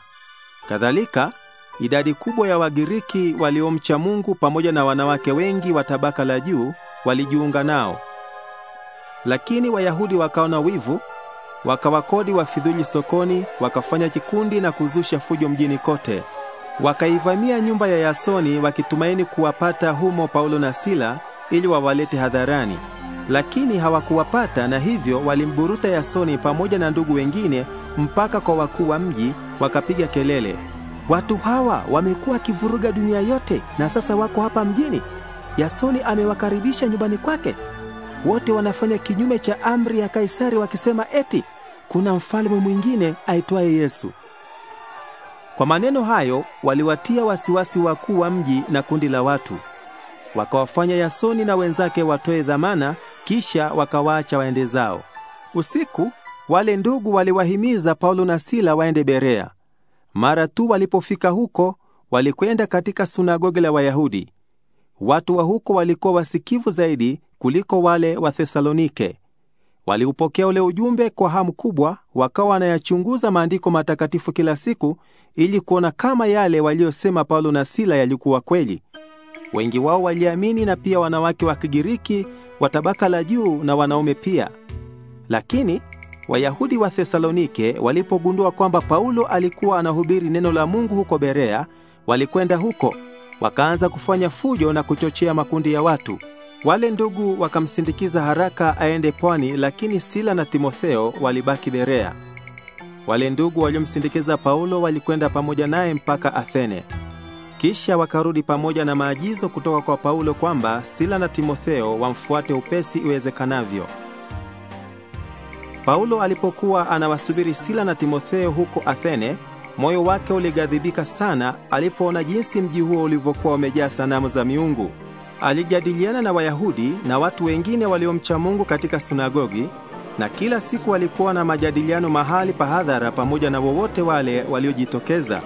Kadhalika, idadi kubwa ya Wagiriki waliomcha Mungu pamoja na wanawake wengi wa tabaka la juu walijiunga nao. Lakini Wayahudi wakaona wivu, wakawakodi wafidhuli sokoni, wakafanya kikundi na kuzusha fujo mjini kote. Wakaivamia nyumba ya Yasoni wakitumaini kuwapata humo Paulo na Sila ili wawalete hadharani, lakini hawakuwapata, na hivyo walimburuta Yasoni pamoja na ndugu wengine mpaka kwa wakuu wa mji, wakapiga kelele, watu hawa wamekuwa wakivuruga dunia yote na sasa wako hapa mjini. Yasoni amewakaribisha nyumbani kwake. Wote wanafanya kinyume cha amri ya Kaisari, wakisema eti kuna mfalme mwingine aitwaye Yesu. Kwa maneno hayo waliwatia wasiwasi wakuu wa mji na kundi la watu wakawafanya Yasoni na wenzake watoe dhamana, kisha wakawaacha waende zao. Usiku wale ndugu waliwahimiza Paulo na Sila waende Berea. Mara tu walipofika huko, walikwenda katika sunagoge la Wayahudi. Watu wa huko walikuwa wasikivu zaidi kuliko wale wa Thesalonike. Waliupokea ule ujumbe kwa hamu kubwa, wakawa wanayachunguza maandiko matakatifu kila siku ili kuona kama yale waliyosema Paulo na Sila yalikuwa kweli. Wengi wao waliamini na pia wanawake wa Kigiriki wa tabaka la juu na wanaume pia. Lakini Wayahudi wa Thesalonike walipogundua kwamba Paulo alikuwa anahubiri neno la Mungu huko Berea, walikwenda huko, wakaanza kufanya fujo na kuchochea makundi ya watu. Wale ndugu wakamsindikiza haraka aende pwani, lakini Sila na Timotheo walibaki Berea. Wale ndugu waliomsindikiza Paulo walikwenda pamoja naye mpaka Athene. Kisha wakarudi pamoja na maagizo kutoka kwa Paulo kwamba Sila na Timotheo wamfuate upesi iwezekanavyo. Paulo alipokuwa anawasubiri Sila na Timotheo huko Athene, moyo wake ulighadhibika sana alipoona jinsi mji huo ulivyokuwa umejaa sanamu za miungu. Alijadiliana na Wayahudi na watu wengine waliomcha Mungu katika sunagogi, na kila siku alikuwa na majadiliano mahali pa hadhara pamoja na wowote wale waliojitokeza.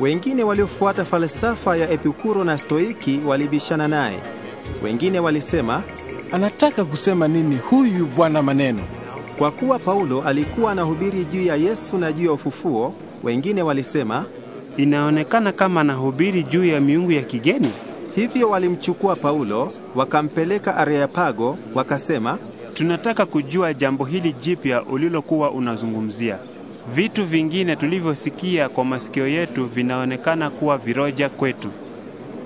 Wengine waliofuata falsafa ya Epikuro na Stoiki walibishana naye. Wengine walisema, anataka kusema nini huyu bwana maneno? Kwa kuwa Paulo alikuwa anahubiri juu ya Yesu na juu ya ufufuo, wengine walisema, inaonekana kama anahubiri juu ya miungu ya kigeni. Hivyo walimchukua Paulo wakampeleka Areopago, wakasema, tunataka kujua jambo hili jipya ulilokuwa unazungumzia. Vitu vingine tulivyosikia kwa masikio yetu vinaonekana kuwa viroja kwetu.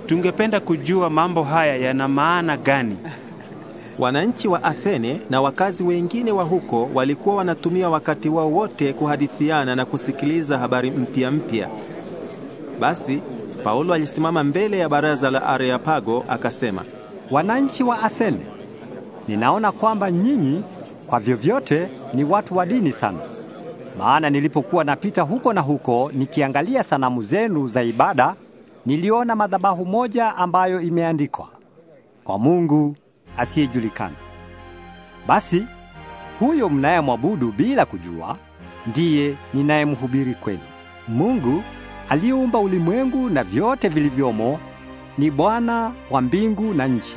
Tungependa kujua mambo haya yana maana gani? Wananchi wa Athene na wakazi wengine wa huko walikuwa wanatumia wakati wao wote kuhadithiana na kusikiliza habari mpya mpya. Basi Paulo alisimama mbele ya baraza la Areopago akasema, wananchi wa Athene, ninaona kwamba nyinyi kwa vyovyote ni watu wa dini sana. Maana nilipokuwa napita huko na huko nikiangalia sanamu zenu za ibada, niliona madhabahu moja ambayo imeandikwa kwa Mungu asiyejulikana. Basi huyo mnayemwabudu bila kujua ndiye ninayemhubiri kwenu. Mungu aliyeumba ulimwengu na vyote vilivyomo ni Bwana wa mbingu na nchi.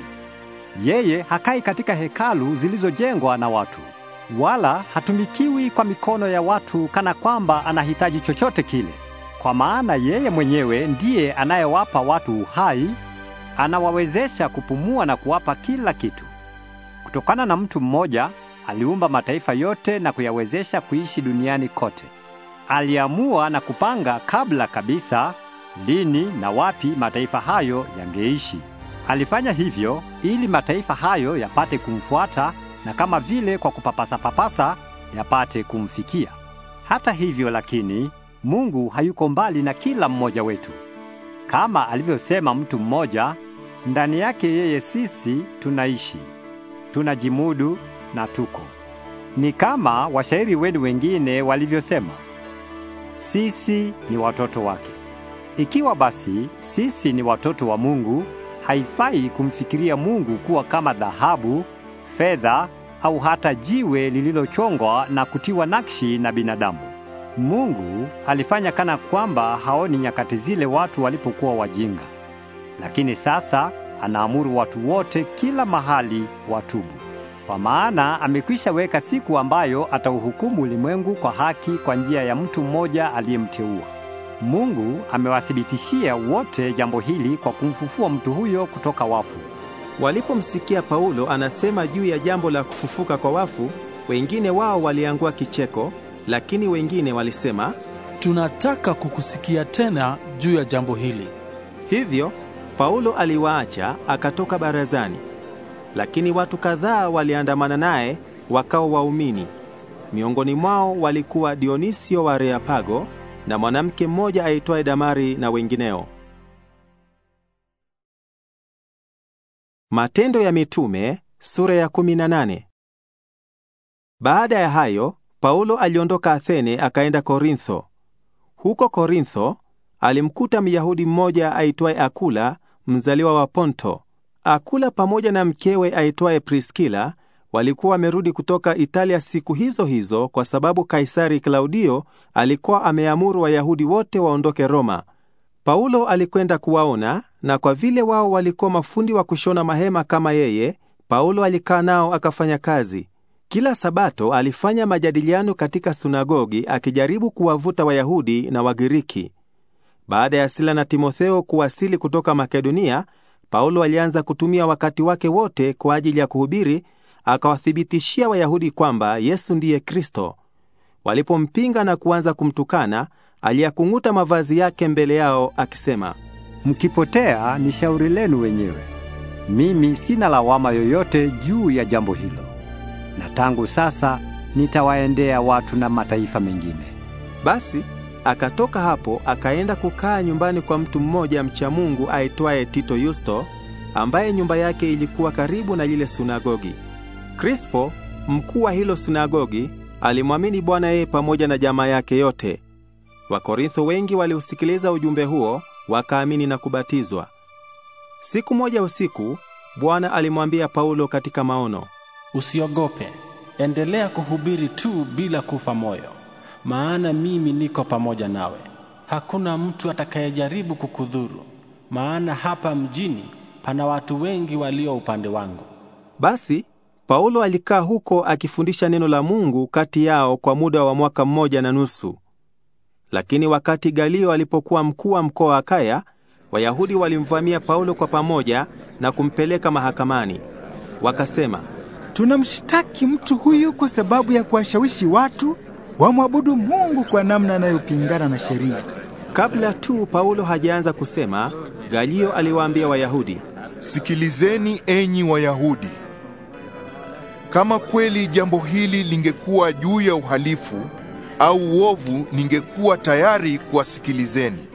Yeye hakai katika hekalu zilizojengwa na watu, wala hatumikiwi kwa mikono ya watu kana kwamba anahitaji chochote kile, kwa maana yeye mwenyewe ndiye anayewapa watu uhai, anawawezesha kupumua na kuwapa kila kitu. Kutokana na mtu mmoja aliumba mataifa yote na kuyawezesha kuishi duniani kote. Aliamua na kupanga kabla kabisa lini na wapi mataifa hayo yangeishi. Alifanya hivyo ili mataifa hayo yapate kumfuata na kama vile kwa kupapasa papasa yapate kumfikia. Hata hivyo lakini, Mungu hayuko mbali na kila mmoja wetu. Kama alivyosema mtu mmoja, ndani yake yeye sisi tunaishi, tunajimudu na tuko. Ni kama washairi wenu wengine walivyosema, sisi ni watoto wake. Ikiwa basi sisi ni watoto wa Mungu, haifai kumfikiria Mungu kuwa kama dhahabu fedha au hata jiwe lililochongwa na kutiwa nakshi na binadamu. Mungu alifanya kana kwamba haoni nyakati zile watu walipokuwa wajinga, lakini sasa anaamuru watu wote kila mahali watubu, kwa maana amekwisha weka siku ambayo atauhukumu ulimwengu kwa haki kwa njia ya mtu mmoja aliyemteua. Mungu amewathibitishia wote jambo hili kwa kumfufua mtu huyo kutoka wafu. Walipomsikia Paulo anasema juu ya jambo la kufufuka kwa wafu, wengine wao waliangua kicheko, lakini wengine walisema, tunataka kukusikia tena juu ya jambo hili. Hivyo Paulo aliwaacha akatoka barazani, lakini watu kadhaa waliandamana naye wakawa waumini. Miongoni mwao walikuwa Dionisio wa Areopago na mwanamke mmoja aitwaye Damari na wengineo. Matendo ya Mitume sura ya 18. Baada ya hayo, Paulo aliondoka Athene akaenda Korintho. Huko Korintho alimkuta Myahudi mmoja aitwaye Akula, mzaliwa wa Ponto. Akula pamoja na mkewe aitwaye Priskila walikuwa wamerudi kutoka Italia siku hizo hizo kwa sababu Kaisari Klaudio alikuwa ameamuru Wayahudi wote waondoke Roma. Paulo alikwenda kuwaona, na kwa vile wao walikuwa mafundi wa kushona mahema kama yeye, Paulo alikaa nao akafanya kazi. Kila Sabato alifanya majadiliano katika sunagogi akijaribu kuwavuta Wayahudi na Wagiriki. Baada ya Sila na Timotheo kuwasili kutoka Makedonia, Paulo alianza kutumia wakati wake wote kwa ajili ya kuhubiri, akawathibitishia Wayahudi kwamba Yesu ndiye Kristo. Walipompinga na kuanza kumtukana, Aliyakung'uta mavazi yake mbele yao akisema, mkipotea ni shauri lenu wenyewe. Mimi sina lawama yoyote juu ya jambo hilo, na tangu sasa nitawaendea watu na mataifa mengine. Basi akatoka hapo akaenda kukaa nyumbani kwa mtu mmoja mcha Mungu aitwaye Tito Yusto, ambaye nyumba yake ilikuwa karibu na lile sunagogi. Krispo, mkuu wa hilo sunagogi, alimwamini Bwana yeye pamoja na jamaa yake yote, Wakorintho wengi waliusikiliza ujumbe huo wakaamini na kubatizwa. Siku moja usiku, Bwana alimwambia Paulo katika maono, usiogope, endelea kuhubiri tu bila kufa moyo, maana mimi niko pamoja nawe. Hakuna mtu atakayejaribu kukudhuru, maana hapa mjini pana watu wengi walio upande wangu. Basi Paulo alikaa huko akifundisha neno la Mungu kati yao kwa muda wa mwaka mmoja na nusu. Lakini wakati Galio alipokuwa mkuu wa mkoa wa Akaya, Wayahudi walimvamia Paulo kwa pamoja na kumpeleka mahakamani. Wakasema, tunamshtaki mtu huyu kwa sababu ya kuwashawishi watu wamwabudu Mungu kwa namna anayopingana na sheria. Kabla tu Paulo hajaanza kusema, Galio aliwaambia Wayahudi, Sikilizeni enyi Wayahudi. Kama kweli jambo hili lingekuwa juu ya uhalifu au uovu, ningekuwa tayari kuwasikilizeni.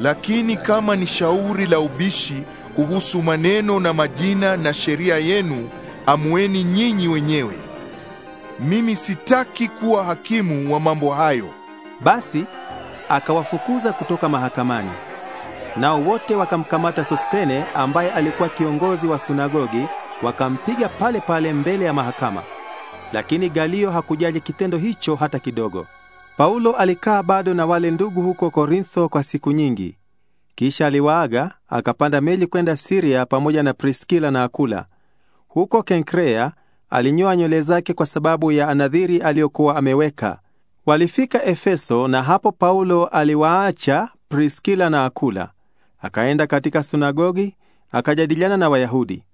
Lakini kama ni shauri la ubishi kuhusu maneno na majina na sheria yenu, amueni nyinyi wenyewe. Mimi sitaki kuwa hakimu wa mambo hayo. Basi akawafukuza kutoka mahakamani. Nao wote wakamkamata Sostene ambaye alikuwa kiongozi wa sunagogi wakampiga pale pale mbele ya mahakama. Lakini Galio hakujali kitendo hicho hata kidogo. Paulo alikaa bado na wale ndugu huko Korintho kwa siku nyingi. Kisha aliwaaga akapanda meli kwenda Siria pamoja na Priskila na Akula. Huko Kenkrea alinyoa nywele zake kwa sababu ya anadhiri aliyokuwa ameweka. Walifika Efeso na hapo Paulo aliwaacha Priskila na Akula. Akaenda katika sunagogi akajadiliana na Wayahudi.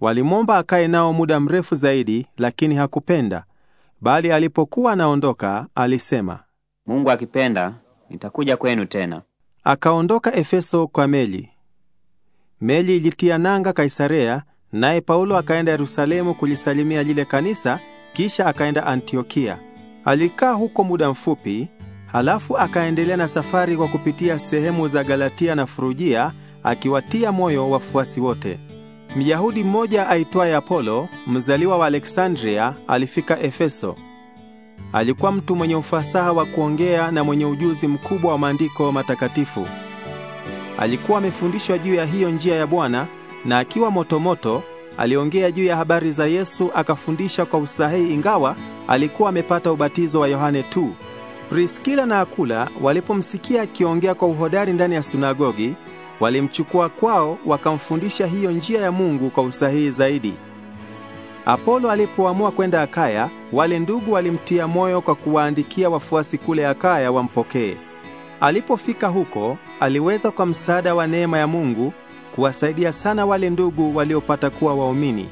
Walimwomba akae nao muda mrefu zaidi, lakini hakupenda. Bali alipokuwa anaondoka alisema, Mungu akipenda nitakuja kwenu tena. Akaondoka Efeso kwa meli. Meli ilitia nanga Kaisarea, naye Paulo akaenda Yerusalemu kulisalimia lile kanisa, kisha akaenda Antiokia. Alikaa huko muda mfupi, halafu akaendelea na safari kwa kupitia sehemu za Galatia na Furujia, akiwatia moyo wafuasi wote. Myahudi mmoja aitwaye Apolo, mzaliwa wa Aleksandria, alifika Efeso. Alikuwa mtu mwenye ufasaha wa kuongea na mwenye ujuzi mkubwa wa maandiko matakatifu. Alikuwa amefundishwa juu ya hiyo njia ya Bwana na akiwa motomoto aliongea juu ya habari za Yesu akafundisha kwa usahihi, ingawa alikuwa amepata ubatizo wa Yohane tu. Priskila na Akula walipomsikia akiongea kwa uhodari ndani ya sinagogi, Walimchukua kwao wakamfundisha hiyo njia ya Mungu kwa usahihi zaidi. Apolo alipoamua kwenda Akaya, wale ndugu walimtia moyo kwa kuwaandikia wafuasi kule Akaya wampokee. Alipofika huko, aliweza kwa msaada wa neema ya Mungu kuwasaidia sana wale ndugu waliopata kuwa waumini.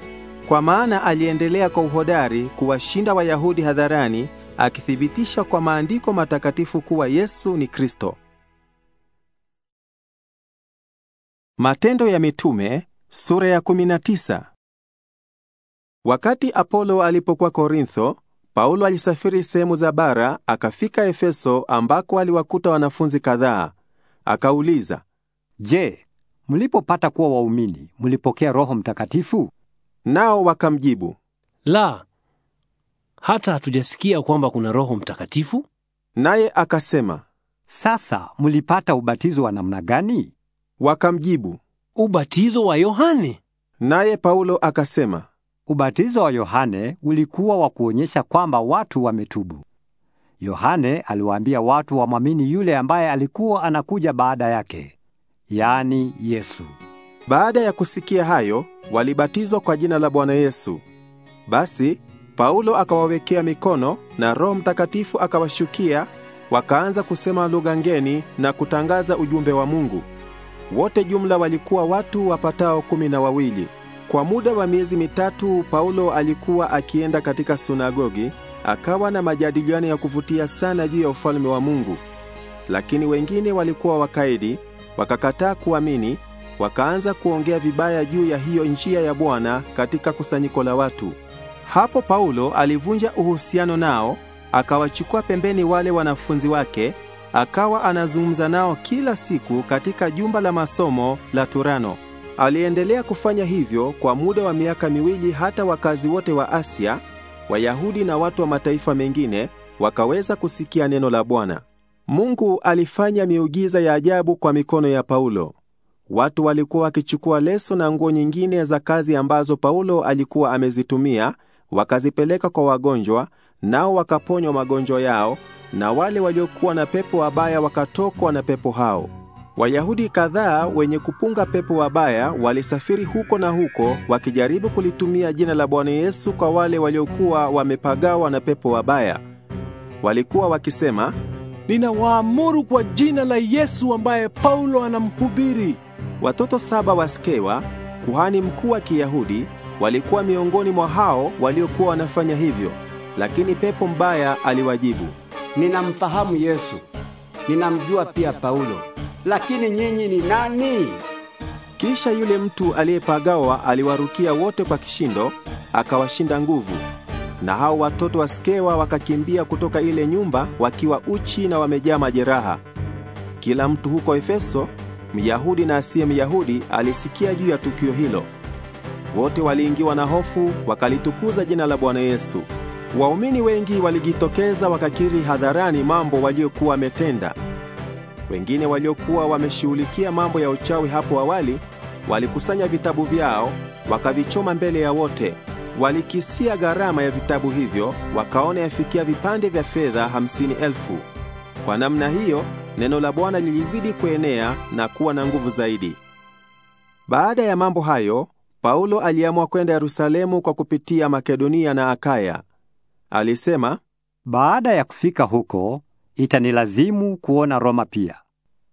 Kwa maana aliendelea kwa uhodari kuwashinda Wayahudi hadharani, akithibitisha kwa maandiko matakatifu kuwa Yesu ni Kristo. Matendo ya Mitume sura ya 19. Wakati Apolo alipokuwa Korintho, Paulo alisafiri sehemu za bara akafika Efeso ambako aliwakuta wanafunzi kadhaa. Akauliza, "Je, mlipopata kuwa waumini, mlipokea Roho Mtakatifu?" Nao wakamjibu, "La. Hata hatujasikia kwamba kuna Roho Mtakatifu." Naye akasema, "Sasa mlipata ubatizo wa namna gani?" Wakamjibu, ubatizo wa Yohane. Naye Paulo akasema, ubatizo wa Yohane ulikuwa wa kuonyesha kwamba watu wametubu. Yohane aliwaambia watu wamwamini yule ambaye alikuwa anakuja baada yake, yaani Yesu. Baada ya kusikia hayo, walibatizwa kwa jina la Bwana Yesu. Basi Paulo akawawekea mikono na Roho Mtakatifu akawashukia, wakaanza kusema lugha ngeni na kutangaza ujumbe wa Mungu. Wote jumla walikuwa watu wapatao kumi na wawili. Kwa muda wa miezi mitatu Paulo alikuwa akienda katika sunagogi, akawa na majadiliano ya kuvutia sana juu ya ufalme wa Mungu. Lakini wengine walikuwa wakaidi, wakakataa kuamini, wakaanza kuongea vibaya juu ya hiyo njia ya Bwana katika kusanyiko la watu. Hapo Paulo alivunja uhusiano nao, akawachukua pembeni wale wanafunzi wake akawa anazungumza nao kila siku katika jumba la masomo la Turano. Aliendelea kufanya hivyo kwa muda wa miaka miwili hata wakazi wote wa Asia, Wayahudi na watu wa mataifa mengine wakaweza kusikia neno la Bwana. Mungu alifanya miujiza ya ajabu kwa mikono ya Paulo. Watu walikuwa wakichukua leso na nguo nyingine za kazi ambazo Paulo alikuwa amezitumia, wakazipeleka kwa wagonjwa, nao wakaponywa magonjwa yao na wale waliokuwa na pepo wabaya wakatokwa na pepo hao. Wayahudi kadhaa wenye kupunga pepo wabaya walisafiri huko na huko wakijaribu kulitumia jina la Bwana Yesu kwa wale waliokuwa wamepagawa na pepo wabaya. Walikuwa wakisema, "Ninawaamuru kwa jina la Yesu ambaye Paulo anamhubiri." Watoto saba wa Skewa, kuhani mkuu wa Kiyahudi, walikuwa miongoni mwa hao waliokuwa wanafanya hivyo, lakini pepo mbaya aliwajibu, Ninamfahamu Yesu, ninamjua pia Paulo, lakini nyinyi ni nani? Kisha yule mtu aliyepagawa aliwarukia wote kwa kishindo, akawashinda nguvu, na hao watoto wa Skewa wakakimbia kutoka ile nyumba wakiwa uchi na wamejaa majeraha. Kila mtu huko Efeso, Myahudi na asiye Myahudi, alisikia juu ya tukio hilo. Wote waliingiwa na hofu, wakalitukuza jina la Bwana Yesu. Waumini wengi walijitokeza wakakiri hadharani mambo waliokuwa wametenda. Wengine waliokuwa wameshughulikia mambo ya uchawi hapo awali walikusanya vitabu vyao wakavichoma mbele ya wote. Walikisia gharama ya vitabu hivyo wakaona yafikia vipande vya fedha hamsini elfu. Kwa namna hiyo neno la Bwana lilizidi kuenea na kuwa na nguvu zaidi. Baada ya mambo hayo, Paulo aliamua kwenda Yerusalemu kwa kupitia Makedonia na Akaya. Alisema, baada ya kufika huko itanilazimu kuona Roma pia.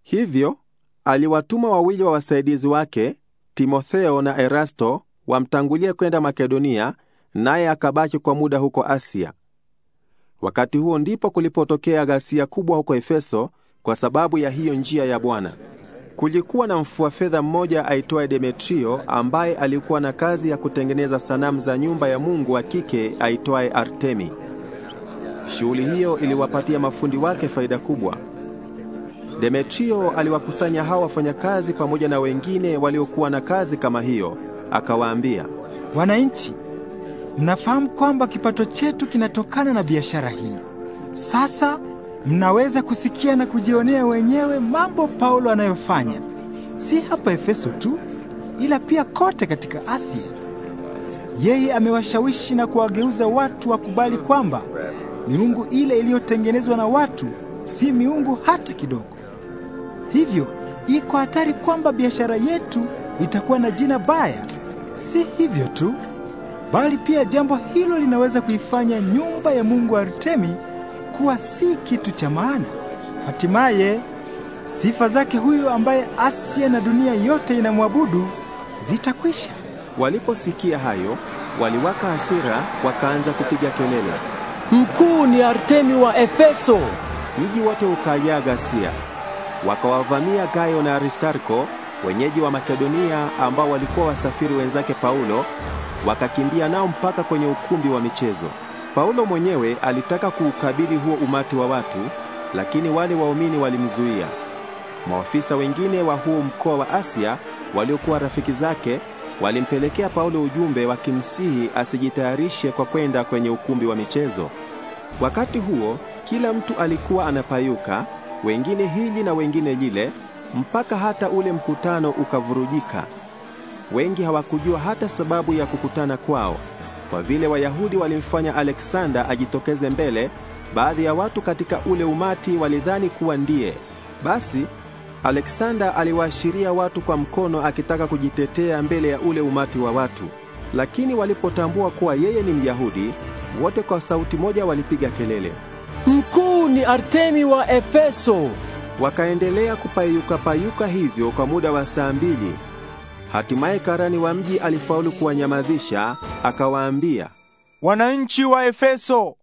Hivyo aliwatuma wawili wa wasaidizi wake, Timotheo na Erasto, wamtangulie kwenda Makedonia, naye akabaki kwa muda huko Asia. Wakati huo ndipo kulipotokea ghasia kubwa huko Efeso kwa sababu ya hiyo njia ya Bwana. Kulikuwa na mfua fedha mmoja aitwaye Demetrio ambaye alikuwa na kazi ya kutengeneza sanamu za nyumba ya Mungu wa kike aitwaye Artemi. Shughuli hiyo iliwapatia mafundi wake faida kubwa. Demetrio aliwakusanya hawa wafanyakazi pamoja na wengine waliokuwa na kazi kama hiyo, akawaambia, "Wananchi, mnafahamu kwamba kipato chetu kinatokana na biashara hii. Sasa Mnaweza kusikia na kujionea wenyewe mambo Paulo anayofanya, si hapa Efeso tu, ila pia kote katika Asia. Yeye amewashawishi na kuwageuza watu wakubali kwamba miungu ile iliyotengenezwa na watu si miungu hata kidogo. Hivyo iko hatari kwamba biashara yetu itakuwa na jina baya. Si hivyo tu, bali pia jambo hilo linaweza kuifanya nyumba ya Mungu Artemi kuwa si kitu cha maana. Hatimaye sifa zake huyo ambaye Asia na dunia yote inamwabudu zitakwisha. Waliposikia hayo, waliwaka hasira, wakaanza kupiga kelele, mkuu ni Artemi wa Efeso. Mji wote ukajaa ghasia. Wakawavamia Gayo na Aristarko, wenyeji wa Makedonia, ambao walikuwa wasafiri wenzake Paulo, wakakimbia nao mpaka kwenye ukumbi wa michezo. Paulo mwenyewe alitaka kuukabili huo umati wa watu, lakini wale waumini walimzuia. Maafisa wengine wa huo mkoa wa Asia waliokuwa rafiki zake walimpelekea Paulo ujumbe wakimsihi asijitayarishe kwa kwenda kwenye ukumbi wa michezo. Wakati huo kila mtu alikuwa anapayuka, wengine hili na wengine lile, mpaka hata ule mkutano ukavurujika. Wengi hawakujua hata sababu ya kukutana kwao. Kwa vile Wayahudi walimfanya Aleksanda ajitokeze mbele, baadhi ya watu katika ule umati walidhani kuwa ndiye. Basi Aleksanda aliwaashiria watu kwa mkono akitaka kujitetea mbele ya ule umati wa watu. Lakini walipotambua kuwa yeye ni Myahudi, wote kwa sauti moja walipiga kelele, Mkuu ni Artemi wa Efeso. Wakaendelea kupayuka payuka hivyo kwa muda wa saa mbili. Hatimaye karani wa mji alifaulu kuwanyamazisha, akawaambia, wananchi wa Efeso,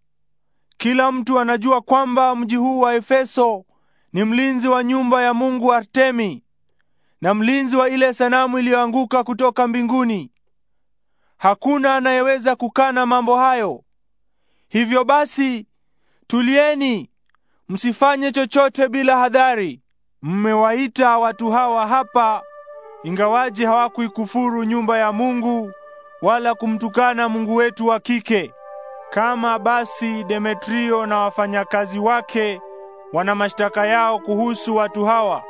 kila mtu anajua kwamba mji huu wa Efeso ni mlinzi wa nyumba ya Mungu Artemi na mlinzi wa ile sanamu iliyoanguka kutoka mbinguni. Hakuna anayeweza kukana mambo hayo. Hivyo basi, tulieni, msifanye chochote bila hadhari. Mmewaita watu hawa hapa ingawaje hawakuikufuru nyumba ya Mungu wala kumtukana Mungu wetu wa kike. Kama basi Demetrio na wafanyakazi wake wana mashtaka yao kuhusu watu hawa,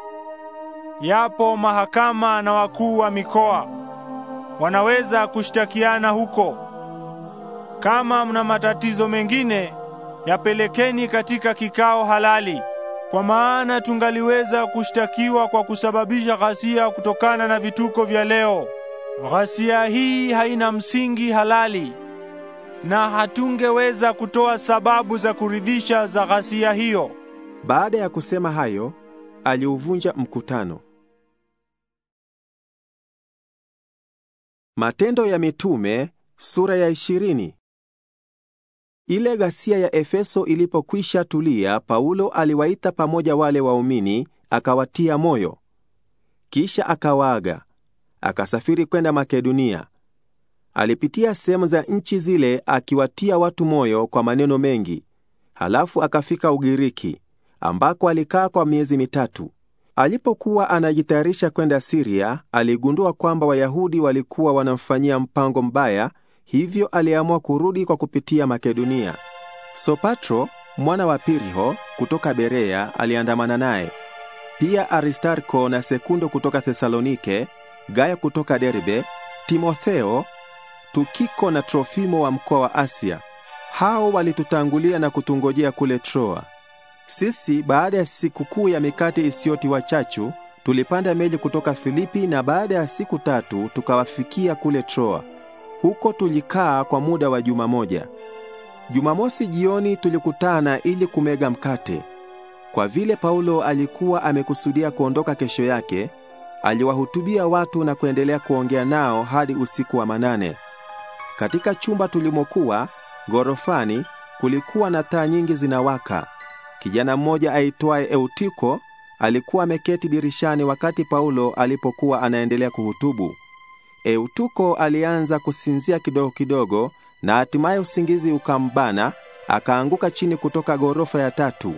yapo mahakama na wakuu wa mikoa wanaweza kushtakiana huko. Kama mna matatizo mengine, yapelekeni katika kikao halali kwa maana tungaliweza kushtakiwa kwa kusababisha ghasia kutokana na vituko vya leo. Ghasia hii haina msingi halali na hatungeweza kutoa sababu za kuridhisha za ghasia hiyo. Baada ya kusema hayo, aliuvunja mkutano. Matendo ya Mitume sura ya ishirini. Ile ghasia ya Efeso ilipokwisha tulia, Paulo aliwaita pamoja wale waumini, akawatia moyo. Kisha akawaaga, akasafiri kwenda Makedonia. Alipitia sehemu za nchi zile akiwatia watu moyo kwa maneno mengi. Halafu akafika Ugiriki ambako alikaa kwa miezi mitatu. Alipokuwa anajitayarisha kwenda Siria, aligundua kwamba Wayahudi walikuwa wanamfanyia mpango mbaya hivyo aliamua kurudi kwa kupitia Makedonia. Sopatro mwana wa Pirho kutoka Berea aliandamana naye, pia Aristarko na Sekundo kutoka Thesalonike, Gaya kutoka Derbe, Timotheo, Tukiko na Trofimo wa mkoa wa Asia. Hao walitutangulia na kutungojea kule Troa. Sisi baada ya siku kuu ya mikate isiyotiwa chachu tulipanda meli kutoka Filipi na baada ya siku tatu tukawafikia kule Troa. Huko tulikaa kwa muda wa juma moja. Jumamosi jioni tulikutana ili kumega mkate. Kwa vile Paulo alikuwa amekusudia kuondoka kesho yake, aliwahutubia watu na kuendelea kuongea nao hadi usiku wa manane. Katika chumba tulimokuwa, ghorofani, kulikuwa na taa nyingi zinawaka. Kijana mmoja aitwaye Eutiko alikuwa ameketi dirishani wakati Paulo alipokuwa anaendelea kuhutubu. Eutuko alianza kusinzia kidogo kidogo na hatimaye usingizi ukambana, akaanguka chini kutoka ghorofa ya tatu.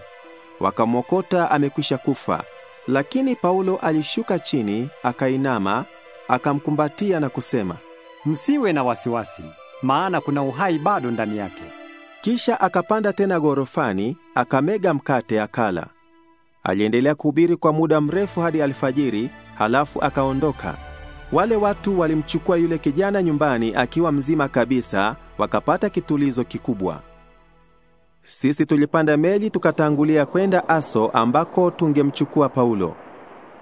Wakamwokota amekwisha kufa. Lakini Paulo alishuka chini, akainama, akamkumbatia na kusema, msiwe na wasiwasi, maana kuna uhai bado ndani yake. Kisha akapanda tena ghorofani, akamega mkate akala. Aliendelea kuhubiri kwa muda mrefu hadi alfajiri, halafu akaondoka. Wale watu walimchukua yule kijana nyumbani akiwa mzima kabisa, wakapata kitulizo kikubwa. Sisi tulipanda meli tukatangulia kwenda Aso ambako tungemchukua Paulo.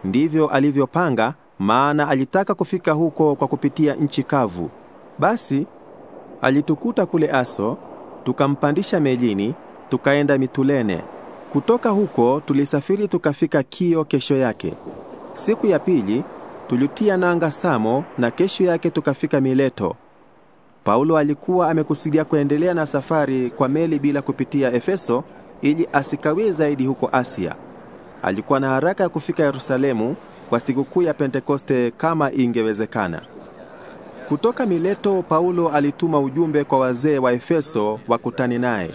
Ndivyo alivyopanga, maana alitaka kufika huko kwa kupitia nchi kavu. Basi alitukuta kule Aso, tukampandisha melini, tukaenda Mitulene. Kutoka huko tulisafiri tukafika Kio kesho yake. Siku ya pili tulitia nanga Samo na kesho yake tukafika Mileto. Paulo alikuwa amekusudia kuendelea na safari kwa meli bila kupitia Efeso ili asikawie zaidi huko Asia. Alikuwa na haraka ya kufika Yerusalemu kwa sikukuu ya Pentekoste kama ingewezekana. Kutoka Mileto, Paulo alituma ujumbe kwa wazee wa Efeso wakutani naye.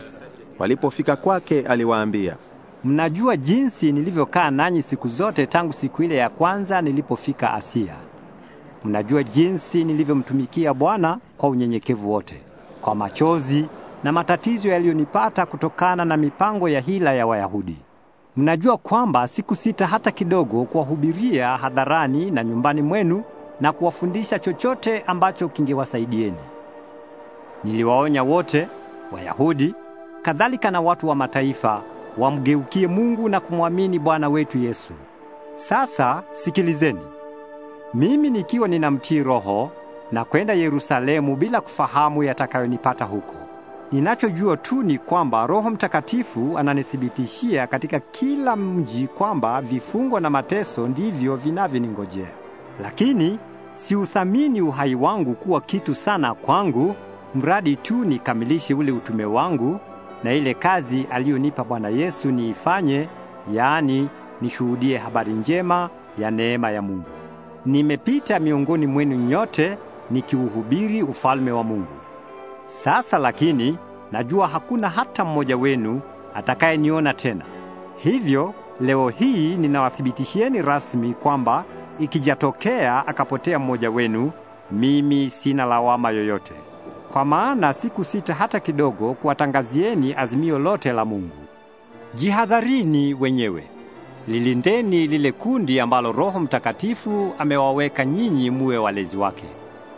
Walipofika kwake, aliwaambia Mnajua jinsi nilivyokaa nanyi siku zote tangu siku ile ya kwanza nilipofika Asia. Mnajua jinsi nilivyomtumikia Bwana kwa unyenyekevu wote, kwa machozi na matatizo yaliyonipata kutokana na mipango ya hila ya Wayahudi. Mnajua kwamba siku sita hata kidogo kuwahubiria hadharani na nyumbani mwenu na kuwafundisha chochote ambacho kingewasaidieni. Niliwaonya wote, Wayahudi kadhalika na watu wa mataifa wamgeukie Mungu na kumwamini Bwana wetu Yesu. Sasa sikilizeni. Mimi nikiwa ninamtii Roho na kwenda Yerusalemu bila kufahamu yatakayonipata huko. Ninachojua tu ni kwamba Roho Mtakatifu ananithibitishia katika kila mji kwamba vifungo na mateso ndivyo vinavyoningojea. Lakini siuthamini uhai wangu kuwa kitu sana kwangu, mradi tu nikamilishe ule utume wangu na ile kazi aliyonipa Bwana Yesu niifanye, yaani nishuhudie habari njema ya neema ya Mungu. Nimepita miongoni mwenu nyote nikiuhubiri ufalme wa Mungu. Sasa lakini najua hakuna hata mmoja wenu atakayeniona tena. Hivyo leo hii ninawathibitishieni rasmi kwamba ikijatokea akapotea mmoja wenu, mimi sina lawama yoyote. Kwa maana siku sita hata kidogo kuwatangazieni azimio lote la Mungu. Jihadharini wenyewe. Lilindeni lile kundi ambalo Roho Mtakatifu amewaweka nyinyi muwe walezi wake.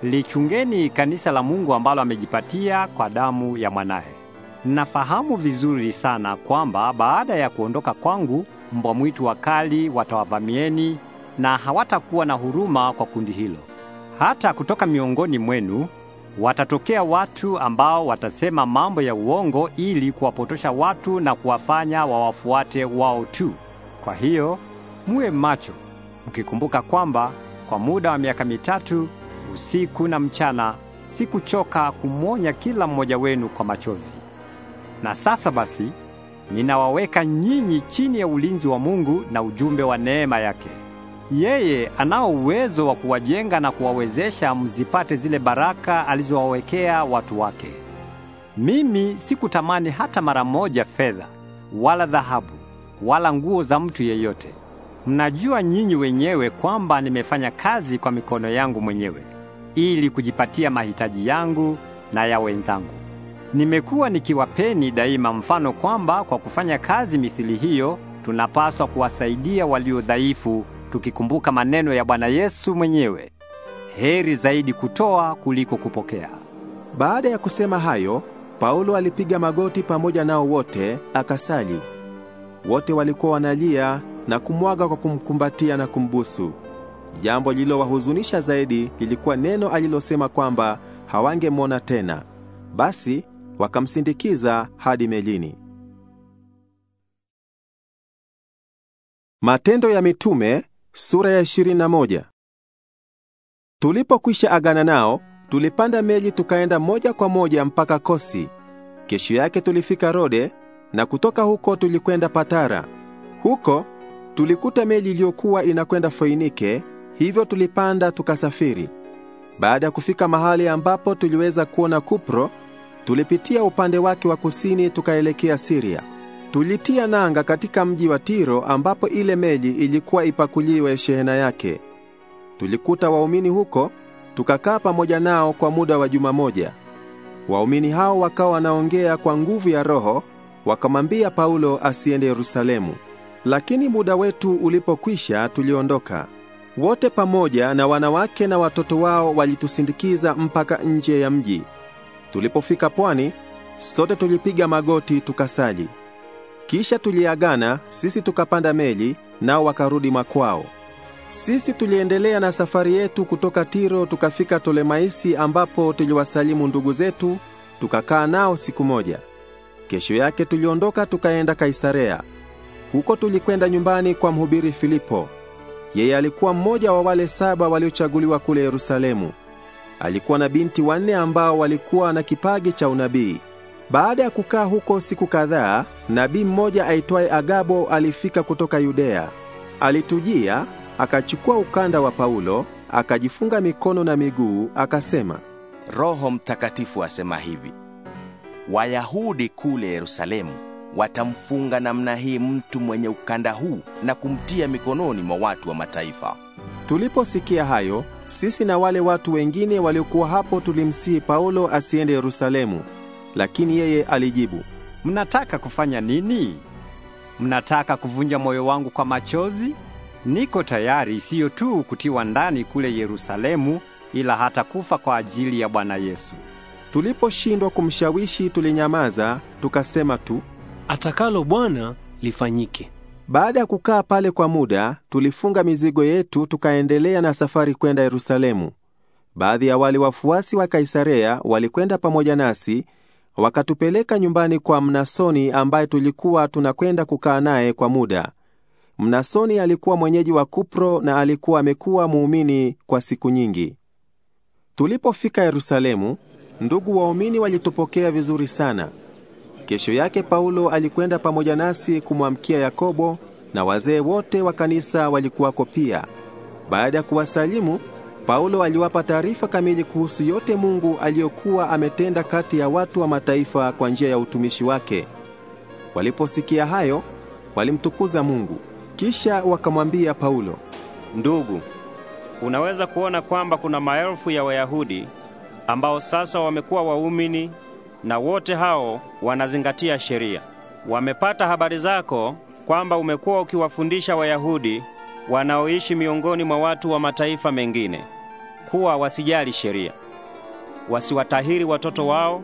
Lichungeni kanisa la Mungu ambalo amejipatia kwa damu ya mwanaye. Nafahamu vizuri sana kwamba baada ya kuondoka kwangu, mbwa mwitu wakali watawavamieni na hawatakuwa na huruma kwa kundi hilo. Hata kutoka miongoni mwenu Watatokea watu ambao watasema mambo ya uongo ili kuwapotosha watu na kuwafanya wawafuate wao tu. Kwa hiyo muwe macho, mkikumbuka kwamba kwa muda wa miaka mitatu, usiku na mchana, sikuchoka kumwonya kila mmoja wenu kwa machozi. Na sasa basi, ninawaweka nyinyi chini ya ulinzi wa Mungu na ujumbe wa neema yake. Yeye anao uwezo wa kuwajenga na kuwawezesha mzipate zile baraka alizowawekea watu wake. Mimi sikutamani hata mara moja fedha wala dhahabu wala nguo za mtu yeyote. Mnajua nyinyi wenyewe kwamba nimefanya kazi kwa mikono yangu mwenyewe ili kujipatia mahitaji yangu na ya wenzangu. Nimekuwa nikiwapeni daima mfano kwamba kwa kufanya kazi mithili hiyo tunapaswa kuwasaidia walio dhaifu tukikumbuka maneno ya Bwana Yesu mwenyewe, heri zaidi kutoa kuliko kupokea. Baada ya kusema hayo, Paulo alipiga magoti pamoja nao wote akasali. Wote walikuwa wanalia na kumwaga kwa kumkumbatia na kumbusu. Jambo lililowahuzunisha zaidi lilikuwa neno alilosema kwamba hawangemwona tena. Basi wakamsindikiza hadi melini. Matendo ya Mitume Sura ya 21. Tulipokwisha agana nao, tulipanda meli tukaenda moja kwa moja mpaka Kosi. Kesho yake tulifika Rode na kutoka huko tulikwenda Patara. Huko tulikuta meli iliyokuwa inakwenda Foinike, hivyo tulipanda tukasafiri. Baada ya kufika mahali ambapo tuliweza kuona Kupro, tulipitia upande wake wa kusini tukaelekea Siria. Tulitia nanga katika mji wa Tiro ambapo ile meli ilikuwa ipakuliwe shehena yake. Tulikuta waumini huko, tukakaa pamoja nao kwa muda wa juma moja. Waumini hao wakawa wanaongea kwa nguvu ya Roho, wakamwambia Paulo asiende Yerusalemu. Lakini muda wetu ulipokwisha, tuliondoka. Wote pamoja na wanawake na watoto wao walitusindikiza mpaka nje ya mji. Tulipofika pwani, sote tulipiga magoti tukasali. Kisha tuliagana sisi tukapanda meli, nao wakarudi makwao. Sisi tuliendelea na safari yetu kutoka Tiro tukafika Tolemaisi, ambapo tuliwasalimu ndugu zetu, tukakaa nao siku moja. Kesho yake tuliondoka tukaenda Kaisarea. Huko tulikwenda nyumbani kwa mhubiri Filipo. Yeye alikuwa mmoja wa wale saba waliochaguliwa kule Yerusalemu. Alikuwa na binti wanne ambao walikuwa na kipaji cha unabii. Baada ya kukaa huko siku kadhaa, nabii mmoja aitwaye Agabo alifika kutoka Yudea. Alitujia, akachukua ukanda wa Paulo, akajifunga mikono na miguu, akasema, Roho Mtakatifu asema hivi: Wayahudi kule Yerusalemu watamfunga namna hii mtu mwenye ukanda huu na kumtia mikononi mwa watu wa mataifa. Tuliposikia hayo, sisi na wale watu wengine waliokuwa hapo tulimsihi Paulo asiende Yerusalemu. Lakini yeye alijibu, mnataka kufanya nini? Mnataka kuvunja moyo wangu kwa machozi? Niko tayari siyo tu kutiwa ndani kule Yerusalemu, ila hata kufa kwa ajili ya Bwana Yesu. Tuliposhindwa kumshawishi, tulinyamaza tukasema tu, atakalo Bwana lifanyike. Baada ya kukaa pale kwa muda, tulifunga mizigo yetu tukaendelea na safari kwenda Yerusalemu. Baadhi ya wale wafuasi wa Kaisarea walikwenda pamoja nasi Wakatupeleka nyumbani kwa Mnasoni ambaye tulikuwa tunakwenda kukaa naye kwa muda. Mnasoni alikuwa mwenyeji wa Kupro na alikuwa amekuwa muumini kwa siku nyingi. Tulipofika Yerusalemu, ndugu waumini walitupokea vizuri sana. Kesho yake Paulo alikwenda pamoja nasi kumwamkia Yakobo na wazee wote wa kanisa walikuwako pia. Baada ya kuwasalimu, Paulo aliwapa taarifa kamili kuhusu yote Mungu aliyokuwa ametenda kati ya watu wa mataifa kwa njia ya utumishi wake. Waliposikia hayo, walimtukuza Mungu. Kisha wakamwambia Paulo, "Ndugu, unaweza kuona kwamba kuna maelfu ya Wayahudi ambao sasa wamekuwa waumini na wote hao wanazingatia sheria. Wamepata habari zako kwamba umekuwa ukiwafundisha Wayahudi wanaoishi miongoni mwa watu wa mataifa mengine kuwa wasijali sheria, wasiwatahiri watoto wao,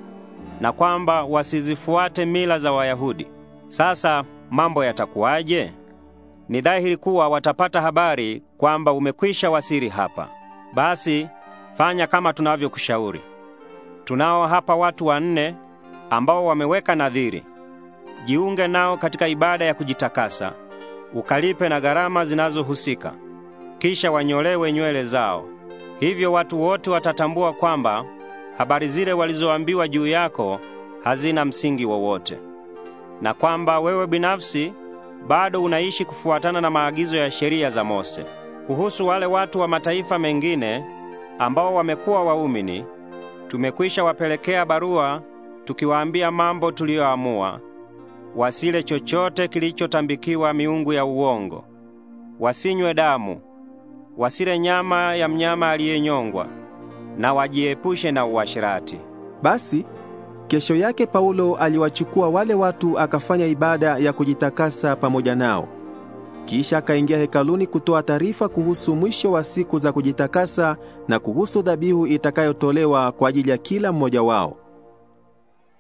na kwamba wasizifuate mila za Wayahudi. Sasa mambo yatakuwaje? Ni dhahiri kuwa watapata habari kwamba umekwisha wasiri hapa. Basi fanya kama tunavyokushauri. Tunao hapa watu wanne ambao wameweka nadhiri. Jiunge nao katika ibada ya kujitakasa ukalipe na gharama zinazohusika, kisha wanyolewe nywele zao. Hivyo watu wote watatambua kwamba habari zile walizoambiwa juu yako hazina msingi wowote, na kwamba wewe binafsi bado unaishi kufuatana na maagizo ya sheria za Mose. Kuhusu wale watu wa mataifa mengine ambao wamekuwa waumini, tumekwisha wapelekea barua tukiwaambia mambo tuliyoamua wasile chochote kilichotambikiwa miungu ya uongo, wasinywe damu, wasile nyama ya mnyama aliyenyongwa, na wajiepushe na uasherati. Basi kesho yake Paulo aliwachukua wale watu akafanya ibada ya kujitakasa pamoja nao. Kisha akaingia hekaluni kutoa taarifa kuhusu mwisho wa siku za kujitakasa na kuhusu dhabihu itakayotolewa kwa ajili ya kila mmoja wao.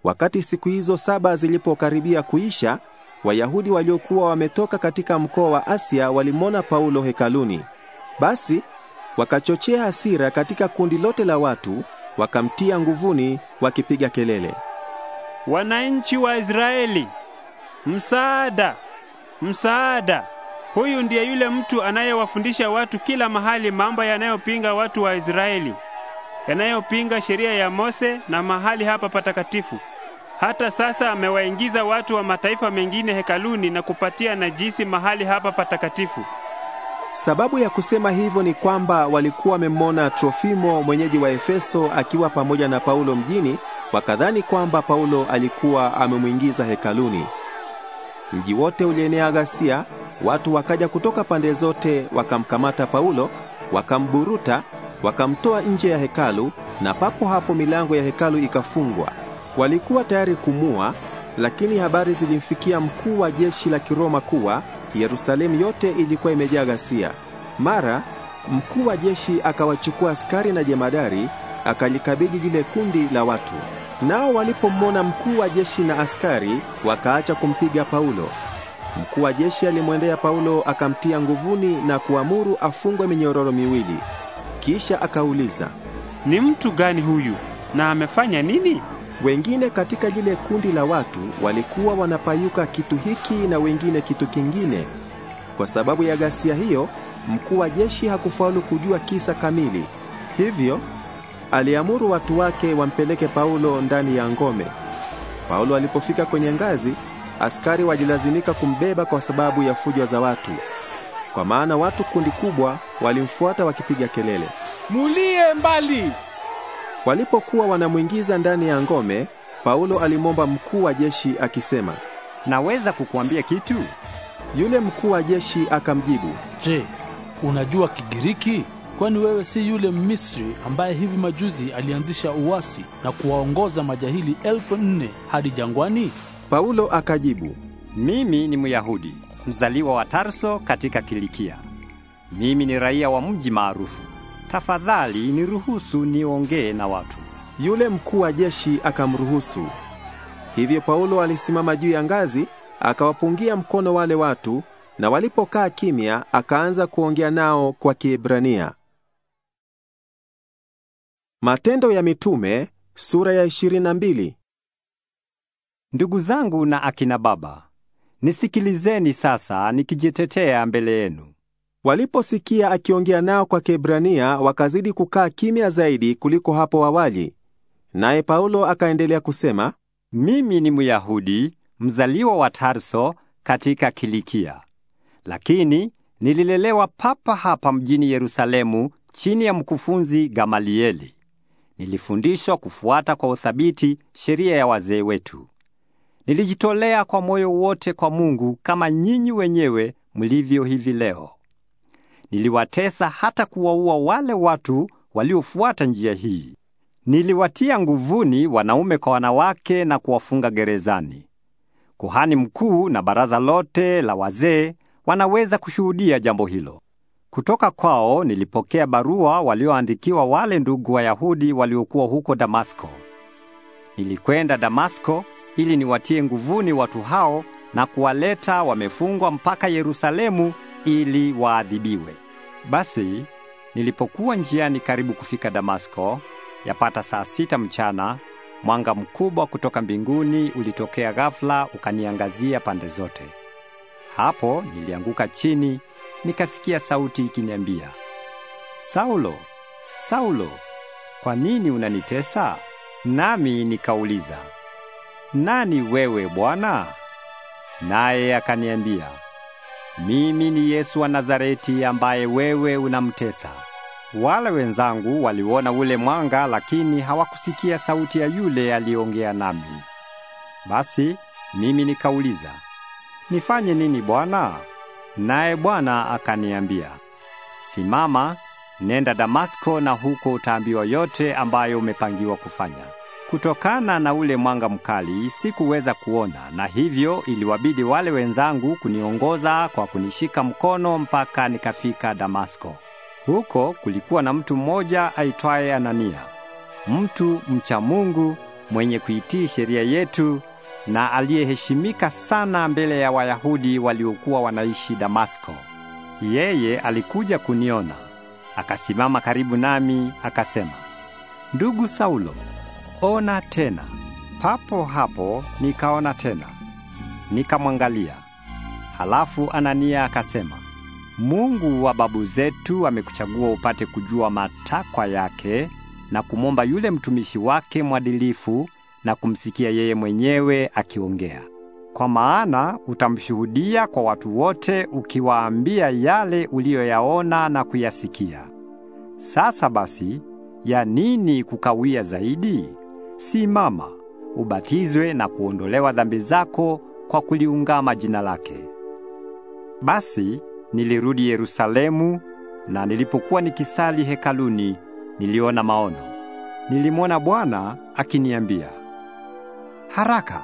Wakati siku hizo saba zilipokaribia kuisha, Wayahudi waliokuwa wametoka katika mkoa wa Asia walimwona Paulo hekaluni. Basi wakachochea hasira katika kundi lote la watu, wakamtia nguvuni wakipiga kelele. Wananchi wa Israeli, msaada! Msaada! Huyu ndiye yule mtu anayewafundisha watu kila mahali mambo yanayopinga watu wa Israeli, yanayopinga sheria ya Mose na mahali hapa patakatifu. Hata sasa amewaingiza watu wa mataifa mengine hekaluni na kupatia najisi mahali hapa patakatifu. Sababu ya kusema hivyo ni kwamba walikuwa wamemwona Trofimo mwenyeji wa Efeso akiwa pamoja na Paulo mjini, wakadhani kwamba Paulo alikuwa amemwingiza hekaluni. Mji wote ulienea ghasia, watu wakaja kutoka pande zote wakamkamata Paulo, wakamburuta, wakamtoa nje ya hekalu na papo hapo milango ya hekalu ikafungwa. Walikuwa tayari kumua, lakini habari zilimfikia mkuu wa jeshi la Kiroma kuwa Yerusalemu yote ilikuwa imejaa ghasia. Mara mkuu wa jeshi akawachukua askari na jemadari, akalikabidhi lile kundi la watu. Nao walipomwona mkuu wa jeshi na askari, wakaacha kumpiga Paulo. Mkuu wa jeshi alimwendea Paulo, akamtia nguvuni na kuamuru afungwe minyororo miwili. Kisha akauliza, ni mtu gani huyu na amefanya nini? Wengine katika lile kundi la watu walikuwa wanapayuka kitu hiki na wengine kitu kingine. Kwa sababu ya ghasia hiyo, mkuu wa jeshi hakufaulu kujua kisa kamili. Hivyo aliamuru watu wake wampeleke Paulo ndani ya ngome. Paulo alipofika kwenye ngazi, askari walilazimika kumbeba kwa sababu ya fujo za watu, kwa maana watu kundi kubwa walimfuata wakipiga kelele, mulie mbali Walipokuwa wanamwingiza ndani ya ngome, Paulo alimwomba mkuu wa jeshi akisema, naweza kukuambia kitu? Yule mkuu wa jeshi akamjibu, je, unajua Kigiriki? Kwani wewe si yule Mmisri ambaye hivi majuzi alianzisha uasi na kuwaongoza majahili elfu nne hadi jangwani? Paulo akajibu, mimi ni Myahudi mzaliwa wa Tarso katika Kilikia. Mimi ni raia wa mji maarufu tafadhali niruhusu niongee na watu. Yule mkuu wa jeshi akamruhusu. Hivyo Paulo alisimama juu ya ngazi, akawapungia mkono wale watu, na walipokaa kimya, akaanza kuongea nao kwa Kiebrania. Matendo ya Mitume sura ya 22. Ndugu zangu na akina baba, nisikilizeni sasa nikijitetea mbele yenu. Waliposikia akiongea nao kwa Kiebrania, wakazidi kukaa kimya zaidi kuliko hapo awali. Naye Paulo akaendelea kusema, mimi ni Myahudi mzaliwa wa Tarso katika Kilikia, lakini nililelewa papa hapa mjini Yerusalemu chini ya mkufunzi Gamalieli. Nilifundishwa kufuata kwa uthabiti sheria ya wazee wetu. Nilijitolea kwa moyo wote kwa Mungu kama nyinyi wenyewe mlivyo hivi leo. Niliwatesa hata kuwaua wale watu waliofuata njia hii. Niliwatia nguvuni wanaume kwa wanawake na kuwafunga gerezani. Kuhani mkuu na baraza lote la wazee wanaweza kushuhudia jambo hilo. Kutoka kwao nilipokea barua walioandikiwa wale ndugu Wayahudi waliokuwa huko Damasko. Nilikwenda Damasko ili niwatie nguvuni watu hao na kuwaleta wamefungwa mpaka Yerusalemu ili waadhibiwe. Basi nilipokuwa njiani karibu kufika Damasko, yapata saa sita mchana, mwanga mkubwa kutoka mbinguni ulitokea ghafla ukaniangazia pande zote. Hapo nilianguka chini, nikasikia sauti ikiniambia, Saulo, Saulo, kwa nini unanitesa? Nami nikauliza, nani wewe Bwana? Naye akaniambia mimi ni Yesu wa Nazareti ambaye wewe unamtesa. Wale wenzangu waliona ule mwanga, lakini hawakusikia sauti ya yule aliyeongea nami. Basi mimi nikauliza, nifanye nini Bwana? Naye Bwana akaniambia, simama, nenda Damasko, na huko utaambiwa yote ambayo umepangiwa kufanya. Kutokana na ule mwanga mkali sikuweza kuona, na hivyo iliwabidi wale wenzangu kuniongoza kwa kunishika mkono mpaka nikafika Damasko. Huko kulikuwa na mtu mmoja aitwaye Anania, mtu mcha Mungu mwenye kuitii sheria yetu na aliyeheshimika sana mbele ya Wayahudi waliokuwa wanaishi Damasko. Yeye alikuja kuniona, akasimama karibu nami akasema, Ndugu Saulo, ona tena. Papo hapo nikaona tena, nikamwangalia. Halafu Anania akasema, Mungu wa babu zetu amekuchagua upate kujua matakwa yake na kumwomba yule mtumishi wake mwadilifu na kumsikia yeye mwenyewe akiongea. Kwa maana utamshuhudia kwa watu wote ukiwaambia yale uliyoyaona na kuyasikia. Sasa basi, ya nini kukawia zaidi? simama ubatizwe na kuondolewa dhambi zako kwa kuliungama jina lake. Basi nilirudi Yerusalemu, na nilipokuwa nikisali hekaluni, niliona maono. Nilimwona Bwana akiniambia, haraka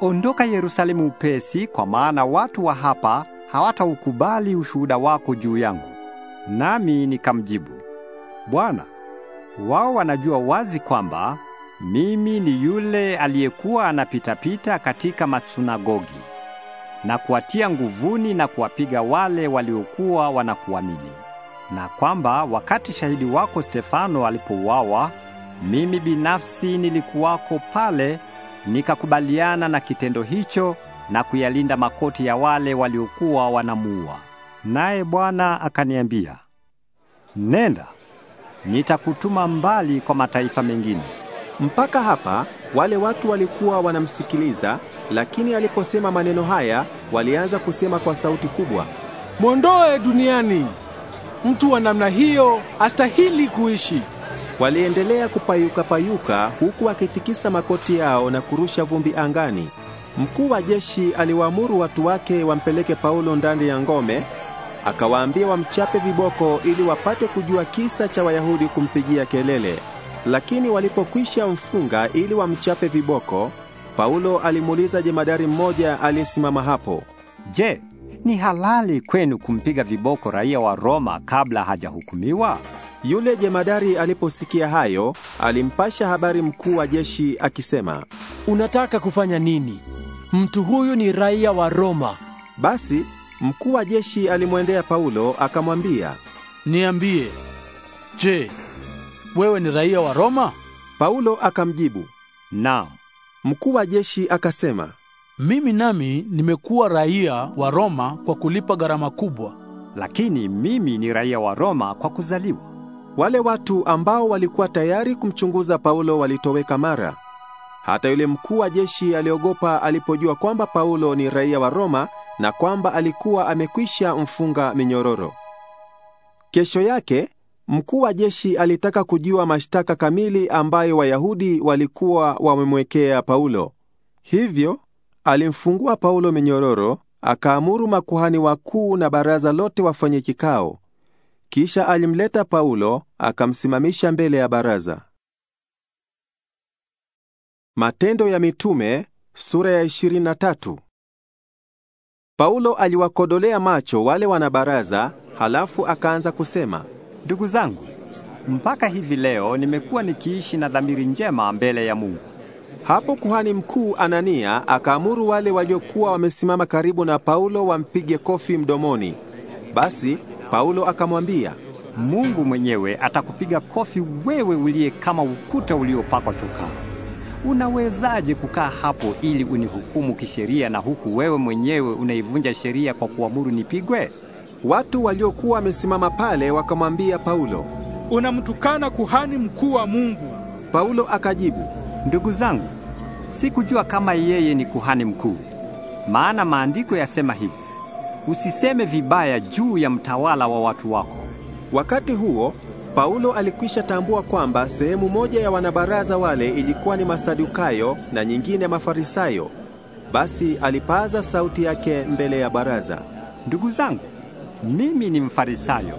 ondoka Yerusalemu upesi, kwa maana watu wa hapa hawataukubali ushuhuda wako juu yangu. Nami nikamjibu Bwana, wao wanajua wazi kwamba mimi ni yule aliyekuwa anapitapita katika masunagogi na kuwatia nguvuni na kuwapiga wale waliokuwa wanakuamini, na kwamba wakati shahidi wako Stefano alipouawa, mimi binafsi nilikuwako pale, nikakubaliana na kitendo hicho na kuyalinda makoti ya wale waliokuwa wanamuua. Naye Bwana akaniambia, nenda, nitakutuma mbali kwa mataifa mengine mpaka hapa wale watu walikuwa wanamsikiliza, lakini aliposema maneno haya, walianza kusema kwa sauti kubwa, mwondoe duniani, mtu wa namna hiyo astahili kuishi. Waliendelea kupayuka-payuka huku wakitikisa makoti yao na kurusha vumbi angani. Mkuu wa jeshi aliwaamuru watu wake wampeleke Paulo ndani ya ngome, akawaambia wamchape viboko ili wapate kujua kisa cha Wayahudi kumpigia kelele. Lakini walipokwisha mfunga ili wamchape viboko, Paulo alimuuliza jemadari mmoja aliyesimama hapo, "Je, ni halali kwenu kumpiga viboko raia wa Roma kabla hajahukumiwa?" Yule jemadari aliposikia hayo, alimpasha habari mkuu wa jeshi akisema, "Unataka kufanya nini? Mtu huyu ni raia wa Roma." Basi mkuu wa jeshi alimwendea Paulo akamwambia, "Niambie, je, wewe ni raia wa Roma? Paulo akamjibu, naam. Mkuu wa jeshi akasema, mimi nami nimekuwa raia wa Roma kwa kulipa gharama kubwa, lakini mimi ni raia wa Roma kwa kuzaliwa. Wale watu ambao walikuwa tayari kumchunguza Paulo walitoweka mara. Hata yule mkuu wa jeshi aliogopa alipojua kwamba Paulo ni raia wa Roma na kwamba alikuwa amekwisha mfunga minyororo. Kesho yake Mkuu wa jeshi alitaka kujua mashtaka kamili ambayo Wayahudi walikuwa wamemwekea Paulo. Hivyo alimfungua Paulo minyororo, akaamuru makuhani wakuu na baraza lote wafanye kikao. Kisha alimleta Paulo, akamsimamisha mbele ya baraza. Matendo ya Mitume sura ya 23. Paulo aliwakodolea macho wale wanabaraza, halafu akaanza kusema: Ndugu zangu, mpaka hivi leo nimekuwa nikiishi na dhamiri njema mbele ya Mungu. Hapo kuhani mkuu Anania akaamuru wale waliokuwa wamesimama karibu na Paulo wampige kofi mdomoni. Basi Paulo akamwambia, Mungu mwenyewe atakupiga kofi wewe uliye kama ukuta uliopakwa chokaa. Unawezaje kukaa hapo ili unihukumu kisheria na huku wewe mwenyewe unaivunja sheria kwa kuamuru nipigwe? Watu waliokuwa wamesimama pale wakamwambia Paulo, unamtukana kuhani mkuu wa Mungu. Paulo akajibu, ndugu zangu, sikujua kama yeye ni kuhani mkuu, maana maandiko yasema hivi, usiseme vibaya juu ya mtawala wa watu wako. Wakati huo Paulo alikwisha tambua kwamba sehemu moja ya wanabaraza wale ilikuwa ni Masadukayo na nyingine Mafarisayo. Basi alipaza sauti yake mbele ya baraza, ndugu zangu mimi ni Mfarisayo,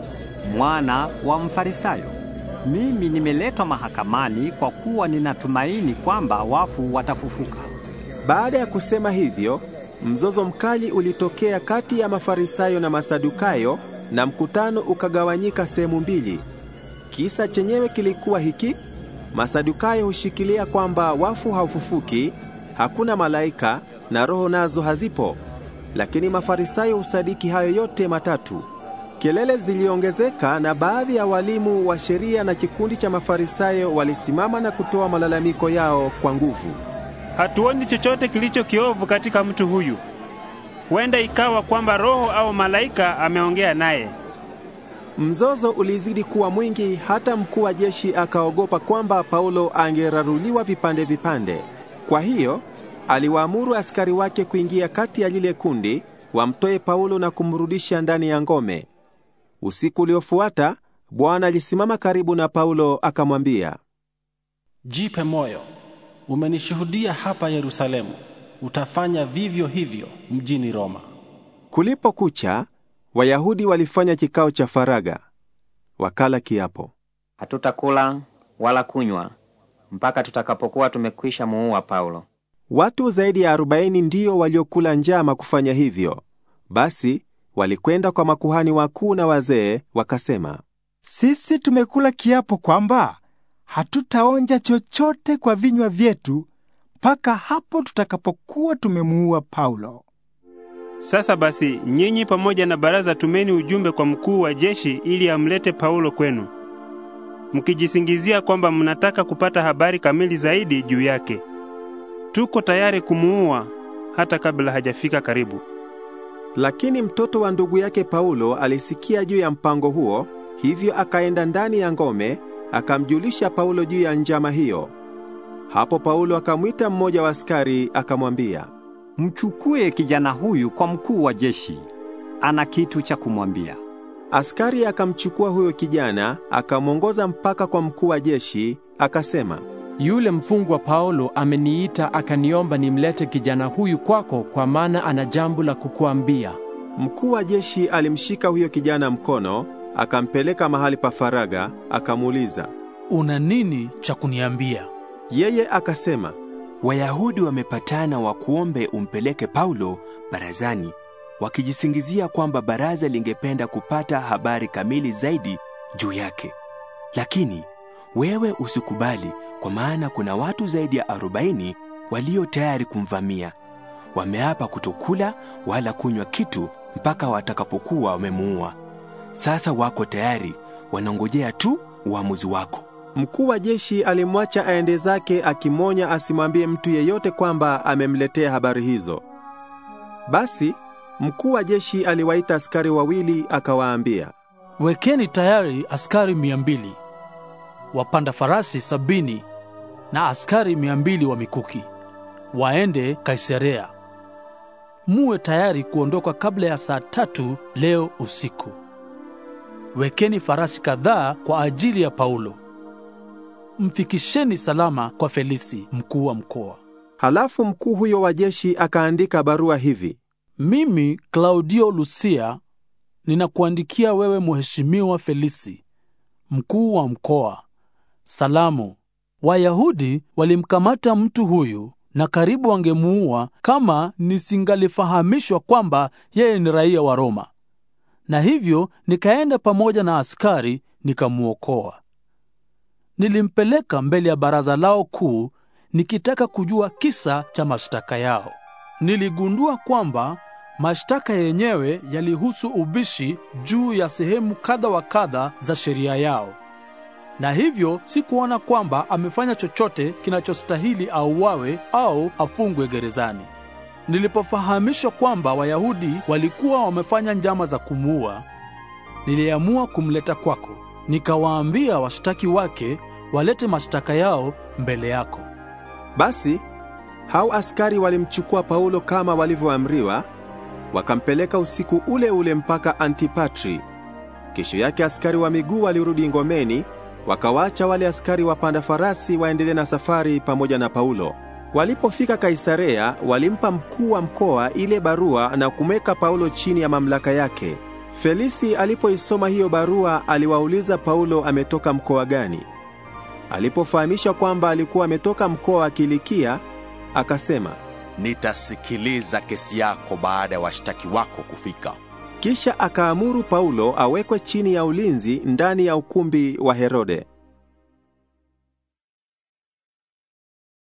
mwana wa Mfarisayo. Mimi nimeletwa mahakamani kwa kuwa ninatumaini kwamba wafu watafufuka. Baada ya kusema hivyo, mzozo mkali ulitokea kati ya Mafarisayo na Masadukayo na mkutano ukagawanyika sehemu mbili. Kisa chenyewe kilikuwa hiki: Masadukayo hushikilia kwamba wafu haufufuki, hakuna malaika na roho nazo hazipo. Lakini Mafarisayo husadiki hayo yote matatu. Kelele ziliongezeka na baadhi ya walimu wa sheria na kikundi cha Mafarisayo walisimama na kutoa malalamiko yao kwa nguvu. Hatuoni chochote kilicho kiovu katika mtu huyu. Huenda ikawa kwamba roho au malaika ameongea naye. Mzozo ulizidi kuwa mwingi hata mkuu wa jeshi akaogopa kwamba Paulo angeraruliwa vipande vipande. Kwa hiyo aliwaamuru askari wake kuingia kati ya lile kundi wamtoe Paulo na kumrudisha ndani ya ngome. Usiku uliofuata Bwana alisimama karibu na Paulo akamwambia, jipe moyo, umenishuhudia hapa Yerusalemu, utafanya vivyo hivyo mjini Roma. Kulipokucha, Wayahudi walifanya kikao cha faraga, wakala kiapo, hatutakula wala kunywa mpaka tutakapokuwa tumekwisha muua Paulo. Watu zaidi ya arobaini ndio waliokula njama kufanya hivyo. Basi walikwenda kwa makuhani wakuu na wazee wakasema, sisi tumekula kiapo kwamba hatutaonja chochote kwa vinywa vyetu mpaka hapo tutakapokuwa tumemuua Paulo. Sasa basi, nyinyi pamoja na baraza tumeni ujumbe kwa mkuu wa jeshi ili amlete Paulo kwenu, mkijisingizia kwamba mnataka kupata habari kamili zaidi juu yake tuko tayari kumuua hata kabla hajafika karibu. Lakini mtoto wa ndugu yake Paulo alisikia juu ya mpango huo, hivyo akaenda ndani ya ngome, akamjulisha Paulo juu ya njama hiyo. Hapo Paulo akamwita mmoja wa askari akamwambia, mchukue kijana huyu kwa mkuu wa jeshi, ana kitu cha kumwambia. Askari akamchukua huyo kijana akamwongoza mpaka kwa mkuu wa jeshi, akasema yule mfungwa Paulo ameniita akaniomba nimlete kijana huyu kwako, kwa maana ana jambo la kukuambia. Mkuu wa jeshi alimshika huyo kijana mkono, akampeleka mahali pa faraga, akamuuliza, una nini cha kuniambia? Yeye akasema, Wayahudi wamepatana wakuombe umpeleke Paulo barazani, wakijisingizia kwamba baraza lingependa kupata habari kamili zaidi juu yake, lakini wewe usikubali, kwa maana kuna watu zaidi ya arobaini walio tayari kumvamia. Wameapa kutokula wala kunywa kitu mpaka watakapokuwa wamemuua. Sasa wako tayari, wanangojea tu uamuzi wako. Mkuu wa jeshi alimwacha aende zake, akimonya asimwambie mtu yeyote kwamba amemletea habari hizo. Basi mkuu wa jeshi aliwaita askari wawili, akawaambia, wekeni tayari askari mia mbili wapanda farasi sabini na askari mia mbili wa mikuki waende Kaisarea. Muwe tayari kuondoka kabla ya saa tatu leo usiku. Wekeni farasi kadhaa kwa ajili ya Paulo, mfikisheni salama kwa Felisi mkuu wa mkoa. Halafu mkuu huyo wa jeshi akaandika barua hivi: mimi Klaudio Lusia ninakuandikia wewe mheshimiwa Felisi mkuu wa mkoa Salamu. Wayahudi walimkamata mtu huyu na karibu wangemuua kama nisingalifahamishwa kwamba yeye ni raia wa Roma. Na hivyo nikaenda pamoja na askari nikamwokoa. Nilimpeleka mbele ya baraza lao kuu nikitaka kujua kisa cha mashtaka yao. Niligundua kwamba mashtaka yenyewe yalihusu ubishi juu ya sehemu kadha wa kadha za sheria yao na hivyo sikuona kwamba amefanya chochote kinachostahili auawe au afungwe gerezani. Nilipofahamishwa kwamba Wayahudi walikuwa wamefanya njama za kumuua, niliamua kumleta kwako, nikawaambia washtaki wake walete mashtaka yao mbele yako. Basi hao askari walimchukua Paulo kama walivyoamriwa, wakampeleka usiku ule ule mpaka Antipatri. Kesho yake askari wa miguu walirudi ngomeni Wakawaacha wale askari wapanda farasi waendelee na safari pamoja na Paulo. Walipofika Kaisarea, walimpa mkuu wa mkoa ile barua na kumweka Paulo chini ya mamlaka yake. Felisi alipoisoma hiyo barua, aliwauliza Paulo ametoka mkoa gani. Alipofahamisha kwamba alikuwa ametoka mkoa wa Kilikia, akasema, "Nitasikiliza kesi yako baada ya washtaki wako kufika." Kisha akaamuru Paulo awekwe chini ya ulinzi ndani ya ukumbi wa Herode.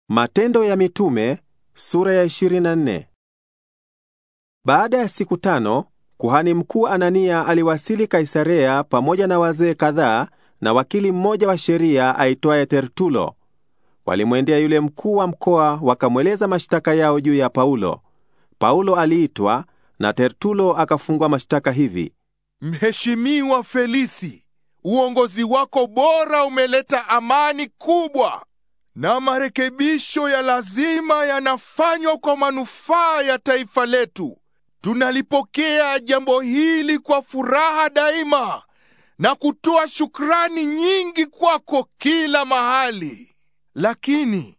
Matendo ya Mitume sura ya 24. Baada ya siku tano, kuhani mkuu Anania aliwasili Kaisarea pamoja na wazee kadhaa na wakili mmoja wa sheria aitwaye Tertulo. Walimwendea yule mkuu wa mkoa wakamweleza mashtaka yao juu ya Paulo. Paulo aliitwa na Tertulo akafungwa mashtaka hivi: Mheshimiwa Felisi, uongozi wako bora umeleta amani kubwa na marekebisho ya lazima yanafanywa kwa manufaa ya taifa letu. Tunalipokea jambo hili kwa furaha daima na kutoa shukrani nyingi kwako kila mahali. Lakini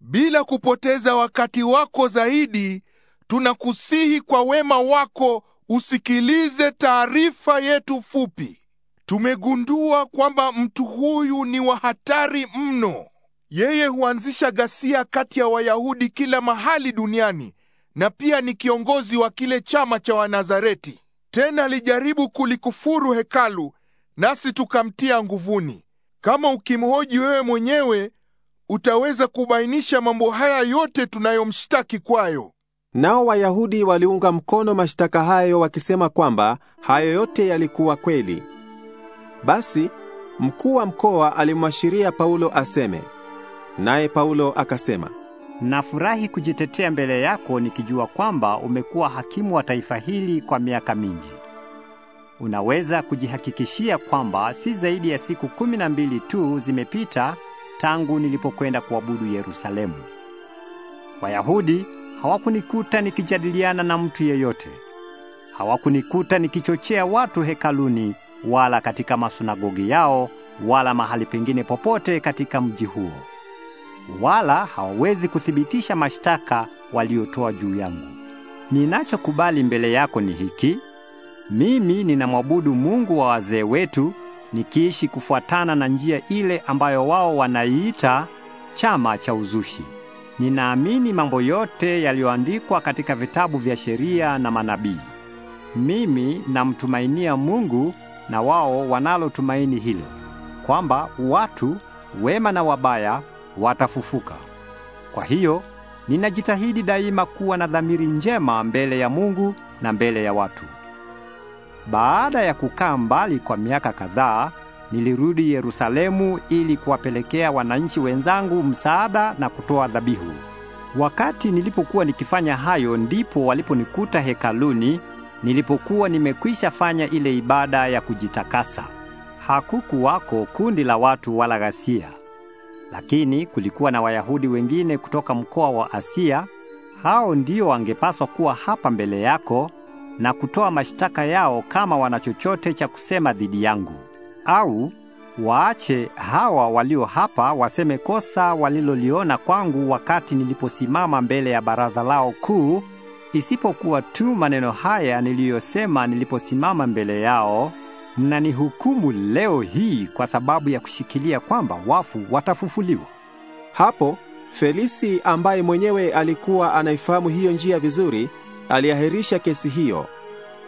bila kupoteza wakati wako zaidi, tunakusihi kwa wema wako usikilize taarifa yetu fupi. Tumegundua kwamba mtu huyu ni wa hatari mno. Yeye huanzisha ghasia kati ya Wayahudi kila mahali duniani na pia ni kiongozi wa kile chama cha Wanazareti. Tena alijaribu kulikufuru hekalu, nasi tukamtia nguvuni. Kama ukimhoji wewe mwenyewe, utaweza kubainisha mambo haya yote tunayomshtaki kwayo. Nao Wayahudi waliunga mkono mashtaka hayo wakisema kwamba hayo yote yalikuwa kweli. Basi mkuu wa mkoa alimwashiria Paulo aseme, naye Paulo akasema, nafurahi kujitetea mbele yako nikijua kwamba umekuwa hakimu wa taifa hili kwa miaka mingi. Unaweza kujihakikishia kwamba si zaidi ya siku kumi na mbili tu zimepita tangu nilipokwenda kuabudu Yerusalemu. Wayahudi Hawakunikuta nikijadiliana na mtu yeyote. Hawakunikuta nikichochea watu hekaluni wala katika masunagogi yao wala mahali pengine popote katika mji huo. Wala hawawezi kuthibitisha mashtaka waliotoa juu yangu. Ninachokubali mbele yako ni hiki: mimi ninamwabudu Mungu wa wazee wetu, nikiishi kufuatana na njia ile ambayo wao wanaiita chama cha uzushi. Ninaamini mambo yote yaliyoandikwa katika vitabu vya sheria na manabii. Mimi namtumainia Mungu na wao wanalotumaini hilo, kwamba watu wema na wabaya watafufuka. Kwa hiyo ninajitahidi daima kuwa na dhamiri njema mbele ya Mungu na mbele ya watu. Baada ya kukaa mbali kwa miaka kadhaa Nilirudi Yerusalemu ili kuwapelekea wananchi wenzangu msaada na kutoa dhabihu. Wakati nilipokuwa nikifanya hayo, ndipo waliponikuta hekaluni nilipokuwa nimekwisha fanya ile ibada ya kujitakasa. Hakukuwako kundi la watu wala ghasia, lakini kulikuwa na Wayahudi wengine kutoka mkoa wa Asia. Hao ndio wangepaswa kuwa hapa mbele yako na kutoa mashtaka yao kama wana chochote cha kusema dhidi yangu au waache hawa walio hapa waseme kosa waliloliona kwangu wakati niliposimama mbele ya baraza lao kuu, isipokuwa tu maneno haya niliyosema niliposimama mbele yao, na hukumu leo hii kwa sababu ya kushikilia kwamba wafu watafufuliwa. Hapo Felisi ambaye mwenyewe alikuwa anaifahamu hiyo njia vizuri, aliahirisha kesi hiyo.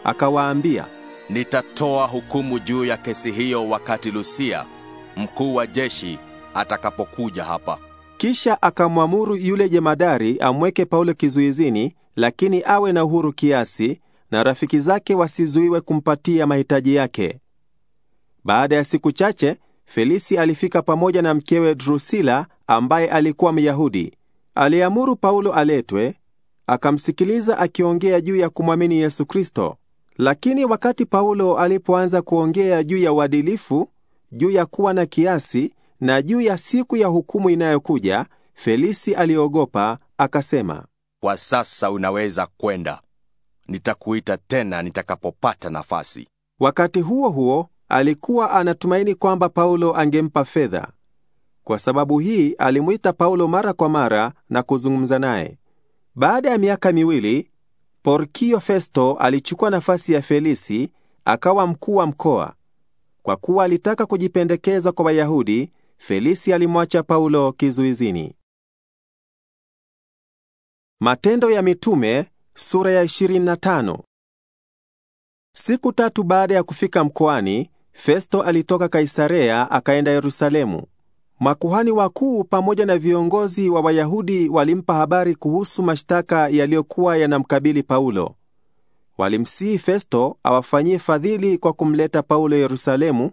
Akawaambia, Nitatoa hukumu juu ya kesi hiyo wakati Lusia, mkuu wa jeshi, atakapokuja hapa. Kisha akamwamuru yule jemadari amweke Paulo kizuizini, lakini awe na uhuru kiasi na rafiki zake wasizuiwe kumpatia mahitaji yake. Baada ya siku chache, Felisi alifika pamoja na mkewe Drusila ambaye alikuwa Myahudi. Aliamuru Paulo aletwe, akamsikiliza akiongea juu ya kumwamini Yesu Kristo. Lakini wakati Paulo alipoanza kuongea juu ya uadilifu, juu ya kuwa na kiasi na juu ya siku ya hukumu inayokuja, Felisi aliogopa, akasema, "Kwa sasa unaweza kwenda. Nitakuita tena nitakapopata nafasi." Wakati huo huo, alikuwa anatumaini kwamba Paulo angempa fedha. Kwa sababu hii, alimwita Paulo mara kwa mara na kuzungumza naye. Baada ya miaka miwili, Porkio Festo alichukua nafasi ya Felisi akawa mkuu wa mkoa. Kwa kuwa alitaka kujipendekeza kwa Wayahudi, Felisi alimwacha Paulo kizuizini. Matendo ya Mitume sura ya 25. Siku tatu baada ya kufika mkoani, Festo alitoka Kaisarea akaenda Yerusalemu. Makuhani wakuu pamoja na viongozi wa Wayahudi walimpa habari kuhusu mashtaka yaliyokuwa yanamkabili Paulo. Walimsihi Festo awafanyie fadhili kwa kumleta Paulo Yerusalemu.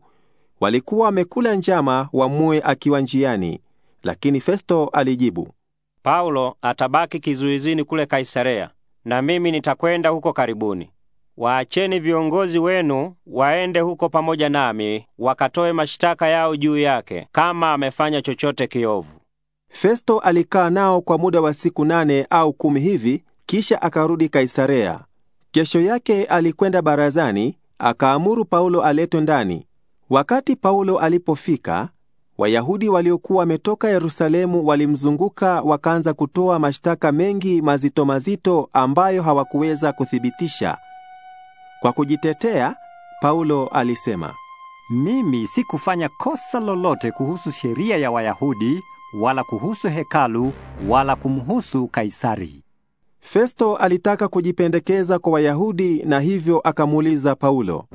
Walikuwa wamekula njama wamue akiwa njiani, lakini Festo alijibu, Paulo atabaki kizuizini kule Kaisarea na mimi nitakwenda huko karibuni. Waacheni viongozi wenu waende huko pamoja nami wakatoe mashtaka yao juu yake kama amefanya chochote kiovu. Festo alikaa nao kwa muda wa siku nane au kumi hivi, kisha akarudi Kaisarea. Kesho yake alikwenda barazani, akaamuru Paulo aletwe ndani. Wakati Paulo alipofika, Wayahudi waliokuwa wametoka Yerusalemu walimzunguka wakaanza kutoa mashtaka mengi mazito mazito ambayo hawakuweza kuthibitisha. Kwa kujitetea, Paulo alisema, mimi sikufanya kosa lolote kuhusu sheria ya Wayahudi wala kuhusu hekalu wala kumhusu Kaisari. Festo alitaka kujipendekeza kwa Wayahudi na hivyo akamuuliza Paulo,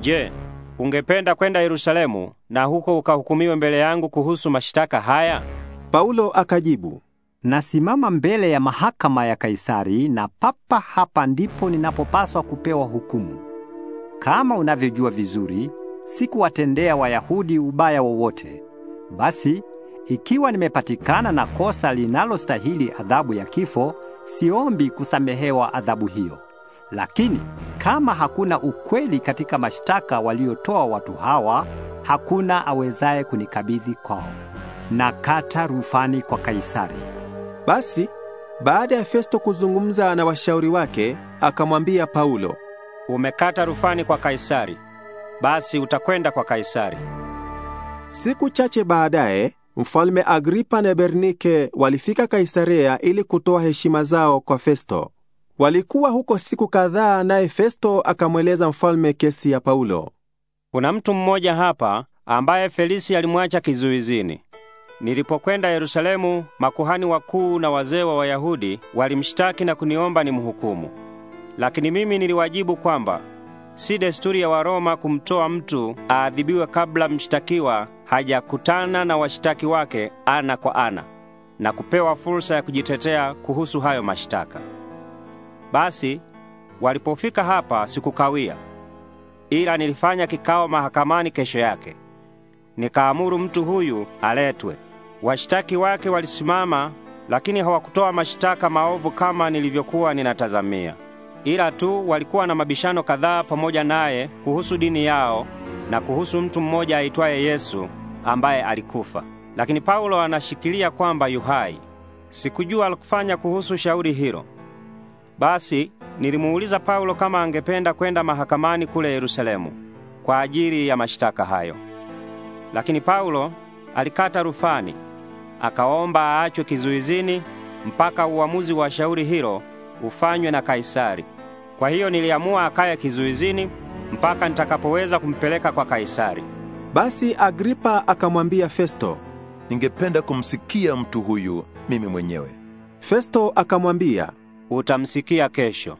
"Je, ungependa kwenda Yerusalemu na huko ukahukumiwe mbele yangu kuhusu mashtaka haya?" Paulo akajibu, Nasimama mbele ya mahakama ya Kaisari na papa hapa ndipo ninapopaswa kupewa hukumu. Kama unavyojua vizuri, sikuwatendea Wayahudi ubaya wowote. Basi ikiwa nimepatikana na kosa linalostahili adhabu ya kifo, siombi kusamehewa adhabu hiyo. Lakini kama hakuna ukweli katika mashtaka waliotoa watu hawa, hakuna awezaye kunikabidhi kwao. Nakata rufani kwa Kaisari. Basi baada ya Festo kuzungumza na washauri wake, akamwambia Paulo, umekata rufani kwa Kaisari, basi utakwenda kwa Kaisari. Siku chache baadaye Mfalme Agripa na Bernike walifika Kaisarea ili kutoa heshima zao kwa Festo. Walikuwa huko siku kadhaa, naye Festo akamweleza mfalme kesi ya Paulo. Kuna mtu mmoja hapa ambaye Felisi alimwacha kizuizini. Nilipokwenda Yerusalemu, makuhani wakuu na wazee wa Wayahudi walimshtaki na kuniomba nimhukumu. Lakini mimi niliwajibu kwamba si desturi ya Waroma kumtoa mtu aadhibiwe kabla mshtakiwa hajakutana na washtaki wake ana kwa ana na kupewa fursa ya kujitetea kuhusu hayo mashtaka. Basi walipofika hapa sikukawia, ila nilifanya kikao mahakamani kesho yake. Nikaamuru mtu huyu aletwe. Washtaki wake walisimama, lakini hawakutoa mashtaka maovu kama nilivyokuwa ninatazamia. Ila tu walikuwa na mabishano kadhaa pamoja naye kuhusu dini yao na kuhusu mtu mmoja aitwaye Yesu ambaye alikufa. Lakini Paulo anashikilia kwamba yuhai. Sikujua alikufanya kuhusu shauri hilo. Basi nilimuuliza Paulo kama angependa kwenda mahakamani kule Yerusalemu kwa ajili ya mashtaka hayo. Lakini Paulo alikata rufani akaomba aachwe kizuizini mpaka uamuzi wa shauri hilo ufanywe na Kaisari. Kwa hiyo niliamua akaye kizuizini mpaka nitakapoweza kumpeleka kwa Kaisari. Basi Agripa akamwambia Festo, ningependa kumsikia mtu huyu mimi mwenyewe. Festo akamwambia, utamsikia kesho.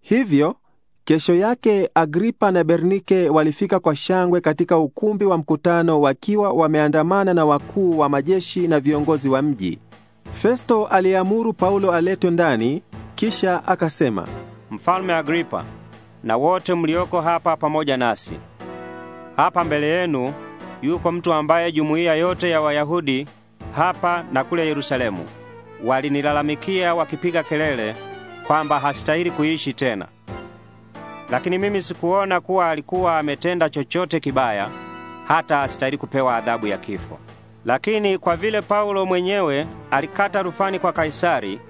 Hivyo Kesho yake Agripa na Bernike walifika kwa shangwe katika ukumbi wa mkutano wakiwa wameandamana na wakuu wa majeshi na viongozi wa mji. Festo aliamuru Paulo aletwe ndani, kisha akasema, Mfalme Agripa na wote mlioko hapa pamoja nasi, hapa mbele yenu yuko mtu ambaye jumuiya yote ya Wayahudi hapa na kule Yerusalemu walinilalamikia wakipiga kelele kwamba hastahili kuishi tena lakini mimi sikuona kuwa alikuwa ametenda chochote kibaya hata astahili kupewa adhabu ya kifo. Lakini kwa vile Paulo mwenyewe alikata rufani kwa Kaisari,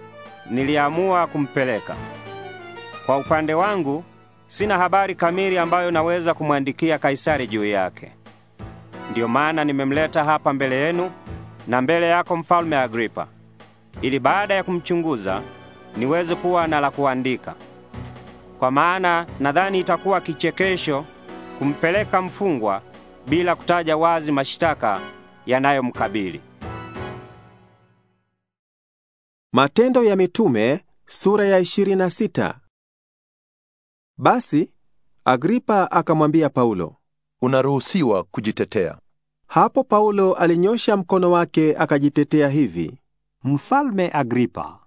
niliamua kumpeleka. Kwa upande wangu, sina habari kamili ambayo naweza kumwandikia Kaisari juu yake. Ndiyo maana nimemleta hapa mbele yenu na mbele yako Mfalme Agripa, ili baada ya kumchunguza niweze kuwa na la kuandika kwa maana nadhani itakuwa kichekesho kumpeleka mfungwa bila kutaja wazi mashitaka yanayomkabili. Matendo ya Mitume sura ya 26. Basi Agripa akamwambia Paulo, unaruhusiwa kujitetea. Hapo Paulo alinyosha mkono wake akajitetea hivi, Mfalme Agripa,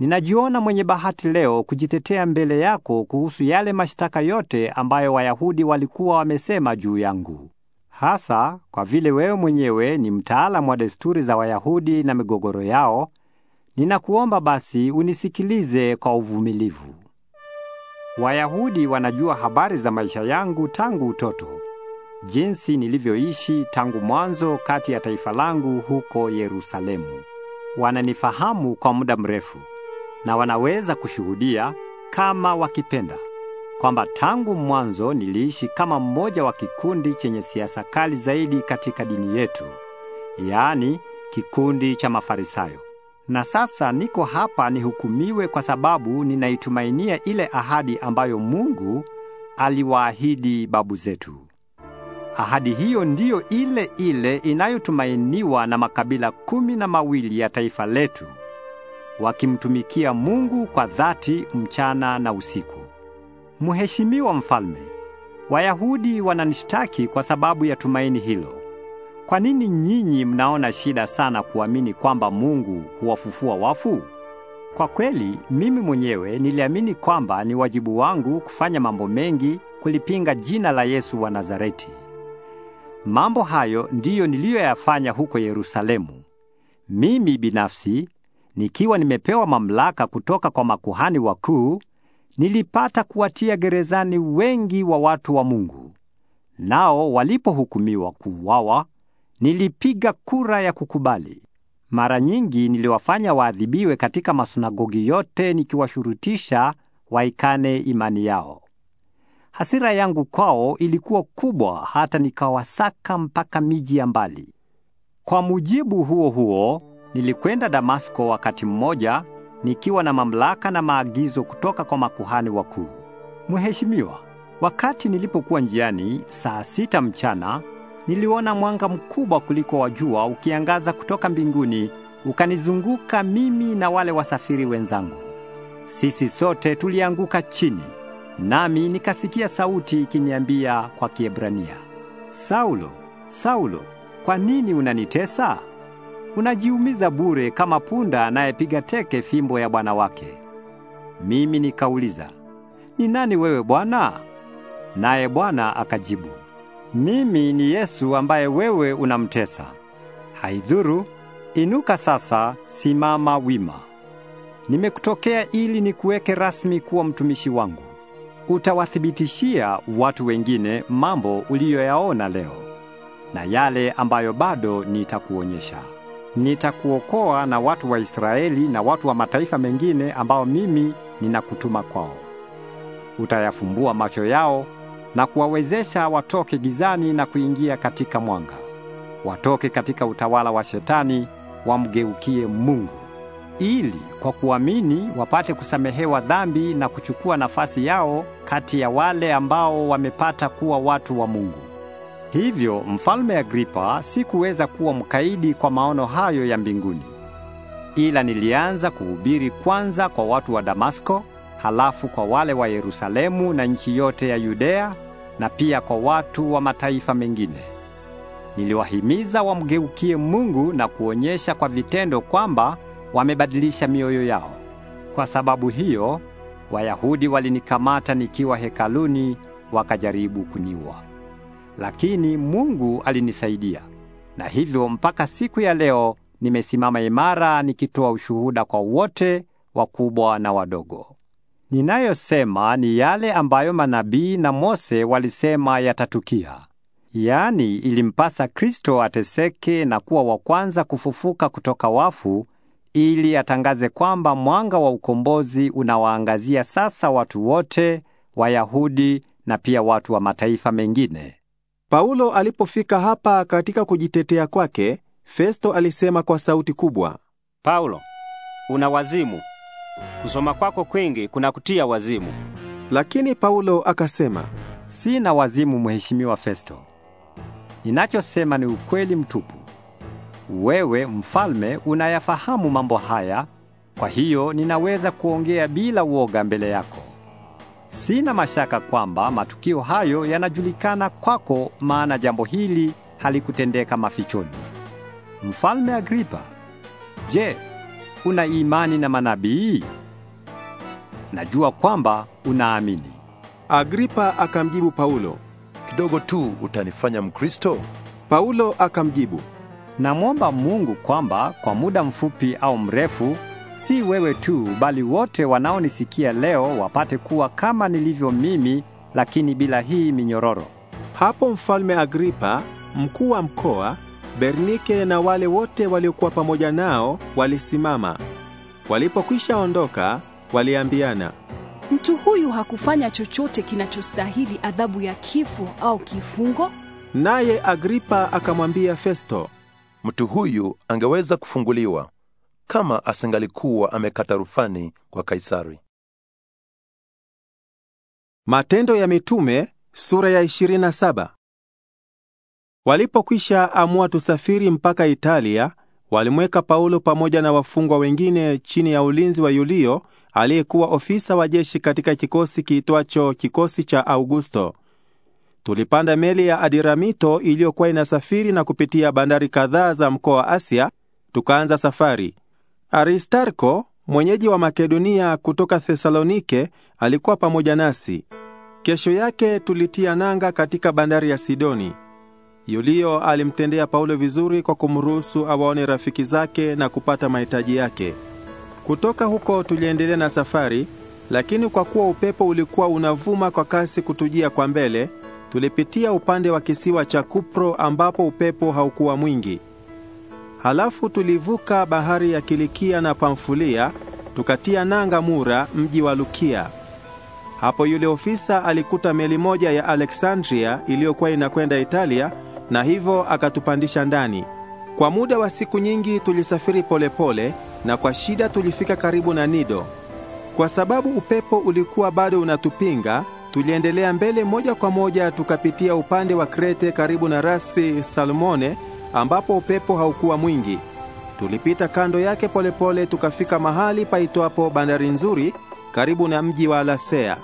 Ninajiona mwenye bahati leo kujitetea mbele yako kuhusu yale mashtaka yote ambayo Wayahudi walikuwa wamesema juu yangu. Hasa kwa vile wewe mwenyewe ni mtaalamu wa desturi za Wayahudi na migogoro yao, ninakuomba basi unisikilize kwa uvumilivu. Wayahudi wanajua habari za maisha yangu tangu utoto, jinsi nilivyoishi tangu mwanzo kati ya taifa langu huko Yerusalemu. Wananifahamu kwa muda mrefu na wanaweza kushuhudia kama wakipenda kwamba tangu mwanzo niliishi kama mmoja wa kikundi chenye siasa kali zaidi katika dini yetu, yaani kikundi cha Mafarisayo. Na sasa niko hapa nihukumiwe kwa sababu ninaitumainia ile ahadi ambayo Mungu aliwaahidi babu zetu. Ahadi hiyo ndiyo ile ile inayotumainiwa na makabila kumi na mawili ya taifa letu wakimtumikia Mungu kwa dhati mchana na usiku. Mheshimiwa mfalme, Wayahudi wananishtaki kwa sababu ya tumaini hilo. Kwa nini nyinyi mnaona shida sana kuamini kwamba Mungu huwafufua wafu? Kwa kweli mimi mwenyewe niliamini kwamba ni wajibu wangu kufanya mambo mengi kulipinga jina la Yesu wa Nazareti. Mambo hayo ndiyo niliyoyafanya huko Yerusalemu. Mimi binafsi nikiwa nimepewa mamlaka kutoka kwa makuhani wakuu, nilipata kuwatia gerezani wengi wa watu wa Mungu. Nao walipohukumiwa kuuawa, nilipiga kura ya kukubali. Mara nyingi niliwafanya waadhibiwe katika masunagogi yote, nikiwashurutisha waikane imani yao. Hasira yangu kwao ilikuwa kubwa, hata nikawasaka mpaka miji ya mbali. Kwa mujibu huo huo Nilikwenda Damasko wakati mmoja nikiwa na mamlaka na maagizo kutoka kwa makuhani wakuu. Mheshimiwa, wakati nilipokuwa njiani saa sita mchana, niliona mwanga mkubwa kuliko wa jua ukiangaza kutoka mbinguni ukanizunguka mimi na wale wasafiri wenzangu. Sisi sote tulianguka chini, nami nikasikia sauti ikiniambia kwa Kiebrania, Saulo, Saulo, kwa nini unanitesa? unajiumiza bure kama punda anayepiga teke fimbo ya bwana wake. Mimi nikauliza, ni nani wewe Bwana? Naye Bwana akajibu, mimi ni Yesu ambaye wewe unamtesa. Haidhuru, inuka sasa, simama wima. Nimekutokea ili nikuweke rasmi kuwa mtumishi wangu. Utawathibitishia watu wengine mambo uliyoyaona leo na yale ambayo bado nitakuonyesha nitakuokoa na watu wa Israeli na watu wa mataifa mengine ambao mimi ninakutuma kwao. Utayafumbua macho yao na kuwawezesha watoke gizani na kuingia katika mwanga, watoke katika utawala wa Shetani wamgeukie Mungu, ili kwa kuamini wapate kusamehewa dhambi na kuchukua nafasi yao kati ya wale ambao wamepata kuwa watu wa Mungu. Hivyo mfalme Agripa sikuweza kuwa mkaidi kwa maono hayo ya mbinguni, ila nilianza kuhubiri kwanza kwa watu wa Damasko, halafu kwa wale wa Yerusalemu na nchi yote ya Yudea, na pia kwa watu wa mataifa mengine. Niliwahimiza wamgeukie Mungu na kuonyesha kwa vitendo kwamba wamebadilisha mioyo yao. Kwa sababu hiyo, Wayahudi walinikamata nikiwa hekaluni, wakajaribu kuniua lakini Mungu alinisaidia, na hivyo mpaka siku ya leo nimesimama imara nikitoa ushuhuda kwa wote, wakubwa na wadogo. Ninayosema ni yale ambayo manabii na Mose walisema yatatukia. Yaani, ilimpasa Kristo ateseke na kuwa wa kwanza kufufuka kutoka wafu ili atangaze kwamba mwanga wa ukombozi unawaangazia sasa watu wote, Wayahudi na pia watu wa mataifa mengine. Paulo alipofika hapa katika kujitetea kwake, Festo alisema kwa sauti kubwa, Paulo, una wazimu. Kusoma kwako kwingi kunakutia wazimu. Lakini Paulo akasema, sina wazimu, mheshimiwa Festo. Ninachosema ni ukweli mtupu. Wewe mfalme unayafahamu mambo haya, kwa hiyo ninaweza kuongea bila uoga mbele yako. Sina mashaka kwamba matukio hayo yanajulikana kwako, maana jambo hili halikutendeka mafichoni. Mfalme Agripa, je, una imani na manabii? Najua kwamba unaamini. Agripa akamjibu Paulo, kidogo tu utanifanya Mkristo? Paulo akamjibu, namwomba Mungu kwamba kwa muda mfupi au mrefu si wewe tu, bali wote wanaonisikia leo wapate kuwa kama nilivyo mimi, lakini bila hii minyororo. Hapo Mfalme Agripa, mkuu wa mkoa, Bernike na wale wote waliokuwa pamoja nao walisimama. Walipokwisha ondoka, waliambiana, mtu huyu hakufanya chochote kinachostahili adhabu ya kifo au kifungo. Naye Agripa akamwambia Festo, mtu huyu angeweza kufunguliwa kama asingalikuwa amekata rufani kwa Kaisari. Matendo ya Mitume sura ya 27. Walipokwisha amua tusafiri mpaka Italia, walimweka Paulo pamoja na wafungwa wengine chini ya ulinzi wa Yulio aliyekuwa ofisa wa jeshi katika kikosi kiitwacho kikosi cha Augusto. Tulipanda meli ya Adiramito iliyokuwa inasafiri na kupitia bandari kadhaa za mkoa wa Asia, tukaanza safari. Aristarko mwenyeji wa Makedonia kutoka Thesalonike alikuwa pamoja nasi. Kesho yake tulitia nanga katika bandari ya Sidoni. Yulio alimtendea Paulo vizuri kwa kumruhusu awaone rafiki zake na kupata mahitaji yake. Kutoka huko tuliendelea na safari, lakini kwa kuwa upepo ulikuwa unavuma kwa kasi kutujia kwa mbele, tulipitia upande wa kisiwa cha Kupro ambapo upepo haukuwa mwingi. Halafu tulivuka bahari ya Kilikia na Pamfulia, tukatia nanga Mura, mji wa Lukia. Hapo yule ofisa alikuta meli moja ya Aleksandria iliyokuwa inakwenda Italia na hivyo akatupandisha ndani. Kwa muda wa siku nyingi tulisafiri polepole pole, na kwa shida tulifika karibu na Nido. Kwa sababu upepo ulikuwa bado unatupinga, tuliendelea mbele moja kwa moja tukapitia upande wa Krete karibu na rasi Salmone ambapo upepo haukuwa mwingi. Tulipita kando yake polepole pole, tukafika mahali paitwapo bandari nzuri karibu na mji wa alasea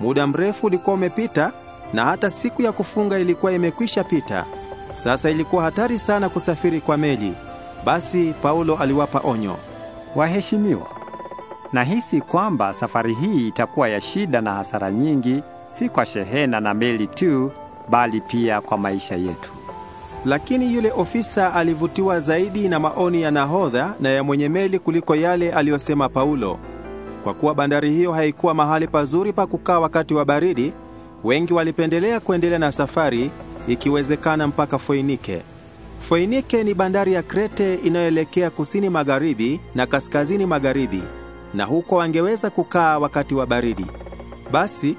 Muda mrefu ulikuwa umepita na hata siku ya kufunga ilikuwa imekwisha pita. Sasa ilikuwa hatari sana kusafiri kwa meli. Basi Paulo aliwapa onyo. Waheshimiwa, nahisi kwamba safari hii itakuwa ya shida na hasara nyingi, si kwa shehena na meli tu, bali pia kwa maisha yetu. Lakini yule ofisa alivutiwa zaidi na maoni ya nahodha na ya mwenye meli kuliko yale aliyosema Paulo. Kwa kuwa bandari hiyo haikuwa mahali pazuri pa kukaa wakati wa baridi, wengi walipendelea kuendelea na safari ikiwezekana mpaka Foinike. Foinike ni bandari ya Krete inayoelekea kusini magharibi na kaskazini magharibi, na huko wangeweza kukaa wakati wa baridi. Basi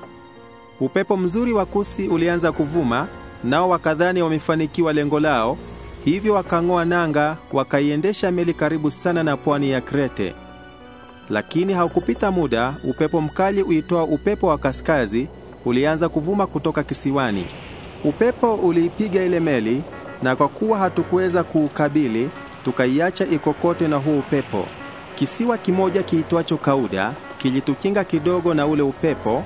upepo mzuri wa kusi ulianza kuvuma nao wakadhani wamefanikiwa lengo lao, hivyo wakang'oa nanga, wakaiendesha meli karibu sana na pwani ya Krete. Lakini haukupita muda, upepo mkali uitoa upepo wa kaskazi ulianza kuvuma kutoka kisiwani. Upepo uliipiga ile meli, na kwa kuwa hatukuweza kuukabili, tukaiacha ikokote na huo upepo. Kisiwa kimoja kiitwacho Kauda kilitukinga kidogo na ule upepo,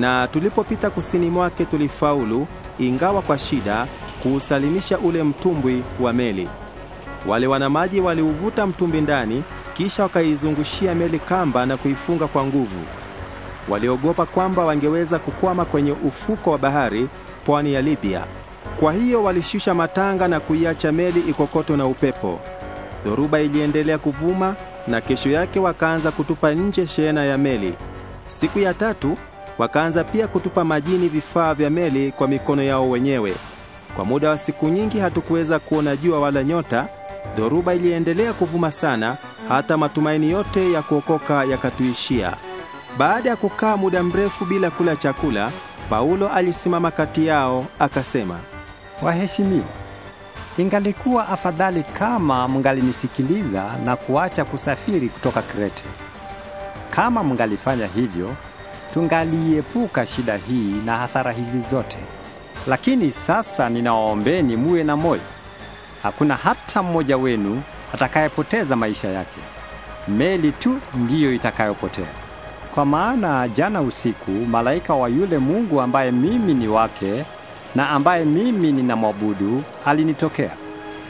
na tulipopita kusini mwake tulifaulu ingawa kwa shida, kuusalimisha ule mtumbwi wa meli. Wale wanamaji waliuvuta mtumbwi ndani, kisha wakaizungushia meli kamba na kuifunga kwa nguvu. Waliogopa kwamba wangeweza kukwama kwenye ufuko wa bahari, pwani ya Libya. Kwa hiyo walishusha matanga na kuiacha meli ikokoto na upepo. Dhoruba iliendelea kuvuma na kesho yake wakaanza kutupa nje shehena ya meli. Siku ya tatu Wakaanza pia kutupa majini vifaa vya meli kwa mikono yao wenyewe. Kwa muda wa siku nyingi hatukuweza kuona jua wala nyota. Dhoruba iliendelea kuvuma sana, hata matumaini yote ya kuokoka yakatuishia. Baada ya kukaa muda mrefu bila kula chakula, Paulo alisimama kati yao akasema, Waheshimiwa, ingalikuwa afadhali kama mngalinisikiliza na kuacha kusafiri kutoka Krete. Kama mngalifanya hivyo, tungaliepuka shida hii na hasara hizi zote. Lakini sasa ninawaombeni muwe na moyo. Hakuna hata mmoja wenu atakayepoteza maisha yake. Meli tu ndiyo itakayopotea. Kwa maana jana usiku malaika wa yule Mungu ambaye mimi ni wake na ambaye mimi ninamwabudu alinitokea,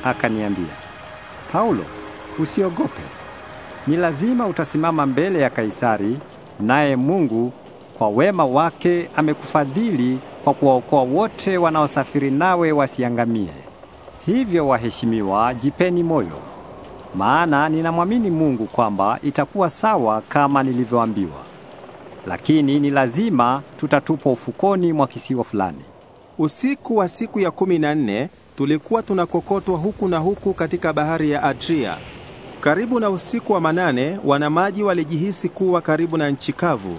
akaniambia, Paulo, usiogope. Ni lazima utasimama mbele ya Kaisari, naye Mungu kwa wema wake amekufadhili kwa kuwaokoa wote wanaosafiri nawe wasiangamie. Hivyo waheshimiwa, jipeni moyo, maana ninamwamini Mungu kwamba itakuwa sawa kama nilivyoambiwa. Lakini ni lazima tutatupwa ufukoni mwa kisiwa fulani. Usiku wa siku ya kumi na nne tulikuwa tunakokotwa huku na huku katika bahari ya Adria. Karibu na usiku wa manane, wanamaji walijihisi kuwa karibu na nchi kavu,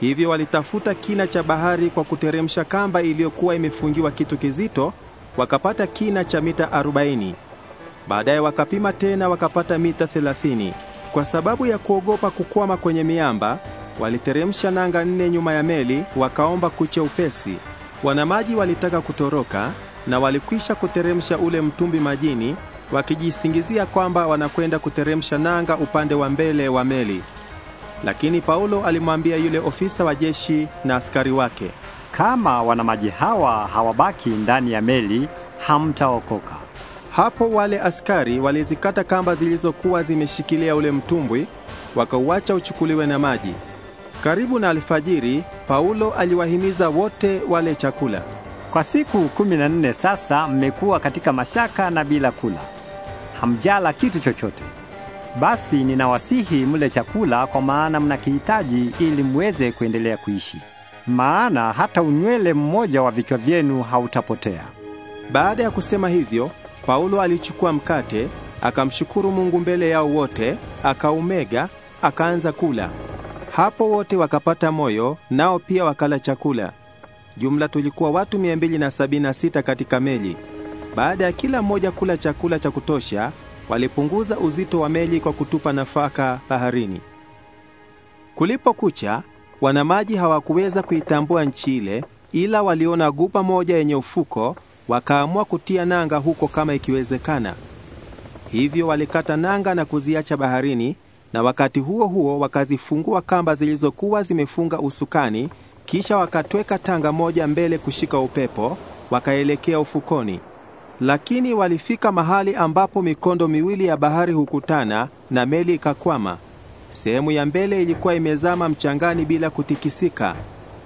Hivyo walitafuta kina cha bahari kwa kuteremsha kamba iliyokuwa imefungiwa kitu kizito, wakapata kina cha mita arobaini. Baadaye wakapima tena wakapata mita thelathini. Kwa sababu ya kuogopa kukwama kwenye miamba, waliteremsha nanga nne nyuma ya meli, wakaomba kucha upesi. Wanamaji walitaka kutoroka na walikwisha kuteremsha ule mtumbi majini, wakijisingizia kwamba wanakwenda kuteremsha nanga upande wa mbele wa meli. Lakini Paulo alimwambia yule ofisa wa jeshi na askari wake, kama wanamaji hawa hawabaki ndani ya meli, hamtaokoka. Hapo wale askari walizikata kamba zilizokuwa zimeshikilia ule mtumbwi, wakauacha uchukuliwe na maji. Karibu na alfajiri, Paulo aliwahimiza wote wale chakula. Kwa siku kumi na nne sasa mmekuwa katika mashaka na bila kula. Hamjala kitu chochote. Basi ninawasihi mle chakula kwa maana mnakihitaji ili mweze kuendelea kuishi. Maana hata unywele mmoja wa vichwa vyenu hautapotea. Baada ya kusema hivyo, Paulo alichukua mkate, akamshukuru Mungu mbele yao wote, akaumega, akaanza kula. Hapo wote wakapata moyo, nao pia wakala chakula. Jumla tulikuwa watu 276 katika meli. Baada ya kila mmoja kula chakula cha kutosha, walipunguza uzito wa meli kwa kutupa nafaka baharini. Kulipokucha, wanamaji hawakuweza kuitambua nchi ile, ila waliona guba moja yenye ufuko, wakaamua kutia nanga huko kama ikiwezekana. Hivyo walikata nanga na kuziacha baharini, na wakati huo huo wakazifungua kamba zilizokuwa zimefunga usukani, kisha wakatweka tanga moja mbele kushika upepo, wakaelekea ufukoni. Lakini walifika mahali ambapo mikondo miwili ya bahari hukutana na meli ikakwama. Sehemu ya mbele ilikuwa imezama mchangani bila kutikisika.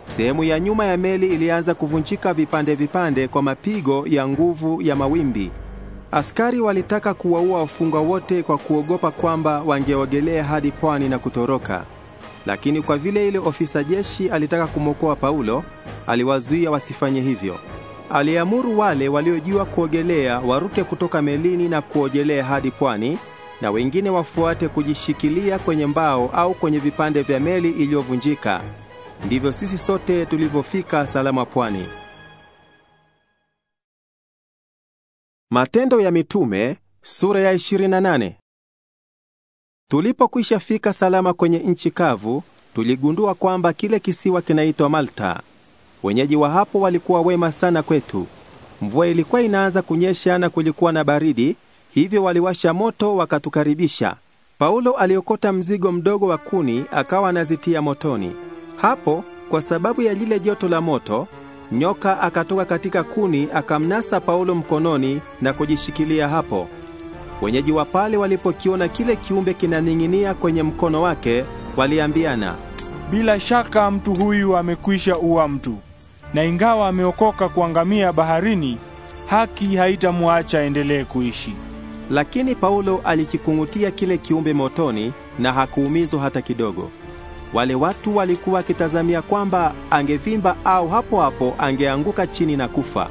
Sehemu ya nyuma ya meli ilianza kuvunjika vipande vipande kwa mapigo ya nguvu ya mawimbi. Askari walitaka kuwaua wafungwa wote kwa kuogopa kwamba wangeogelea hadi pwani na kutoroka. Lakini kwa vile ile ofisa jeshi alitaka kumwokoa Paulo, aliwazuia wasifanye hivyo aliamuru wale waliojua kuogelea waruke kutoka melini na kuogelea hadi pwani, na wengine wafuate kujishikilia kwenye mbao au kwenye vipande vya meli iliyovunjika. Ndivyo sisi sote tulivyofika salama pwani. Matendo ya Mitume sura ya 28. Tulipokwisha fika salama kwenye nchi kavu, tuligundua kwamba kile kisiwa kinaitwa Malta. Wenyeji wa hapo walikuwa wema sana kwetu. Mvua ilikuwa inaanza kunyesha na kulikuwa na baridi, hivyo waliwasha moto wakatukaribisha. Paulo aliokota mzigo mdogo wa kuni akawa anazitia motoni. Hapo kwa sababu ya lile joto la moto, nyoka akatoka katika kuni akamnasa Paulo mkononi na kujishikilia hapo. Wenyeji wa pale walipokiona kile kiumbe kinaning'inia kwenye mkono wake, waliambiana, bila shaka mtu huyu amekwisha ua mtu na ingawa ameokoka kuangamia baharini, haki haitamwacha endelee kuishi. Lakini Paulo alikikung'utia kile kiumbe motoni na hakuumizwa hata kidogo. Wale watu walikuwa wakitazamia kwamba angevimba au hapo hapo angeanguka chini na kufa.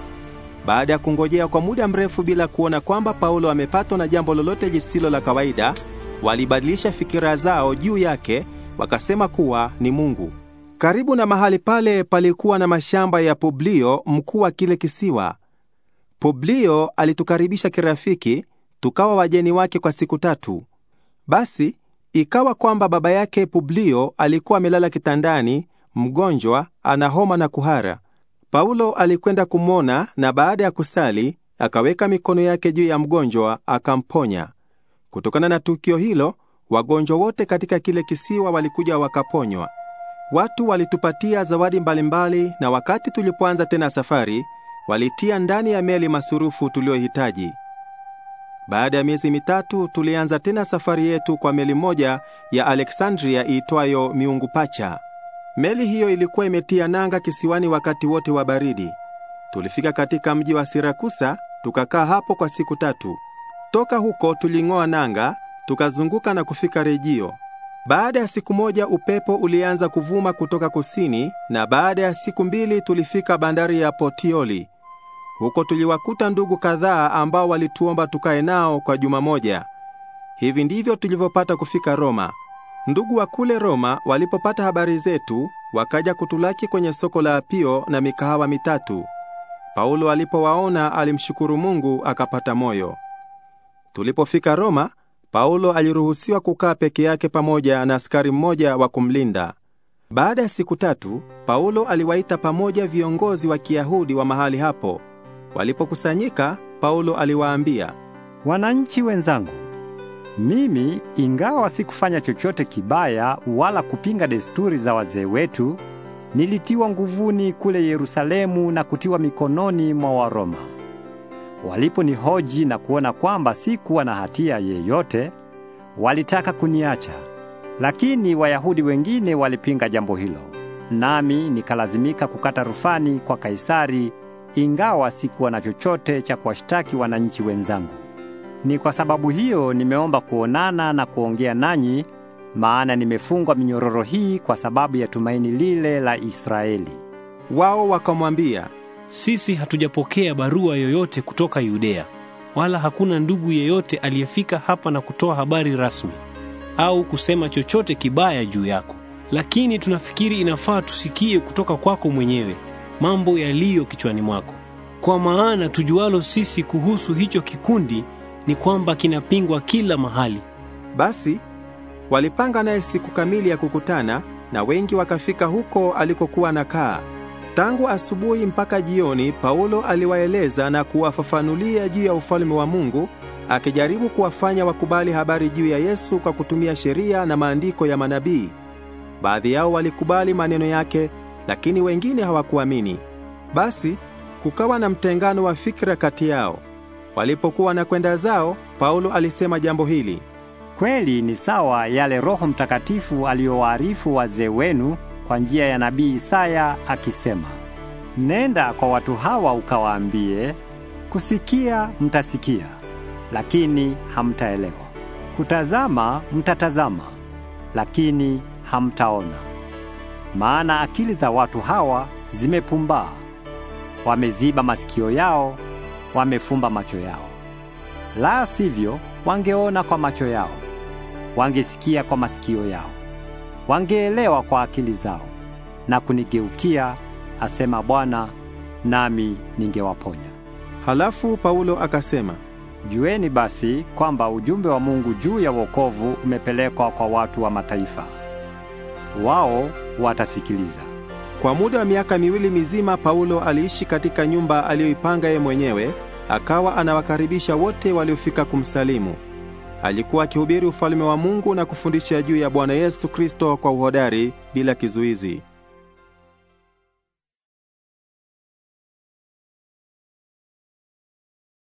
Baada ya kungojea kwa muda mrefu bila kuona kwamba Paulo amepatwa na jambo lolote lisilo la kawaida, walibadilisha fikira zao juu yake, wakasema kuwa ni Mungu. Karibu na mahali pale palikuwa na mashamba ya Publio, mkuu wa kile kisiwa. Publio alitukaribisha kirafiki, tukawa wajeni wake kwa siku tatu. Basi ikawa kwamba baba yake Publio alikuwa amelala kitandani, mgonjwa, ana homa na kuhara. Paulo alikwenda kumwona, na baada ya kusali akaweka mikono yake juu ya mgonjwa akamponya. Kutokana na tukio hilo, wagonjwa wote katika kile kisiwa walikuja wakaponywa. Watu walitupatia zawadi mbalimbali mbali, na wakati tulipoanza tena safari, walitia ndani ya meli masurufu tuliyohitaji. Baada ya miezi mitatu tulianza tena safari yetu kwa meli moja ya Alexandria iitwayo Miungu Pacha. Meli hiyo ilikuwa imetia nanga kisiwani wakati wote wa baridi. Tulifika katika mji wa Sirakusa, tukakaa hapo kwa siku tatu. Toka huko tuling'oa nanga, tukazunguka na kufika Rejio. Baada ya siku moja upepo ulianza kuvuma kutoka kusini na baada ya siku mbili tulifika bandari ya Potioli. Huko tuliwakuta ndugu kadhaa ambao walituomba tukae nao kwa juma moja. Hivi ndivyo tulivyopata kufika Roma. Ndugu wa kule Roma walipopata habari zetu, wakaja kutulaki kwenye soko la Apio na mikahawa mitatu. Paulo alipowaona alimshukuru Mungu akapata moyo. Tulipofika Roma, Paulo aliruhusiwa kukaa peke yake pamoja na askari mmoja wa kumlinda. Baada ya siku tatu, Paulo aliwaita pamoja viongozi wa Kiyahudi wa mahali hapo. Walipokusanyika, Paulo aliwaambia, "Wananchi wenzangu, mimi ingawa sikufanya chochote kibaya wala kupinga desturi za wazee wetu, nilitiwa nguvuni kule Yerusalemu na kutiwa mikononi mwa Waroma. Waliponihoji na kuona kwamba sikuwa na hatia yeyote, walitaka kuniacha, lakini Wayahudi wengine walipinga jambo hilo, nami nikalazimika kukata rufani kwa Kaisari, ingawa sikuwa na chochote cha kuwashtaki wananchi wenzangu. Ni kwa sababu hiyo nimeomba kuonana na kuongea nanyi, maana nimefungwa minyororo hii kwa sababu ya tumaini lile la Israeli. Wao wakamwambia sisi hatujapokea barua yoyote kutoka Yudea, wala hakuna ndugu yeyote aliyefika hapa na kutoa habari rasmi au kusema chochote kibaya juu yako, lakini tunafikiri inafaa tusikie kutoka kwako mwenyewe mambo yaliyo kichwani mwako, kwa maana tujualo sisi kuhusu hicho kikundi ni kwamba kinapingwa kila mahali. Basi walipanga naye siku kamili ya kukutana, na wengi wakafika huko alikokuwa nakaa Tangu asubuhi mpaka jioni, Paulo aliwaeleza na kuwafafanulia juu ya ufalme wa Mungu, akijaribu kuwafanya wakubali habari juu ya Yesu kwa kutumia sheria na maandiko ya manabii. Baadhi yao walikubali maneno yake, lakini wengine hawakuamini. Basi kukawa na mtengano wa fikra kati yao. Walipokuwa na kwenda zao, Paulo alisema jambo hili: Kweli ni sawa yale Roho Mtakatifu aliyowaarifu wazee wenu kwa njia ya nabii Isaya akisema, nenda kwa watu hawa ukawaambie, kusikia mtasikia, lakini hamtaelewa; kutazama mtatazama, lakini hamtaona. Maana akili za watu hawa zimepumbaa, wameziba masikio yao, wamefumba macho yao. La sivyo, wangeona kwa macho yao, wangesikia kwa masikio yao wangeelewa kwa akili zao na kunigeukia, asema Bwana, nami ningewaponya. Halafu Paulo akasema, Jueni basi kwamba ujumbe wa Mungu juu ya wokovu umepelekwa kwa watu wa mataifa. Wao watasikiliza. Kwa muda wa miaka miwili mizima Paulo aliishi katika nyumba aliyoipanga yeye mwenyewe, akawa anawakaribisha wote waliofika kumsalimu alikuwa akihubiri ufalme wa Mungu na kufundisha juu ya Bwana Yesu Kristo kwa uhodari bila kizuizi.